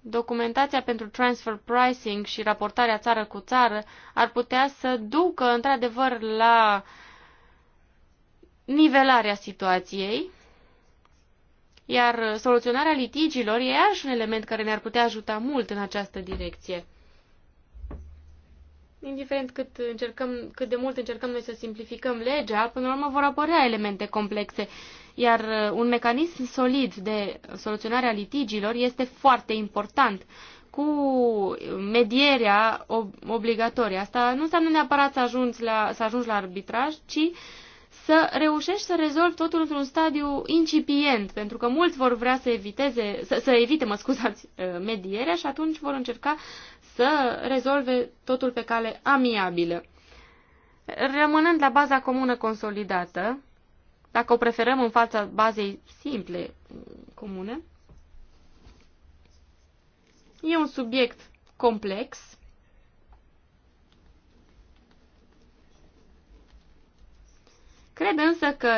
documentația pentru transfer pricing și raportarea țară cu țară ar putea să ducă într-adevăr la nivelarea situației, iar uh, soluționarea litigilor e iarăși un element care ne-ar putea ajuta mult în această direcție. Indiferent cât, încercăm, cât de mult încercăm noi să simplificăm legea, până la urmă vor apărea elemente complexe, iar uh, un mecanism solid de soluționare a litigilor este foarte important cu medierea ob obligatorie. Asta nu înseamnă neapărat să ajungi la, să ajungi la arbitraj, ci să reușești să rezolvi totul într-un stadiu incipient, pentru că mulți vor vrea să, eviteze, să, să evite, mă scuzați, *laughs* uh, medierea și atunci vor încerca să rezolve totul pe cale amiabilă. Rămânând la baza comună consolidată, dacă o preferăm în fața bazei simple comune, e un subiect complex Cred însă că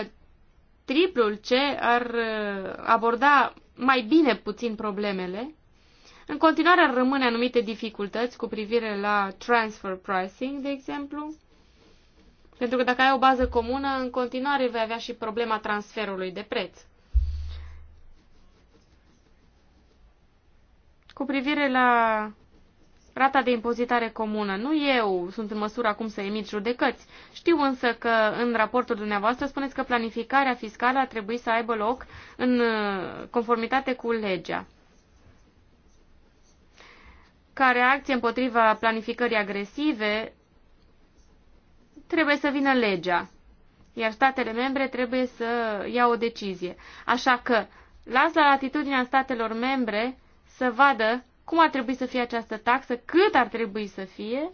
triplul C ar uh, aborda mai bine puțin problemele. În continuare ar rămâne anumite dificultăți cu privire la transfer pricing, de exemplu, pentru că dacă ai o bază comună, în continuare vei avea și problema transferului de preț. Cu privire la rata de impozitare comună. Nu eu sunt în măsură acum să emit judecăți. Știu însă că în raportul dumneavoastră spuneți că planificarea fiscală ar trebui să aibă loc în uh, conformitate cu legea. Ca reacție împotriva planificării agresive, trebuie să vină legea, iar statele membre trebuie să ia o decizie. Așa că las la latitudinea statelor membre să vadă cum ar trebui să fie această taxă, cât ar trebui să fie.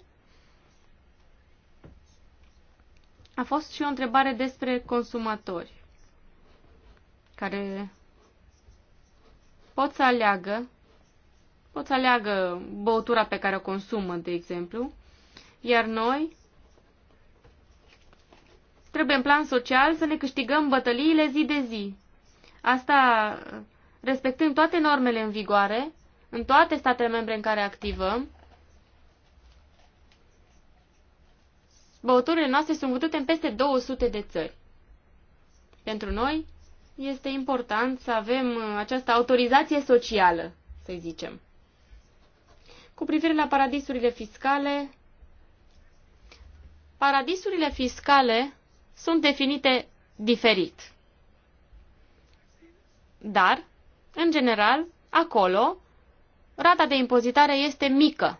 A fost și o întrebare despre consumatori care pot să aleagă, pot să aleagă băutura pe care o consumă, de exemplu, iar noi trebuie în plan social să ne câștigăm bătăliile zi de zi. Asta respectând toate normele în vigoare în toate statele membre în care activăm, băuturile noastre sunt vândute în peste 200 de țări. Pentru noi este important să avem uh, această autorizație socială, să zicem. Cu privire la paradisurile fiscale, paradisurile fiscale sunt definite diferit. Dar, în general, acolo rata de impozitare este mică.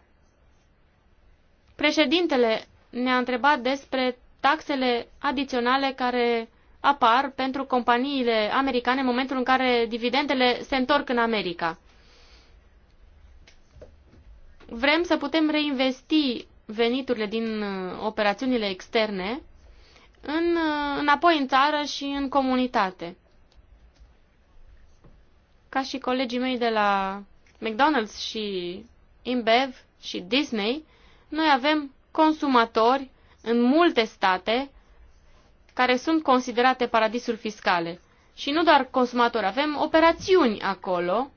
Președintele ne-a întrebat despre taxele adiționale care apar pentru companiile americane în momentul în care dividendele se întorc în America. Vrem să putem reinvesti veniturile din uh, operațiunile externe în, uh, înapoi în țară și în comunitate. Ca și colegii mei de la McDonald's și InBev și Disney, noi avem consumatori în multe state care sunt considerate paradisuri fiscale. Și nu doar consumatori, avem operațiuni acolo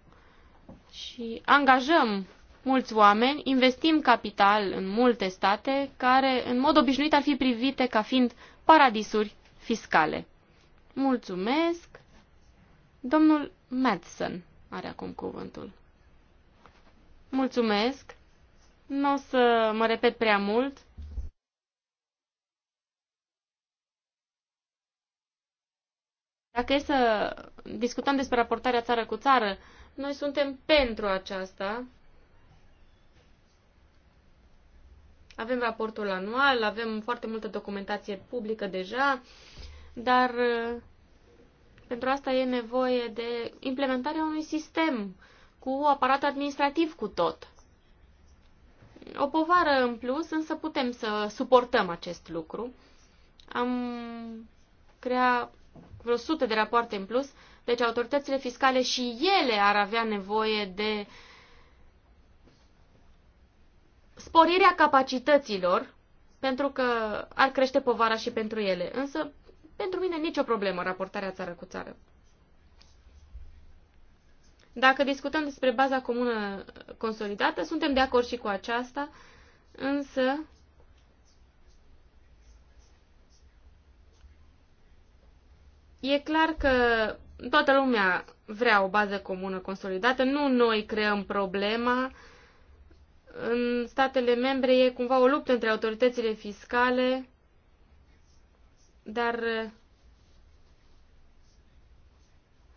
și angajăm mulți oameni, investim capital în multe state care în mod obișnuit ar fi privite ca fiind paradisuri fiscale. Mulțumesc! Domnul Madsen are acum cuvântul. Mulțumesc. Nu o să mă repet prea mult. Dacă e să discutăm despre raportarea țară cu țară, noi suntem pentru aceasta. Avem raportul anual, avem foarte multă documentație publică deja, dar eh, pentru asta e nevoie de implementarea unui sistem cu aparatul administrativ cu tot. O povară în plus, însă putem să suportăm acest lucru. Am crea vreo sute de rapoarte în plus, deci autoritățile fiscale și ele ar avea nevoie de sporirea capacităților, pentru că ar crește povara și pentru ele. Însă, pentru mine, nicio problemă raportarea țară cu țară. Dacă discutăm despre baza comună consolidată, suntem de acord și cu aceasta, însă e clar că toată lumea vrea o bază comună consolidată, nu noi creăm problema. În statele membre e cumva o luptă între autoritățile fiscale, dar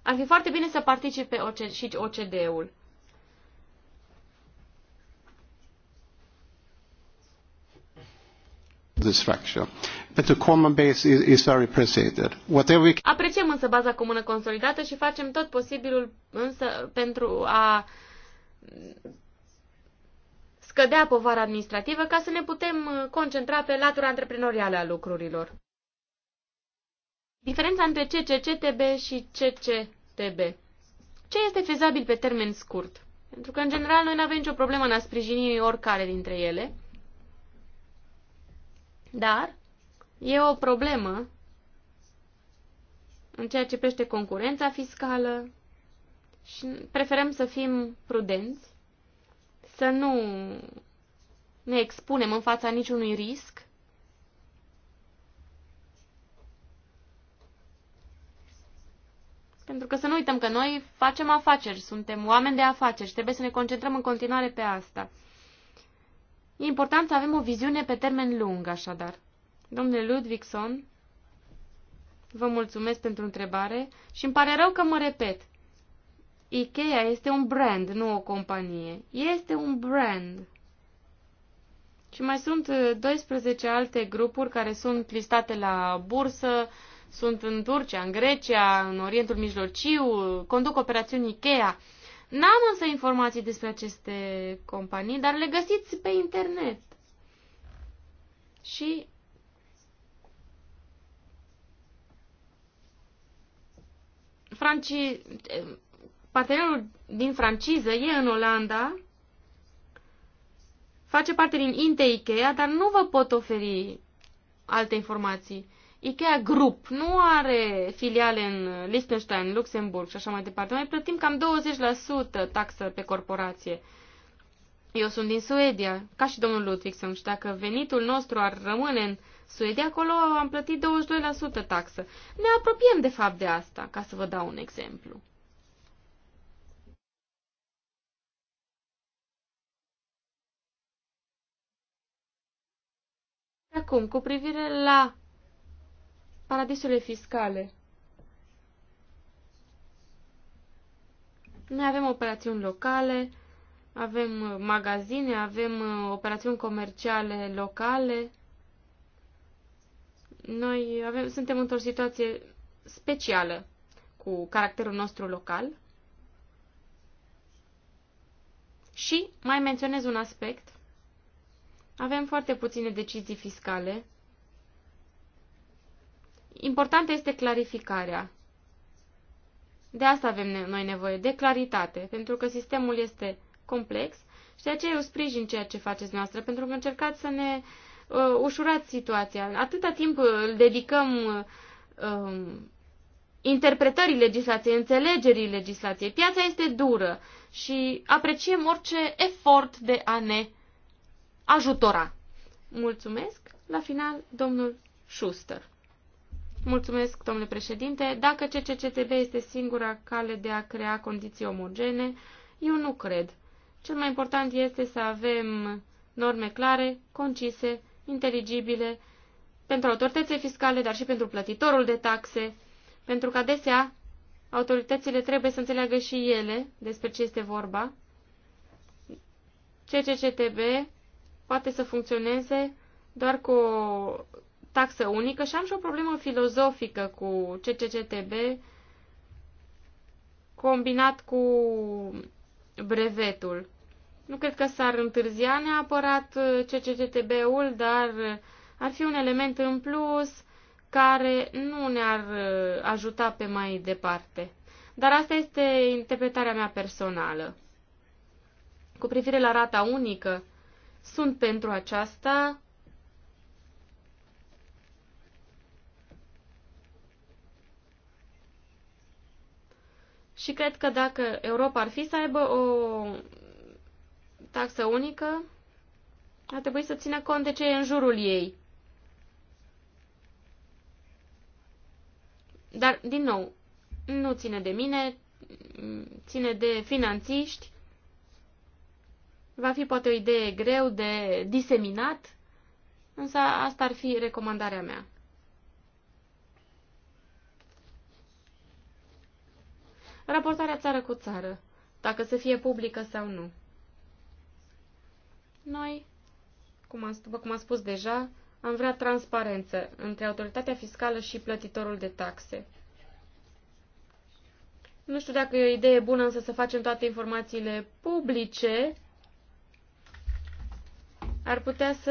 ar fi foarte bine să participe și OCD-ul. Apreciem însă baza comună consolidată și facem tot posibilul însă pentru a scădea povara administrativă ca să ne putem uh, concentra pe latura antreprenorială a lucrurilor. Diferența între CCCTB și CC TB. Ce este fezabil pe termen scurt? Pentru că, în general, noi nu avem nicio problemă în a sprijini oricare dintre ele. Dar e o problemă în ceea ce pește concurența fiscală și preferăm să fim prudenți, să nu ne expunem în fața niciunui risc Pentru că să nu uităm că noi facem afaceri, suntem oameni de afaceri și trebuie să ne concentrăm în continuare pe asta. E important să avem o viziune pe termen lung, așadar. Domnule Ludvigson, vă mulțumesc pentru întrebare și îmi pare rău că mă repet. Ikea este un brand, nu o companie. Este un brand. Și mai sunt 12 uh, alte grupuri care sunt listate la bursă, sunt în Turcia, în Grecia, în Orientul Mijlociu, conduc operațiuni Ikea. N-am însă informații despre aceste companii, dar le găsiți pe internet. Și Franci... partenerul din franciză e în Olanda, face parte din Inte Ikea, dar nu vă pot oferi alte informații. Ikea Group nu are filiale în Liechtenstein, Luxemburg și așa mai departe. Noi plătim cam 20% taxă pe corporație. Eu sunt din Suedia, ca și domnul Ludvigson, și dacă venitul nostru ar rămâne în Suedia, acolo am plătit 22% taxă. Ne apropiem de fapt de asta, ca să vă dau un exemplu. Acum, cu privire la paradisurile fiscale. Noi avem operațiuni locale, avem uh, magazine, avem uh, operațiuni comerciale locale. Noi avem, suntem într-o situație specială cu caracterul nostru local. Și mai menționez un aspect. Avem foarte puține decizii fiscale Importantă este clarificarea. De asta avem noi nevoie, de claritate, pentru că sistemul este complex și de aceea eu sprijin ceea ce faceți noastră, pentru că încercați să ne uh, ușurați situația. Atâta timp îl dedicăm uh, interpretării legislației, înțelegerii legislației. Piața este dură și apreciem orice efort de a ne ajutora. Mulțumesc. La final, domnul Schuster. Mulțumesc, domnule președinte. Dacă CCCTB este singura cale de a crea condiții omogene, eu nu cred. Cel mai important este să avem norme clare, concise, inteligibile, pentru autoritățile fiscale, dar și pentru plătitorul de taxe, pentru că adesea autoritățile trebuie să înțeleagă și ele despre ce este vorba. CCCTB poate să funcționeze doar cu o taxă unică și am și o problemă filozofică cu CCCTB combinat cu brevetul. Nu cred că s-ar întârzia neapărat CCCTB-ul, dar ar fi un element în plus care nu ne-ar ajuta pe mai departe. Dar asta este interpretarea mea personală. Cu privire la rata unică, sunt pentru aceasta, Și cred că dacă Europa ar fi să aibă o taxă unică, ar trebui să țină cont de ce e în jurul ei. Dar, din nou, nu ține de mine, ține de finanțiști. Va fi poate o idee greu de diseminat, însă asta ar fi recomandarea mea. raportarea țară cu țară, dacă să fie publică sau nu. Noi, cum am, după cum am spus deja, am vrea transparență între autoritatea fiscală și plătitorul de taxe. Nu știu dacă e o idee bună însă să facem toate informațiile publice. Ar putea să,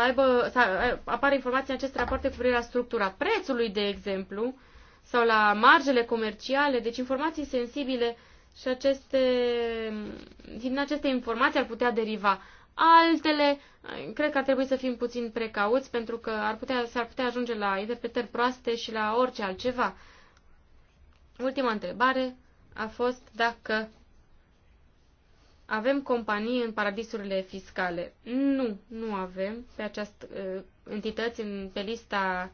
aibă, să apară informații în acest raport cu privire la structura prețului, de exemplu, sau la marjele comerciale, deci informații sensibile și aceste, din aceste informații ar putea deriva altele. Cred că ar trebui să fim puțin precauți pentru că ar putea, s-ar putea ajunge la interpretări proaste și la orice altceva. Ultima întrebare a fost dacă avem companii în paradisurile fiscale. Nu, nu avem pe această uh, entități în, pe lista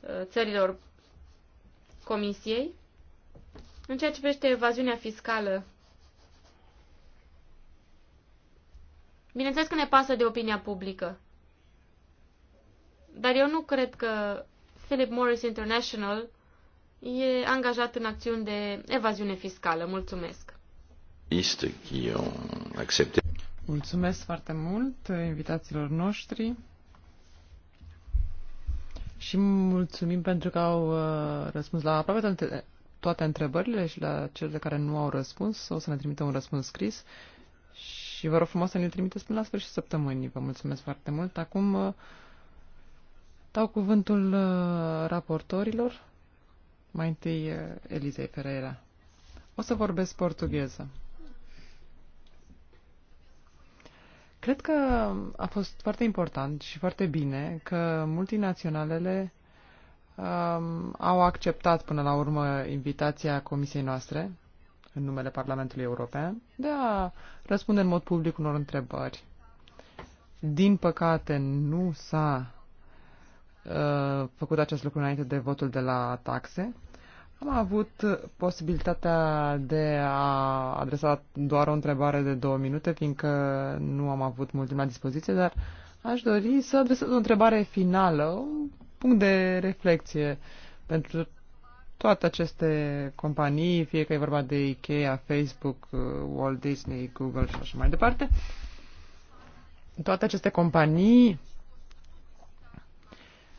uh, țărilor Comisiei în ceea ce privește evaziunea fiscală. Bineînțeles că ne pasă de opinia publică, dar eu nu cred că Philip Morris International e angajat în acțiuni de evaziune fiscală. Mulțumesc! Mulțumesc foarte mult invitațiilor noștri. Și mulțumim pentru că au uh, răspuns la aproape toate întrebările și la cele de care nu au răspuns. O să ne trimită un răspuns scris și vă rog frumos să ne trimiteți până la sfârșit săptămânii. Vă mulțumesc foarte mult. Acum uh, dau cuvântul uh, raportorilor. Mai întâi Elizei Ferreira. O să vorbesc portugheză. Cred că a fost foarte important și foarte bine că multinaționalele um, au acceptat până la urmă invitația comisiei noastre în numele Parlamentului European de a răspunde în mod public unor întrebări. Din păcate, nu s-a uh, făcut acest lucru înainte de votul de la taxe, am avut uh, posibilitatea de a adresa doar o întrebare de două minute, fiindcă nu am avut mult timp la dispoziție, dar aș dori să adresez o întrebare finală, un punct de reflexie pentru toate aceste companii, fie că e vorba de Ikea, Facebook, uh, Walt Disney, Google și așa mai departe. Toate aceste companii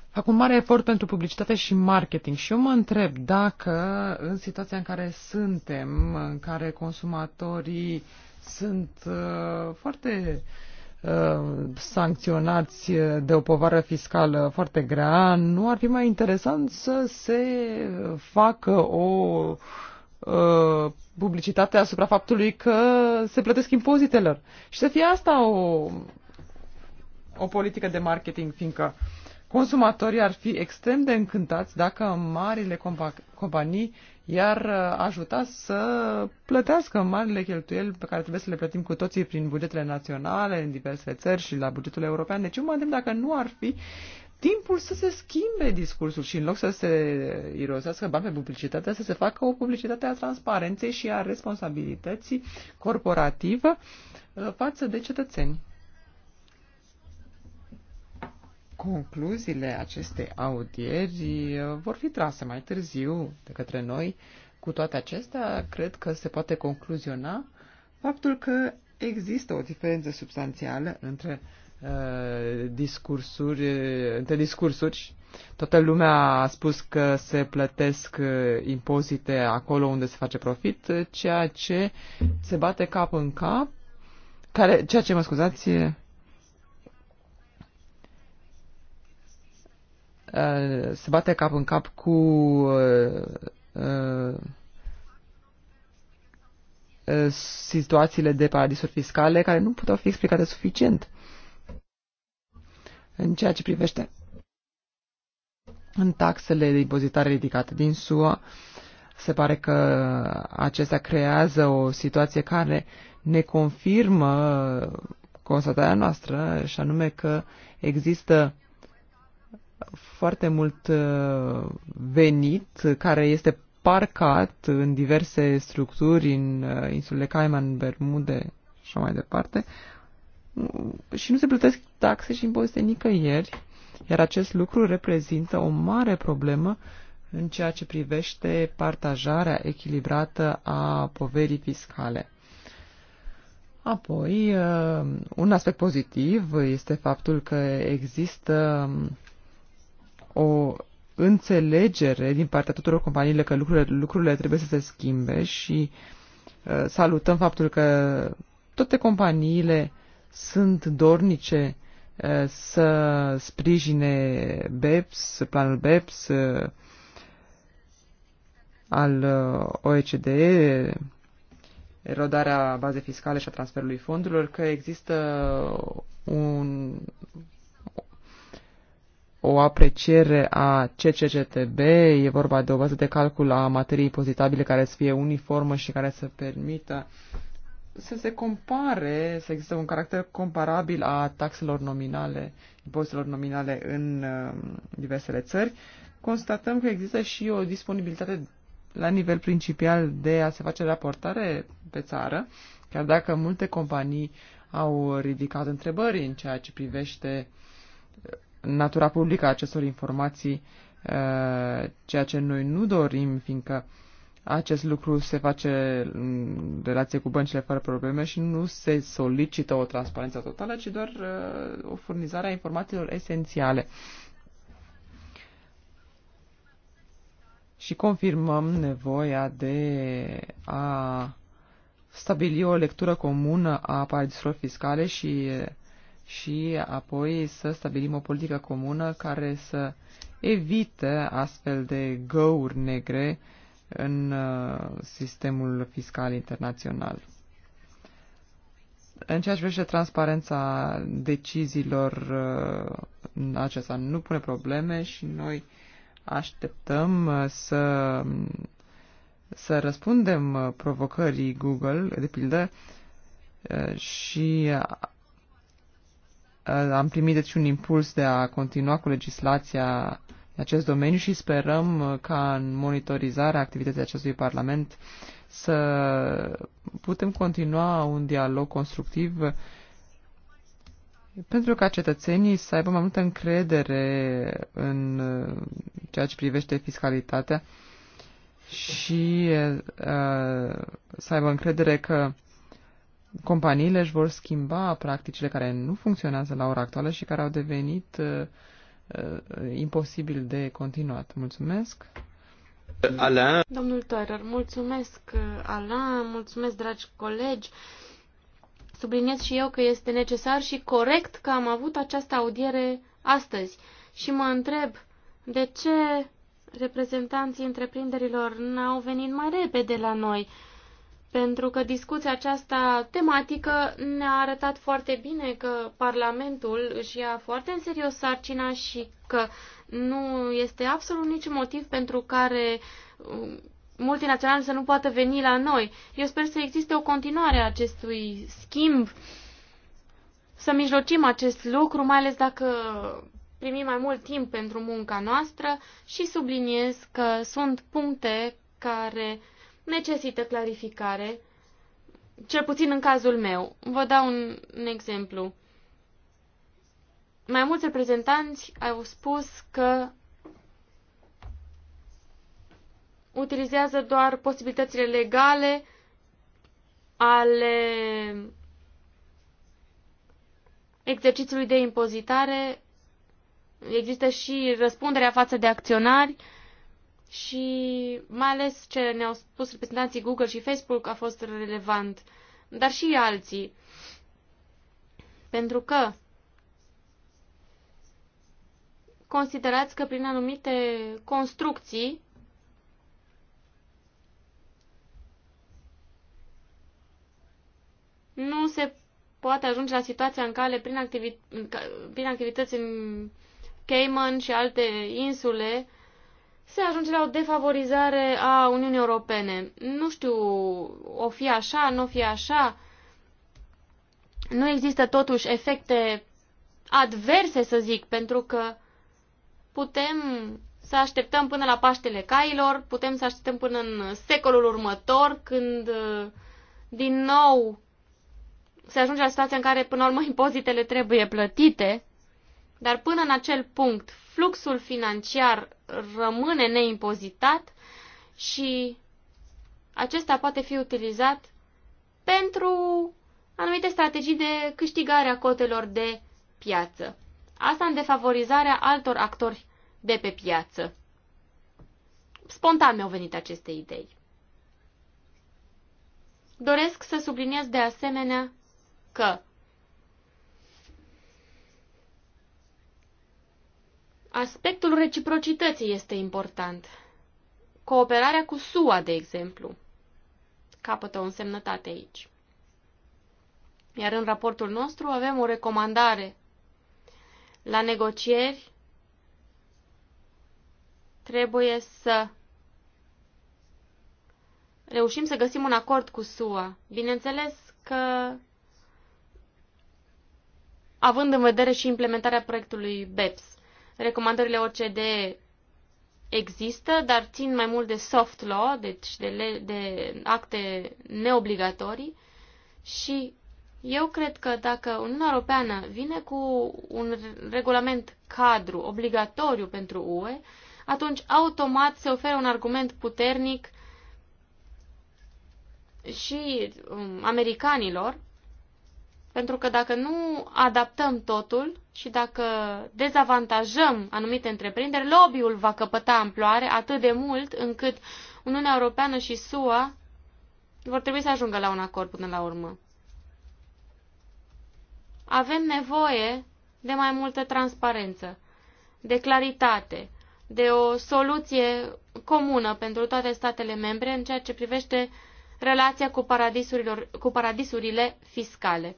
fac un mare efort pentru publicitate și marketing și eu mă întreb dacă în situația în care suntem, în care consumatorii sunt uh, foarte uh, sancționați de o povară fiscală foarte grea, nu ar fi mai interesant să se facă o uh, publicitate asupra faptului că se plătesc impozitelor. Și să fie asta o, o politică de marketing, fiindcă uh, Consumatorii ar fi extrem de încântați dacă marile companii iar uh, ajuta să plătească marile cheltuieli pe care trebuie să le plătim cu toții prin bugetele naționale în diverse țări și la bugetul european. Deci eu mă întreb dacă nu ar fi timpul să se schimbe discursul și în loc să se irosească bani pe publicitate, să se facă o publicitate a transparenței și a responsabilității corporativă uh, față de cetățeni. Concluziile acestei audieri eh, vor fi trase mai târziu de către noi. Cu toate acestea, cred că se poate concluziona faptul că există o diferență substanțială între uh, discursuri, eh, între discursuri. Toată lumea a spus că se plătesc impozite acolo unde se face profit, ceea ce se bate cap în cap, care, ceea ce, mă scuzați, Uh, se bate cap în cap cu uh, uh, situațiile de paradisuri fiscale care nu puteau fi explicate suficient în ceea ce privește în taxele de impozitare ridicate din SUA. Se pare că acestea creează o situație care ne confirmă constatarea noastră, și anume că există foarte mult uh, venit care este parcat în diverse structuri în uh, insulele Cayman, Bermude și așa mai departe mm, și nu se plătesc taxe și impozite nicăieri, iar acest lucru reprezintă o mare problemă în ceea ce privește partajarea echilibrată a poverii fiscale. Apoi, uh, un aspect pozitiv este faptul că există mm, o înțelegere din partea tuturor companiile că lucrurile, lucrurile trebuie să se schimbe și uh, salutăm faptul că toate companiile sunt dornice uh, să sprijine BEPS, planul BEPS uh, al uh, OECD, erodarea bazei fiscale și a transferului fondurilor, că există un, o apreciere a CCCTB, e vorba de o bază de calcul a materiei impozitabile care să fie uniformă și care să permită să se compare, să există un caracter comparabil a taxelor nominale, impozitelor nominale în um, diversele țări, constatăm că există și o disponibilitate la nivel principal de a se face raportare pe țară, chiar dacă multe companii au ridicat întrebări în ceea ce privește uh, natura publică a acestor informații, uh, ceea ce noi nu dorim, fiindcă acest lucru se face în relație cu băncile fără probleme și nu se solicită o transparență totală, ci doar uh, o furnizare a informațiilor esențiale. Și confirmăm nevoia de a stabili o lectură comună a paradisurilor fiscale și uh, și apoi să stabilim o politică comună care să evite astfel de găuri negre în uh, sistemul fiscal internațional. În ceea ce privește transparența deciziilor, uh, acesta nu pune probleme și noi așteptăm uh, să, să răspundem provocării Google, de pildă, și am primit deci un impuls de a continua cu legislația în acest domeniu și sperăm uh, ca în monitorizarea activității acestui Parlament să putem continua un dialog constructiv uh, pentru ca cetățenii să aibă mai multă încredere în uh, ceea ce privește fiscalitatea și uh, să aibă încredere că companiile își vor schimba practicile care nu funcționează la ora actuală și care au devenit uh, uh imposibil de continuat. Mulțumesc! Alain. Domnul Toirer, mulțumesc, uh, Alain, mulțumesc, dragi colegi. Subliniez și eu că este necesar și corect că am avut această audiere astăzi și mă întreb de ce reprezentanții întreprinderilor n-au venit mai repede la noi. Uh, pentru că discuția aceasta tematică ne-a arătat foarte bine că Parlamentul își ia foarte în serios sarcina și că nu este absolut niciun motiv pentru care um, multinaționale să nu poată veni la noi. Eu sper să existe o continuare a acestui schimb, să mijlocim acest lucru, mai ales dacă primim mai mult timp pentru munca noastră și subliniez că sunt puncte care necesită clarificare, cel puțin în cazul meu. Vă dau un, un exemplu. Mai mulți reprezentanți au spus că utilizează doar posibilitățile legale ale exercițiului de impozitare. Există și răspunderea față de acționari. Uh, și mai ales ce ne-au spus reprezentanții Google și Facebook a fost relevant, dar și alții. Pentru că considerați că prin anumite construcții nu se poate ajunge la situația în care prin, activi- prin activități în Cayman și alte insule se ajunge la o defavorizare a Uniunii Europene. Nu știu, o fi așa, nu o fi așa. Nu există totuși efecte adverse, să zic, pentru că putem să așteptăm până la Paștele Cailor, putem să așteptăm până în secolul următor, când uh, din nou se ajunge la situația în care, până la urmă, impozitele trebuie plătite, dar până în acel punct, fluxul financiar rămâne neimpozitat și acesta poate fi utilizat pentru anumite strategii de câștigare a cotelor de piață. Asta în defavorizarea altor actori de pe piață. Spontan mi-au venit aceste idei. Doresc să subliniez de asemenea că Aspectul reciprocității este important. Cooperarea cu SUA, de exemplu, capătă o însemnătate aici. Iar în raportul nostru avem o recomandare. La negocieri trebuie să reușim să găsim un acord cu SUA. Bineînțeles că având în vedere și implementarea proiectului BEPS. Recomandările OCDE există, dar țin mai mult de soft law, deci de, de acte neobligatorii și eu cred că dacă Uniunea Europeană vine cu un regulament cadru obligatoriu pentru UE, atunci automat se oferă un argument puternic și um, americanilor pentru că dacă nu adaptăm totul și dacă dezavantajăm anumite întreprinderi, lobby-ul va căpăta amploare atât de mult încât Uniunea Europeană și SUA vor trebui să ajungă la un acord până la urmă. Avem nevoie de mai multă transparență, de claritate, de o soluție comună pentru toate statele membre în ceea ce privește relația cu, paradisurilor, cu paradisurile fiscale.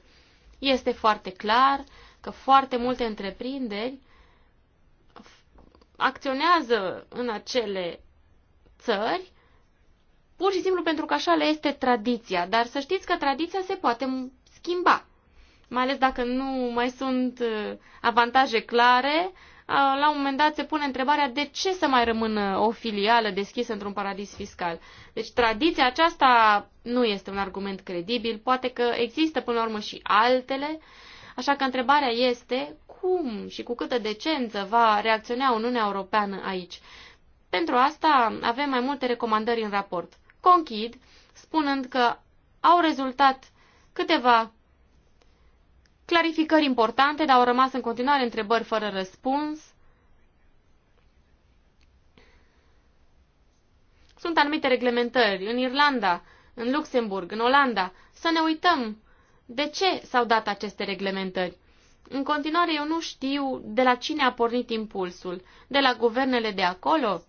Este foarte clar că foarte multe întreprinderi acționează în acele țări pur și simplu pentru că așa le este tradiția, dar să știți că tradiția se poate schimba, mai ales dacă nu mai sunt uh, avantaje clare la un moment dat se pune întrebarea de ce să mai rămână o filială deschisă într-un paradis fiscal. Deci tradiția aceasta nu este un argument credibil, poate că există până la urmă și altele, așa că întrebarea este cum și cu câtă decență va reacționa Uniunea Europeană aici. Pentru asta avem mai multe recomandări în raport. Conchid, spunând că au rezultat câteva clarificări importante, dar au rămas în continuare întrebări fără răspuns. Sunt anumite reglementări în Irlanda, în Luxemburg, în Olanda. Să ne uităm de ce s-au dat aceste reglementări. În continuare, eu nu știu de la cine a pornit impulsul. De la guvernele de acolo,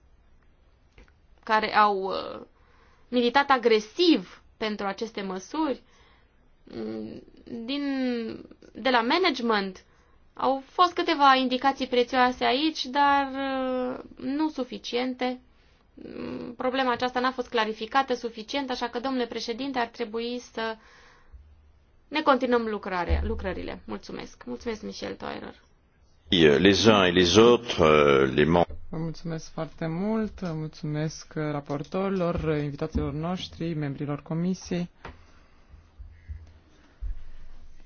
care au uh, militat agresiv pentru aceste măsuri, din, de la management. Au fost câteva indicații prețioase aici, dar uh, nu suficiente. Mm, problema aceasta n-a fost clarificată suficient, așa că, domnule președinte, ar trebui să ne continuăm lucrarea, lucrările. Mulțumesc. Mulțumesc, Michel Toirer. Euh, les uns et les autres, euh, les Vă mulțumesc foarte mult, mulțumesc uh, raportorilor, invitațiilor noștri, membrilor comisiei.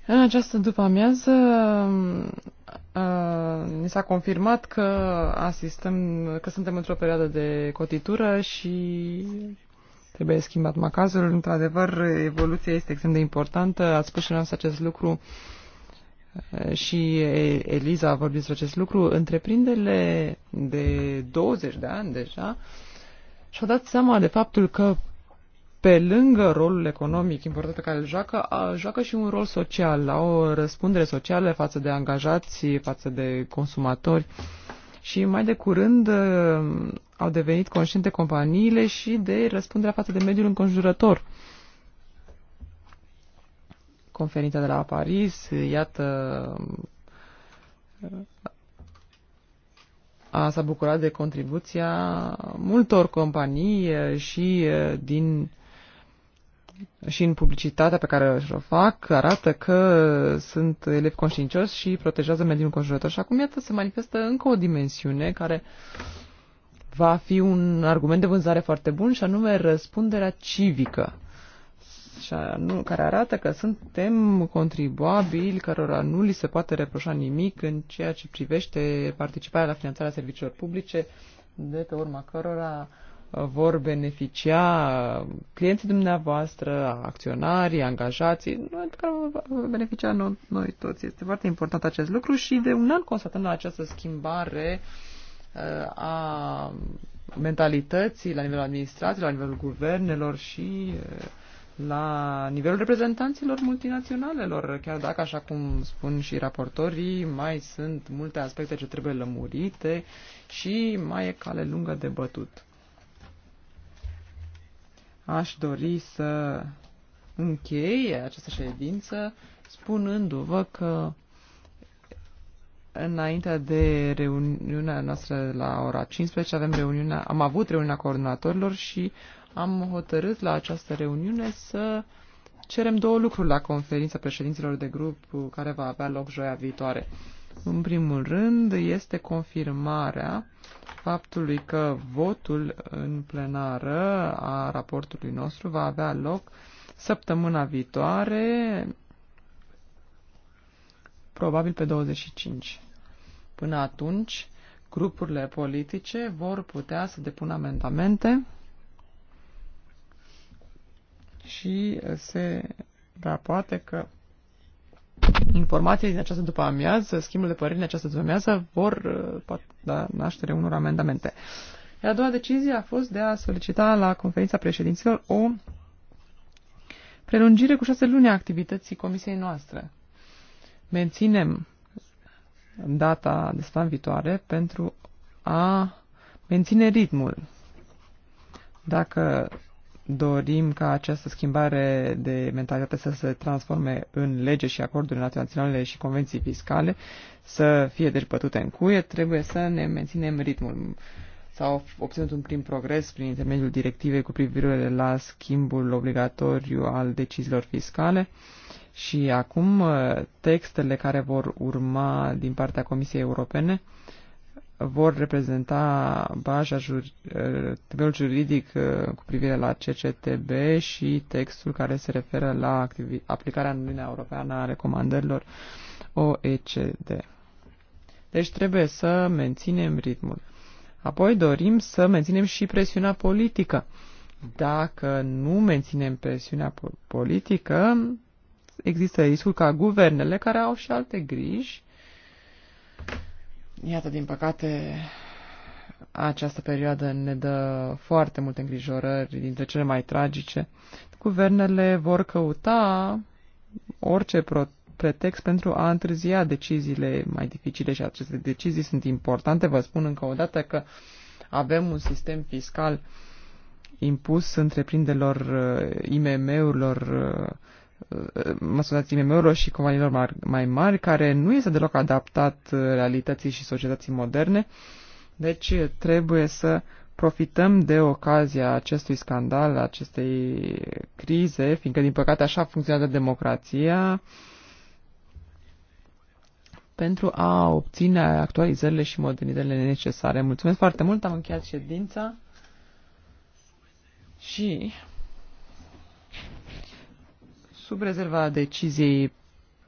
În această după-amiază uh, uh, ni s-a confirmat că asistăm, că suntem într-o perioadă de cotitură și trebuie schimbat macazul. Într-adevăr, evoluția este extrem de importantă. Ați spus și noi acest lucru uh, și Eliza a vorbit despre acest lucru. Întreprinderile de 20 de ani deja și-au dat seama de faptul că pe lângă rolul economic important pe care îl joacă, a, joacă și un rol social, la o răspundere socială față de angajați, față de consumatori. Și mai de curând uh, au devenit conștiente companiile și de răspunderea față de mediul înconjurător. Conferința de la Paris, iată, a, s-a bucurat de contribuția multor companii uh, și uh, din și în publicitatea pe care o fac arată că sunt elevi conștiincioși și protejează mediul înconjurător. Și acum, iată, se manifestă încă o dimensiune care va fi un argument de vânzare foarte bun și anume răspunderea civică. Și anu, care arată că suntem contribuabili cărora nu li se poate reproșa nimic în ceea ce privește participarea la finanțarea serviciilor publice, de pe urma cărora uh, vor beneficia clienții dumneavoastră, acționarii, angajații, că vor beneficia noi, noi toți. Este foarte important acest lucru și de un an constatăm la această schimbare uh, a mentalității la nivelul administrației, la nivelul guvernelor și uh, la nivelul reprezentanților multinaționalelor, chiar dacă, așa cum spun și raportorii, mai sunt multe aspecte ce trebuie lămurite și mai e cale lungă de bătut aș dori să închei această ședință spunându-vă că înainte de reuniunea noastră la ora 15 avem reuniunea, am avut reuniunea coordonatorilor și am hotărât la această reuniune să cerem două lucruri la conferința președinților de grup care va avea loc joia viitoare. În primul rând, este confirmarea faptului că votul în plenară a raportului nostru va avea loc săptămâna viitoare, probabil pe 25. Până atunci, grupurile politice vor putea să depună amendamente și se poate că Informații din această după amiază, schimbul de păreri din această după amiază vor uh, da naștere unor amendamente. Iar a doua decizie a fost de a solicita la conferința președinților o prelungire cu șase luni a activității comisiei noastre. Menținem data de săptămâna viitoare pentru a menține ritmul. Dacă dorim ca această schimbare de mentalitate să se transforme în lege și acorduri naționale și convenții fiscale, să fie deci pătute în cuie, trebuie să ne menținem ritmul. S-a obținut un prim progres prin intermediul directivei cu privire la schimbul obligatoriu al deciziilor fiscale și acum uh, textele care vor urma din partea Comisiei Europene vor reprezenta baza jur, uh, juridic uh, cu privire la CCTB și textul care se referă la aplicarea în Uniunea Europeană a recomandărilor OECD. Deci trebuie să menținem ritmul. Apoi dorim să menținem și presiunea politică. Dacă nu menținem presiunea politică, există riscul ca guvernele care au și alte griji Iată, din păcate, această perioadă ne dă foarte multe îngrijorări, dintre cele mai tragice. Guvernele vor căuta orice pretext pentru a întârzia deciziile mai dificile și aceste decizii sunt importante. Vă spun încă o dată că avem un sistem fiscal impus întreprinderilor, uh, IMM-urilor, uh, Uh, mă scuzați, imm și companiilor mai mari, care nu este deloc adaptat uh, realității și societății moderne. Deci trebuie să profităm de ocazia acestui scandal, acestei crize, fiindcă din păcate așa funcționează democrația, pentru a obține actualizările și modernizările necesare. Mulțumesc foarte mult, am încheiat ședința și sub rezerva deciziei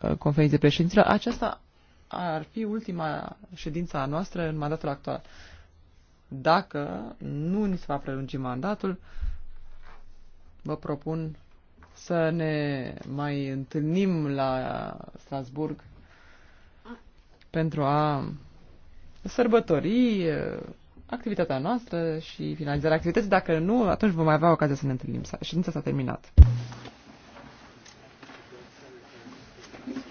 uh, conferinței președinților, aceasta ar fi ultima ședință a noastră în mandatul actual. Dacă nu ni se va prelungi mandatul, vă propun să ne mai întâlnim la Strasburg pentru a sărbători uh, activitatea noastră și finalizarea activității. Dacă nu, atunci vom mai avea ocazia să ne întâlnim. Ședința s-a terminat.